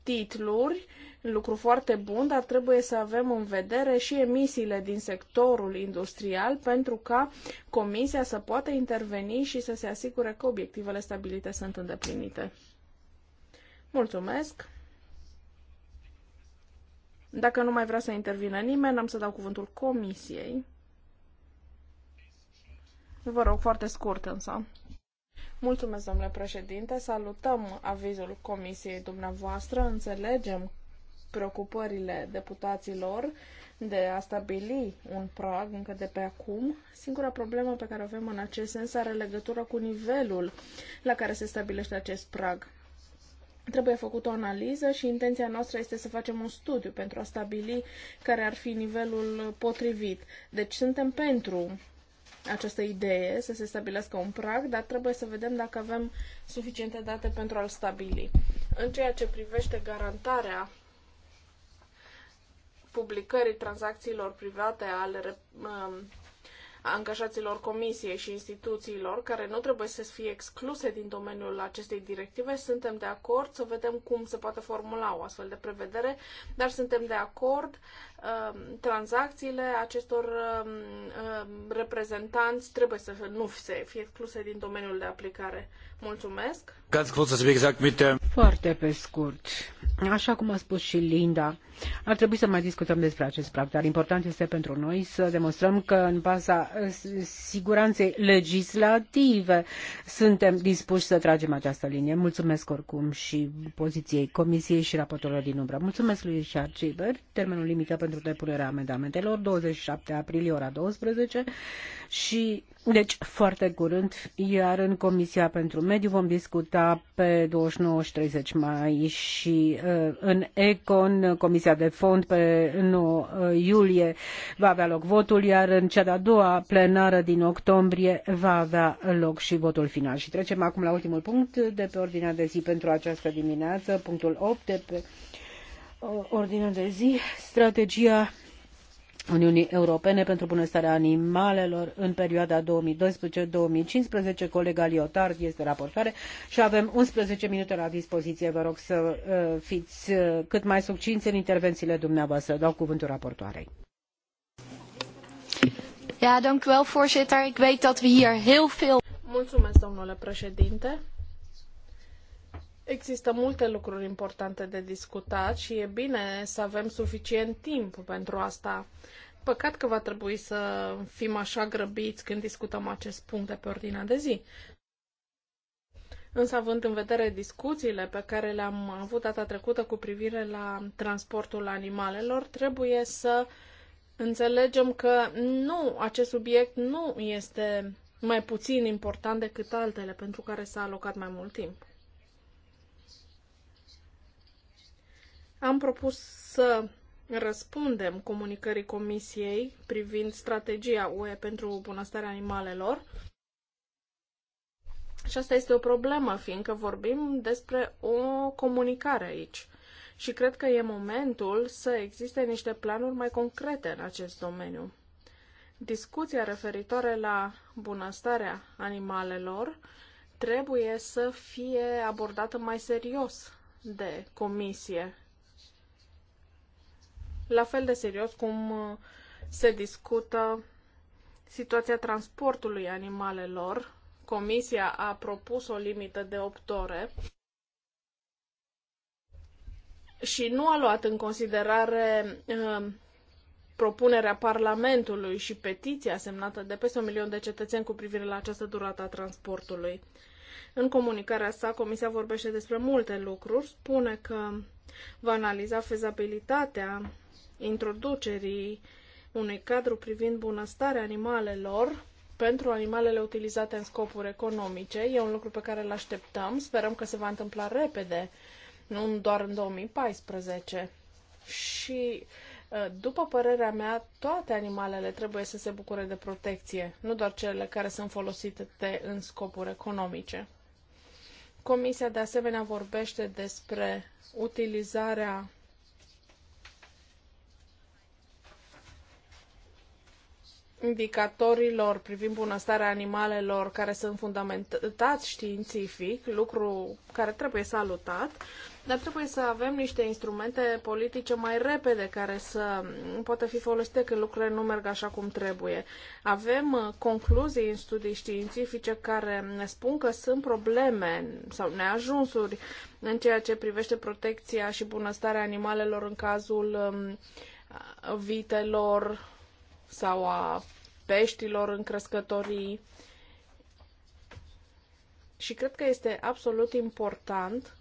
titluri, lucru foarte bun, dar trebuie să avem în vedere și emisiile din sectorul industrial pentru ca Comisia să poată interveni și să se asigure că obiectivele stabilite sunt îndeplinite. Mulțumesc! Dacă nu mai vrea să intervină nimeni, am să dau cuvântul Comisiei. Vă rog, foarte scurt însă. Mulțumesc, domnule președinte. Salutăm avizul comisiei dumneavoastră. Înțelegem preocupările deputaților de a stabili un prag încă de pe acum. Singura problemă pe care o avem în acest sens are legătură cu nivelul la care se stabilește acest prag. Trebuie făcut o analiză și intenția noastră este să facem un studiu pentru a stabili care ar fi nivelul potrivit. Deci suntem pentru această idee, să se stabilească un prag, dar trebuie să vedem dacă avem suficiente date pentru a-l stabili. În ceea ce privește garantarea publicării tranzacțiilor private ale um, a angajaților comisiei și instituțiilor, care nu trebuie să fie excluse din domeniul acestei directive, suntem de acord să vedem cum se poate formula o astfel de prevedere, dar suntem de acord Um, tranzacțiile acestor um, um, reprezentanți trebuie să nu se fie excluse din domeniul de aplicare. Mulțumesc! Foarte pe scurt, așa cum a spus și Linda, ar trebui să mai discutăm despre acest prag, dar important este pentru noi să demonstrăm că în baza uh, siguranței legislative suntem dispuși să tragem această linie. Mulțumesc oricum și poziției Comisiei și raportorilor din umbră. Mulțumesc lui Richard Ciber. Termenul limită pentru pentru depunerea amendamentelor, 27 aprilie ora 12 și deci foarte curând, iar în Comisia pentru Mediu vom discuta pe 29 și 30 mai și uh, în Econ, Comisia de Fond pe 9 uh, iulie va avea loc votul, iar în cea de-a doua plenară din octombrie va avea loc și votul final. Și trecem acum la ultimul punct de pe ordinea de zi pentru această dimineață, punctul 8 de pe ordinea de zi, strategia Uniunii Europene pentru bunăstarea animalelor în perioada 2012-2015. Colega Liotard este raportare și avem 11 minute la dispoziție. Vă rog să uh, fiți uh, cât mai succinți în intervențiile dumneavoastră. Dau cuvântul raportoarei. Ja, dank u wel, voorzitter. Ik weet dat we hier heel veel... Mulțumesc, domnule președinte. Există multe lucruri importante de discutat și e bine să avem suficient timp pentru asta. Păcat că va trebui să fim așa grăbiți când discutăm acest punct de pe ordinea de zi. Însă, având în vedere discuțiile pe care le-am avut data trecută cu privire la transportul animalelor, trebuie să înțelegem că nu, acest subiect nu este mai puțin important decât altele pentru care s-a alocat mai mult timp. Am propus să răspundem comunicării Comisiei privind strategia UE pentru bunăstarea animalelor. Și asta este o problemă, fiindcă vorbim despre o comunicare aici. Și cred că e momentul să existe niște planuri mai concrete în acest domeniu. Discuția referitoare la bunăstarea animalelor trebuie să fie abordată mai serios de comisie la fel de serios cum uh, se discută situația transportului animalelor. Comisia a propus o limită de 8 ore și nu a luat în considerare uh, propunerea Parlamentului și petiția semnată de peste un milion de cetățeni cu privire la această durată a transportului. În comunicarea sa, Comisia vorbește despre multe lucruri, spune că va analiza fezabilitatea introducerii unui cadru privind bunăstarea animalelor pentru animalele utilizate în scopuri economice. E un lucru pe care îl așteptăm. Sperăm că se va întâmpla repede, nu doar în 2014. Și ă, după părerea mea, toate animalele trebuie să se bucure de protecție, nu doar cele care sunt folosite în scopuri economice. Comisia de asemenea vorbește despre utilizarea indicatorilor privind bunăstarea animalelor care sunt fundamentați științific, lucru care trebuie salutat, dar trebuie să avem niște instrumente politice mai repede care să poată fi folosite când lucrurile nu merg așa cum trebuie. Avem uh, concluzii în studii științifice care ne spun că sunt probleme sau neajunsuri în ceea ce privește protecția și bunăstarea animalelor în cazul um, vitelor sau a peștilor în crescătorii. Și cred că este absolut important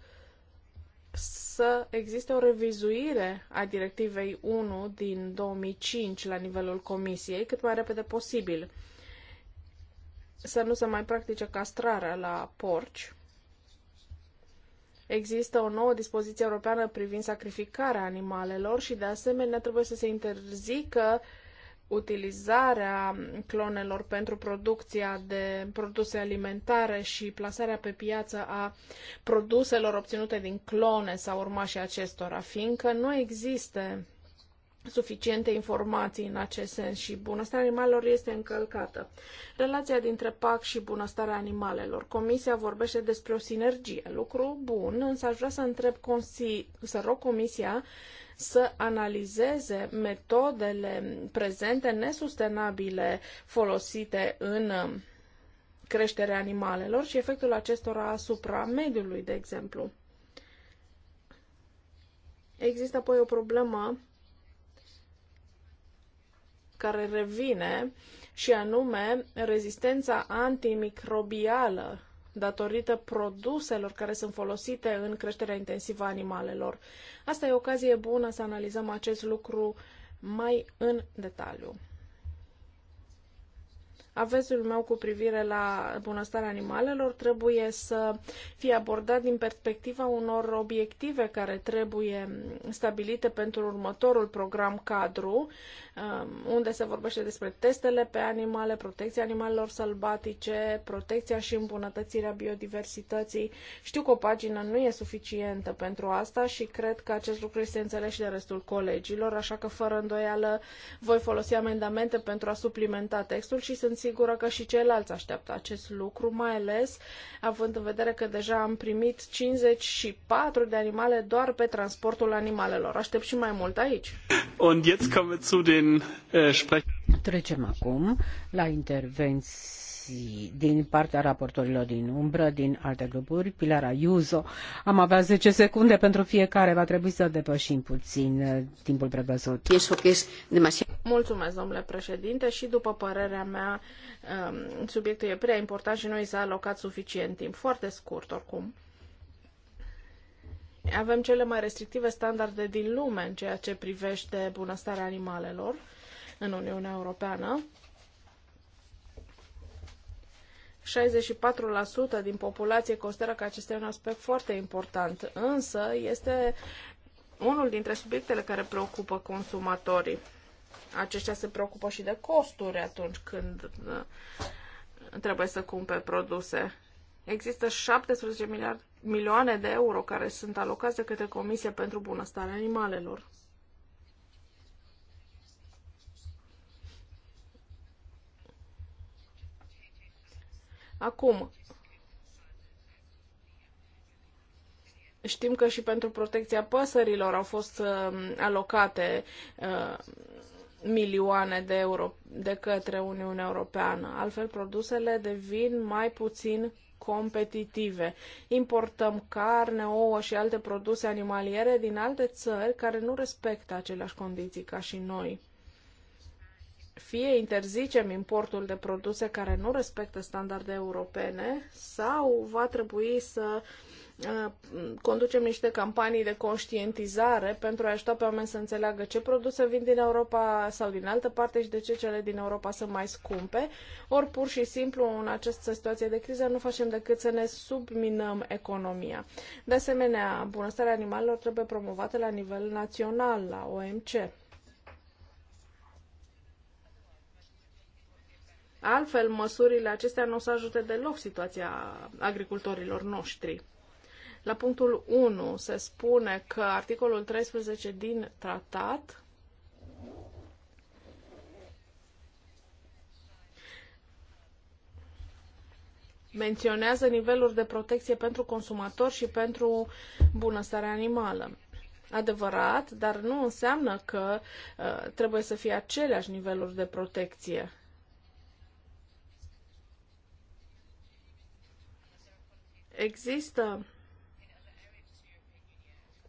să existe o revizuire a directivei 1 din 2005 la nivelul comisiei cât mai repede posibil. Să nu se mai practice castrarea la porci. Există o nouă dispoziție europeană privind sacrificarea animalelor și de asemenea trebuie să se interzică uh, utilizarea clonelor pentru producția de produse alimentare și plasarea pe piață a produselor obținute din clone sau urmașii acestora, fiindcă nu există suficiente informații în acest sens și bunăstarea animalelor este încălcată. Relația dintre PAC și bunăstarea animalelor. Comisia vorbește despre o sinergie, lucru bun, însă aș vrea să întreb, să rog Comisia să analizeze metodele prezente nesustenabile folosite în um, creșterea animalelor și efectul acestora asupra mediului, de exemplu. Există apoi o problemă care revine și anume rezistența antimicrobială datorită produselor care sunt folosite în creșterea intensivă a animalelor. Asta e ocazie bună să analizăm acest lucru mai în detaliu. Avezul meu cu privire la bunăstarea animalelor trebuie să fie abordat din perspectiva unor obiective care trebuie stabilite pentru următorul program cadru, um, unde se vorbește despre testele pe animale, protecția animalelor sălbatice, protecția și îmbunătățirea biodiversității. Știu că o pagină nu e suficientă pentru asta și cred că acest lucru este înțeles și de restul colegilor, așa că fără îndoială voi folosi amendamente pentru a suplimenta textul și sunt sigură că și ceilalți așteaptă acest lucru, mai ales având în vedere că deja am primit 54 de animale doar pe transportul animalelor. Aștept și mai mult aici. Und jetzt kommen wir zu den, äh, Trecem acum la intervenții din partea raportorilor din umbră, din alte grupuri, Pilar Iuzo. Am avea 10 secunde pentru fiecare, va trebui să depășim puțin uh, timpul prevăzut. Mulțumesc, domnule președinte, și după părerea mea, um, subiectul e prea important și noi s-a alocat suficient timp, foarte scurt oricum avem cele mai restrictive standarde din lume în ceea ce privește bunăstarea animalelor în Uniunea Europeană 64% din populație consideră că acesta e un aspect foarte important, însă este unul dintre subiectele care preocupă consumatorii. Aceștia se preocupă și de costuri atunci când uh, trebuie să cumpere produse. Există 17 miliarde, milioane de euro care sunt alocați de către Comisia pentru Bunăstarea Animalelor. Acum, știm că și pentru protecția păsărilor au fost uh, alocate uh, milioane de euro de către Uniunea Europeană. Altfel, produsele devin mai puțin competitive. Importăm carne, ouă și alte produse animaliere din alte țări care nu respectă aceleași condiții ca și noi fie interzicem importul de produse care nu respectă standarde europene sau va trebui să uh, conducem niște campanii de conștientizare pentru a ajuta pe oameni să înțeleagă ce produse vin din Europa sau din altă parte și de ce cele din Europa sunt mai scumpe, ori pur și simplu în această situație de criză nu facem decât să ne subminăm economia. De asemenea, bunăstarea animalelor trebuie promovată la nivel național, la OMC. Altfel, măsurile acestea nu o să ajute deloc situația agricultorilor noștri. La punctul 1 se spune că articolul 13 din tratat menționează niveluri de protecție pentru consumatori și pentru bunăstarea animală. Adevărat, dar nu înseamnă că uh, trebuie să fie aceleași niveluri de protecție Există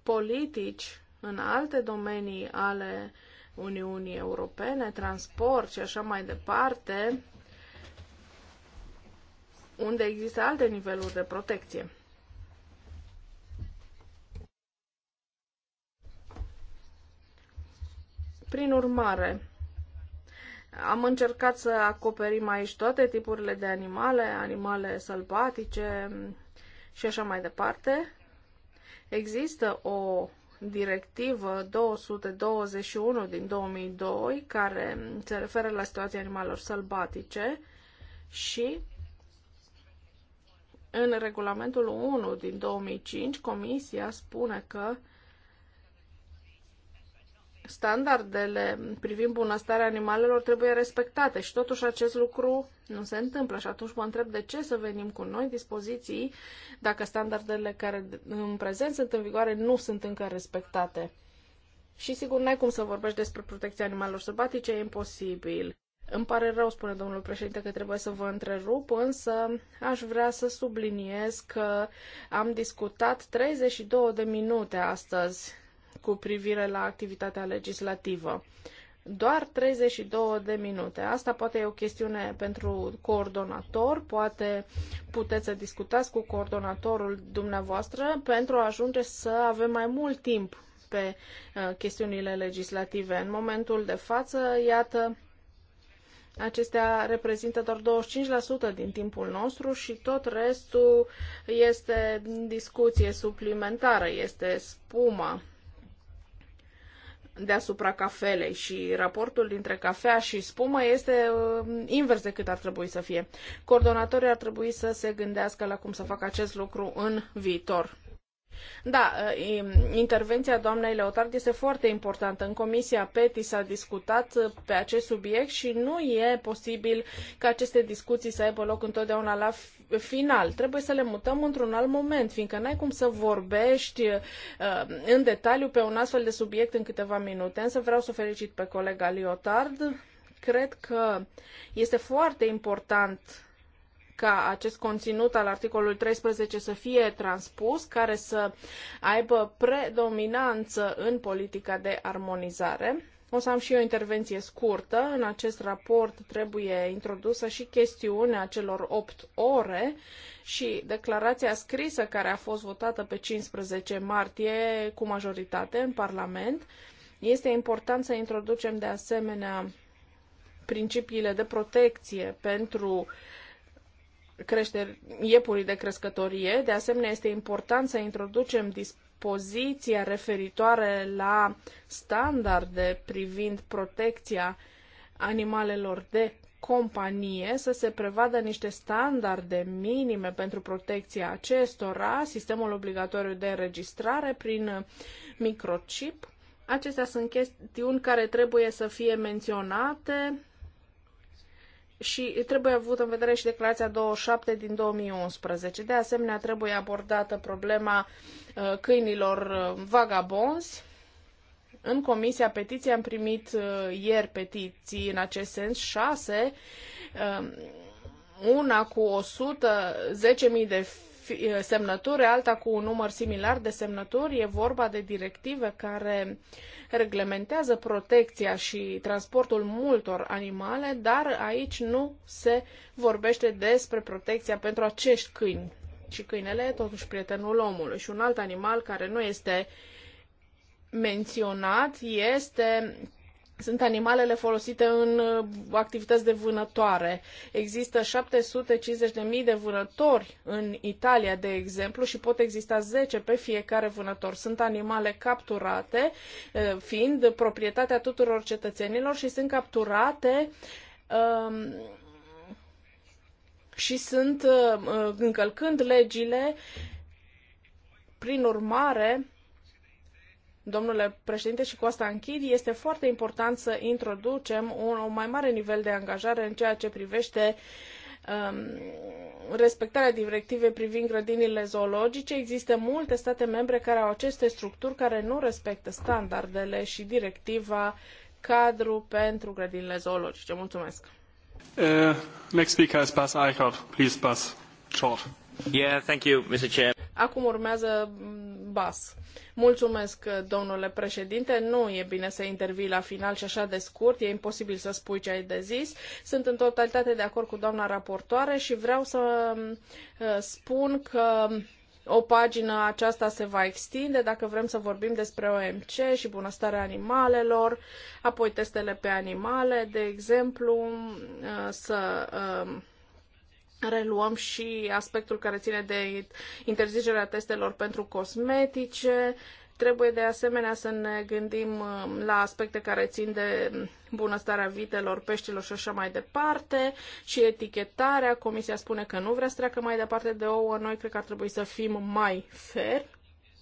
politici în alte domenii ale Uniunii Europene, transport și așa mai departe, unde există alte niveluri de protecție. Prin urmare, am încercat să acoperim aici toate tipurile de animale, animale sălbatice, și așa mai departe. Există o directivă 221 din 2002 care se referă la situația animalelor sălbatice și în regulamentul 1 din 2005 Comisia spune că uh, standardele privind bunăstarea animalelor trebuie respectate și totuși acest lucru nu se întâmplă și atunci mă întreb de ce să venim cu noi dispoziții dacă standardele care în prezent sunt în vigoare nu sunt încă respectate. Și sigur, n-ai cum să vorbești despre protecția animalelor sălbatice, e imposibil. Îmi pare rău, spune domnul președinte, că trebuie să vă întrerup, însă aș vrea să subliniez că am discutat 32 de minute astăzi cu privire la activitatea legislativă. Doar 32 de minute. Asta poate e o chestiune pentru coordonator, poate puteți să discutați cu coordonatorul dumneavoastră pentru a ajunge să avem mai mult timp pe uh, chestiunile legislative. În momentul de față, iată, Acestea reprezintă doar 25% din timpul nostru și tot restul este discuție suplimentară, este spuma deasupra cafelei și raportul dintre cafea și spumă este um, invers decât ar trebui să fie. Coordonatorii ar trebui să se gândească la cum să facă acest lucru în viitor. Da, eh, intervenția doamnei Leotard este foarte importantă. În Comisia PETI s-a discutat eh, pe acest subiect și nu e posibil ca aceste discuții să aibă loc întotdeauna la final. Trebuie să le mutăm într-un alt moment, fiindcă n-ai cum să vorbești eh, în detaliu pe un astfel de subiect în câteva minute. Însă vreau să felicit pe colega Leotard. Cred că este foarte important ca acest conținut al articolului 13 să fie transpus, care să aibă predominanță în politica de armonizare. O să am și o intervenție scurtă. În acest raport trebuie introdusă și chestiunea celor opt ore și declarația scrisă care a fost votată pe 15 martie cu majoritate în Parlament. Este important să introducem de asemenea principiile de protecție pentru uh, creșteri, iepurii de crescătorie. De asemenea, este important să introducem dispoziția referitoare la standarde privind protecția animalelor de companie să se prevadă niște standarde minime pentru protecția acestora, sistemul obligatoriu de înregistrare prin microchip. Acestea sunt chestiuni care trebuie să fie menționate și trebuie avut în vedere și declarația 27 din 2011. De asemenea, trebuie abordată problema uh, câinilor uh, vagabonzi. În comisia petiției am primit uh, ieri petiții în acest sens, șase, una cu 110.000 de semnături, alta cu un număr similar de semnături. E vorba de directive care reglementează protecția și transportul multor animale, dar aici nu se vorbește despre protecția pentru acești câini. Și câinele e totuși prietenul omului. Și un alt animal care nu este menționat este sunt animalele folosite în uh, activități de vânătoare. Există 750.000 de vânători în Italia, de exemplu, și pot exista 10 pe fiecare vânător. Sunt animale capturate, uh, fiind proprietatea tuturor cetățenilor și sunt capturate um, și sunt uh, încălcând legile. Prin urmare, domnule președinte, și cu asta închid, este foarte important să introducem un, mai mare nivel de angajare în ceea ce privește um, respectarea directivei privind grădinile zoologice. Există multe state membre care au aceste structuri care nu respectă standardele și directiva cadru pentru grădinile zoologice. Mulțumesc! Uh, next speaker is Bas Please, Bas, short. Yeah, thank you, Mr. Chair. Acum urmează mm, Bas. Mulțumesc, domnule președinte. Nu e bine să intervii la final și așa de scurt. E imposibil să spui ce ai de zis. Sunt în totalitate de acord cu doamna raportoare și vreau să mm, uh, spun că o pagină aceasta se va extinde dacă vrem să vorbim despre OMC și bunăstarea animalelor, apoi testele pe animale, de exemplu, mm, uh, să uh, Reluăm și aspectul care ține de interzicerea testelor pentru cosmetice. Trebuie de asemenea să ne gândim um, la aspecte care țin de bunăstarea vitelor, peștilor și așa mai departe și etichetarea. Comisia spune că nu vrea să treacă mai departe de ouă. Noi cred că ar trebui să fim mai fer.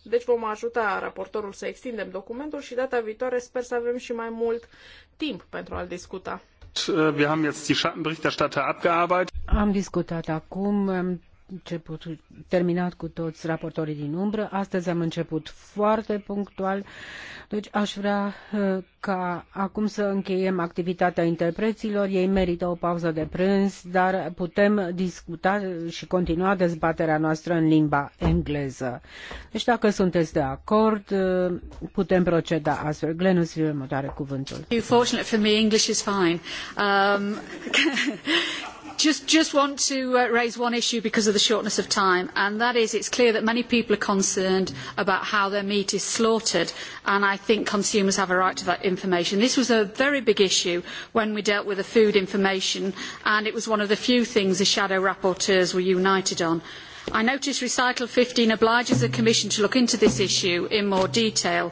deci vom ajuta raportorul să extindem documentul și data viitoare sper să avem și mai mult timp pentru a-l discuta. Äh, wir haben jetzt die Schattenberichterstatter abgearbeitet. Am discutat acum început, terminat cu toți raportorii din umbră. Astăzi am început foarte punctual, deci aș vrea uh, ca acum să încheiem activitatea interpreților. Ei merită o pauză de prânz, dar putem discuta și continua dezbaterea noastră în limba engleză. Deci dacă sunteți de acord, uh, putem proceda astfel. Glenus, vă cuvântul. Fortunate for me, English is fine. Um... Just, just want to uh, raise one issue because of the shortness of time, and that is it's clear that many people are concerned about how their meat is slaughtered, and I think consumers have a right to that information. This was a very big issue when we dealt with the food information, and it was one of the few things the shadow rapporteurs were united on. I notice recital 15 obliges the Commission to look into this issue in more detail,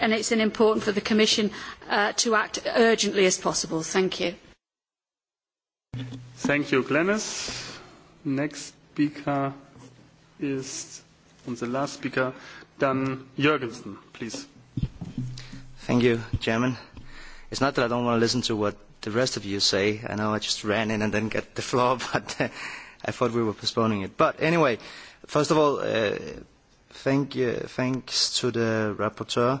and it's important for the Commission uh, to act urgently as possible. Thank you. Thank you, Glenis. Next speaker is, and the last speaker, Dan Jurgensen, please. Thank you, Chairman. It's not that I don't want to listen to what the rest of you say. I know I just ran in and didn't get the floor, but uh, I thought we were postponing it. But anyway, first of all, uh, thank you, thanks to the rapporteur.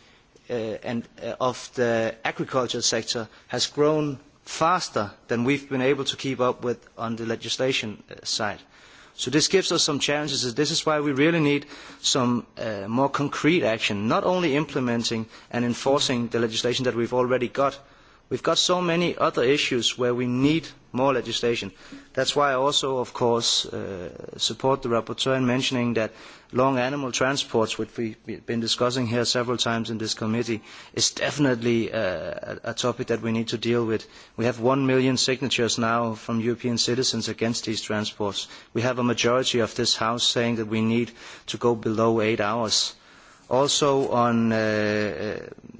Uh, and, uh, of the agriculture sector has grown faster than we've been able to keep up with on the legislation uh, side. So this gives us some challenges. This is why we really need some uh, more concrete action, not only implementing and enforcing the legislation that we've already got, We've got so many other issues where we need more legislation. That's why I also, of course, uh, support the rapporteur in mentioning that long animal transports, which we've been discussing here several times in this committee, is definitely uh, a topic that we need to deal with. We have one million signatures now from European citizens against these transports. We have a majority of this House saying that we need to go below eight hours. Also on uh, uh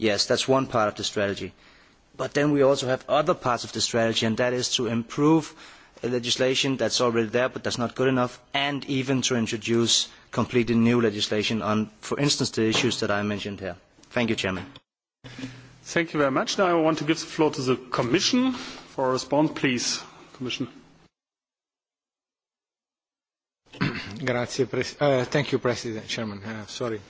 Yes, that's one part of the strategy. But then we also have other parts of the strategy, and that is to improve legislation that's already there but that's not good enough, and even to introduce completely new legislation on, for instance, the issues that I mentioned here. Thank you, Chairman. Thank you very much. Now I want to give the floor to the Commission for a response, please. Commission. Grazie, uh, thank you, President, Chairman. Uh, sorry.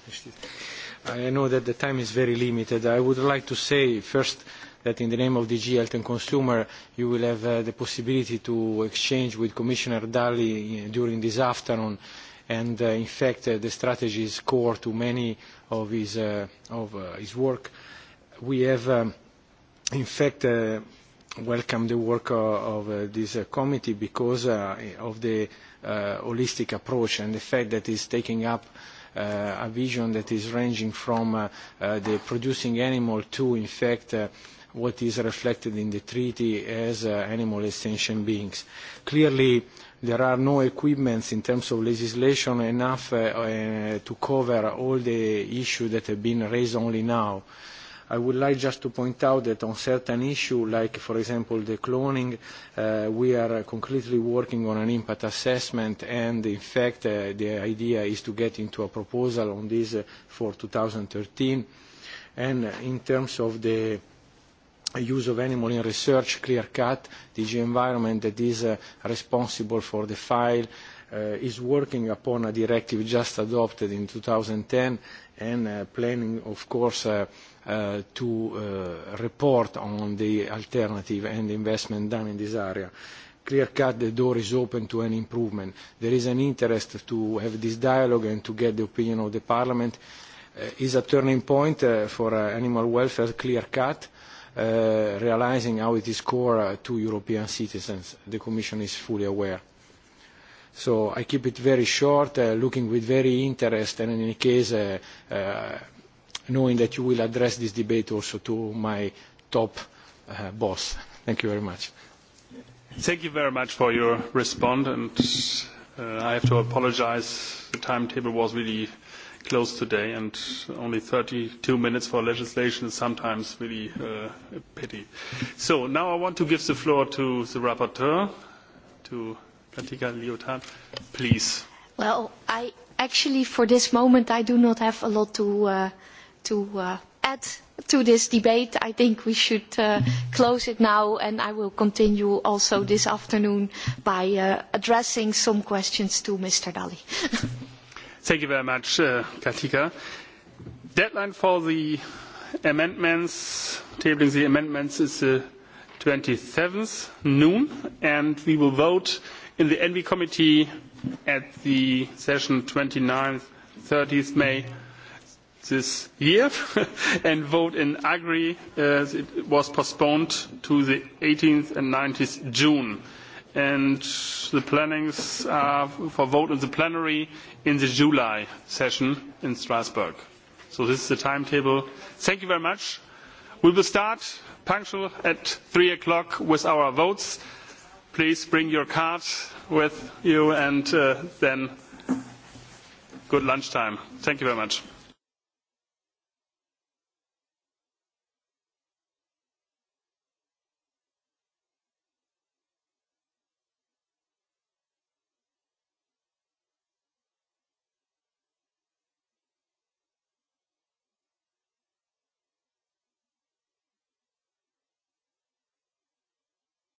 I know that the time is very limited. I would like to say first that in the name of DG Health and Consumer, you will have uh, the possibility to exchange with Commissioner Dalli uh, during this afternoon. And uh, in fact, uh, the strategy is core to many of his, uh, of, uh, his work. We have, um, in fact, welcomed the work of, of this committee because of the holistic approach and the fact that it's taking up uh, a vision that is ranging from uh, uh, the producing animal to, in fact, uh, what is reflected in the treaty as uh, animal extension sentient beings. Clearly, there are no equipments in terms of legislation enough uh, uh, to cover all the issues that have been raised only now. Uh, I would like just to point out that on certain issues, like for example the cloning, uh, we are concretely working on an impact assessment and in fact uh, the idea is to get into a proposal on this uh, for 2013. And in terms of the use of animal in research, clear cut, DG Environment that is uh, responsible for the file uh, is working upon a directive just adopted in 2010 and uh, planning, of course, uh, Uh, to uh, report on the alternative and investment done in this area. Clear-cut, the door is open to an improvement. There is an interest to have this dialogue and to get the opinion of the Parliament. Uh, is a turning point for animal welfare clear-cut, realising how it is core to European citizens. The Commission is fully aware. So I keep it very short, looking with very interest, and in any case, knowing that you will address this debate also to my top uh, boss. Thank you very much. Thank you very much for your response. And uh, I have to apologize. The timetable was really close today, and only 32 minutes for legislation is sometimes really uh, a pity. So now I want to give the floor to the rapporteur, to Katika Lyotard. Please. Well, I actually, for this moment, I do not have a lot to. Uh, to uh, add to this debate. I think we should uh, close it now, and I will continue also this afternoon by uh, addressing some questions to Mr. Dalli. Thank you very much, uh, Katika. Deadline for the amendments, tabling the amendments, is the 27th noon, and we will vote in the Envy Committee at the session 29th, 30th May this year and vote in Agri as it was postponed to the 18th and 19th June. And the plannings are for vote in the plenary in the July session in Strasbourg. So this is the timetable. Thank you very much. We will start punctual at 3 o'clock with our votes. Please bring your card with you and uh, then good lunchtime. Thank you very much.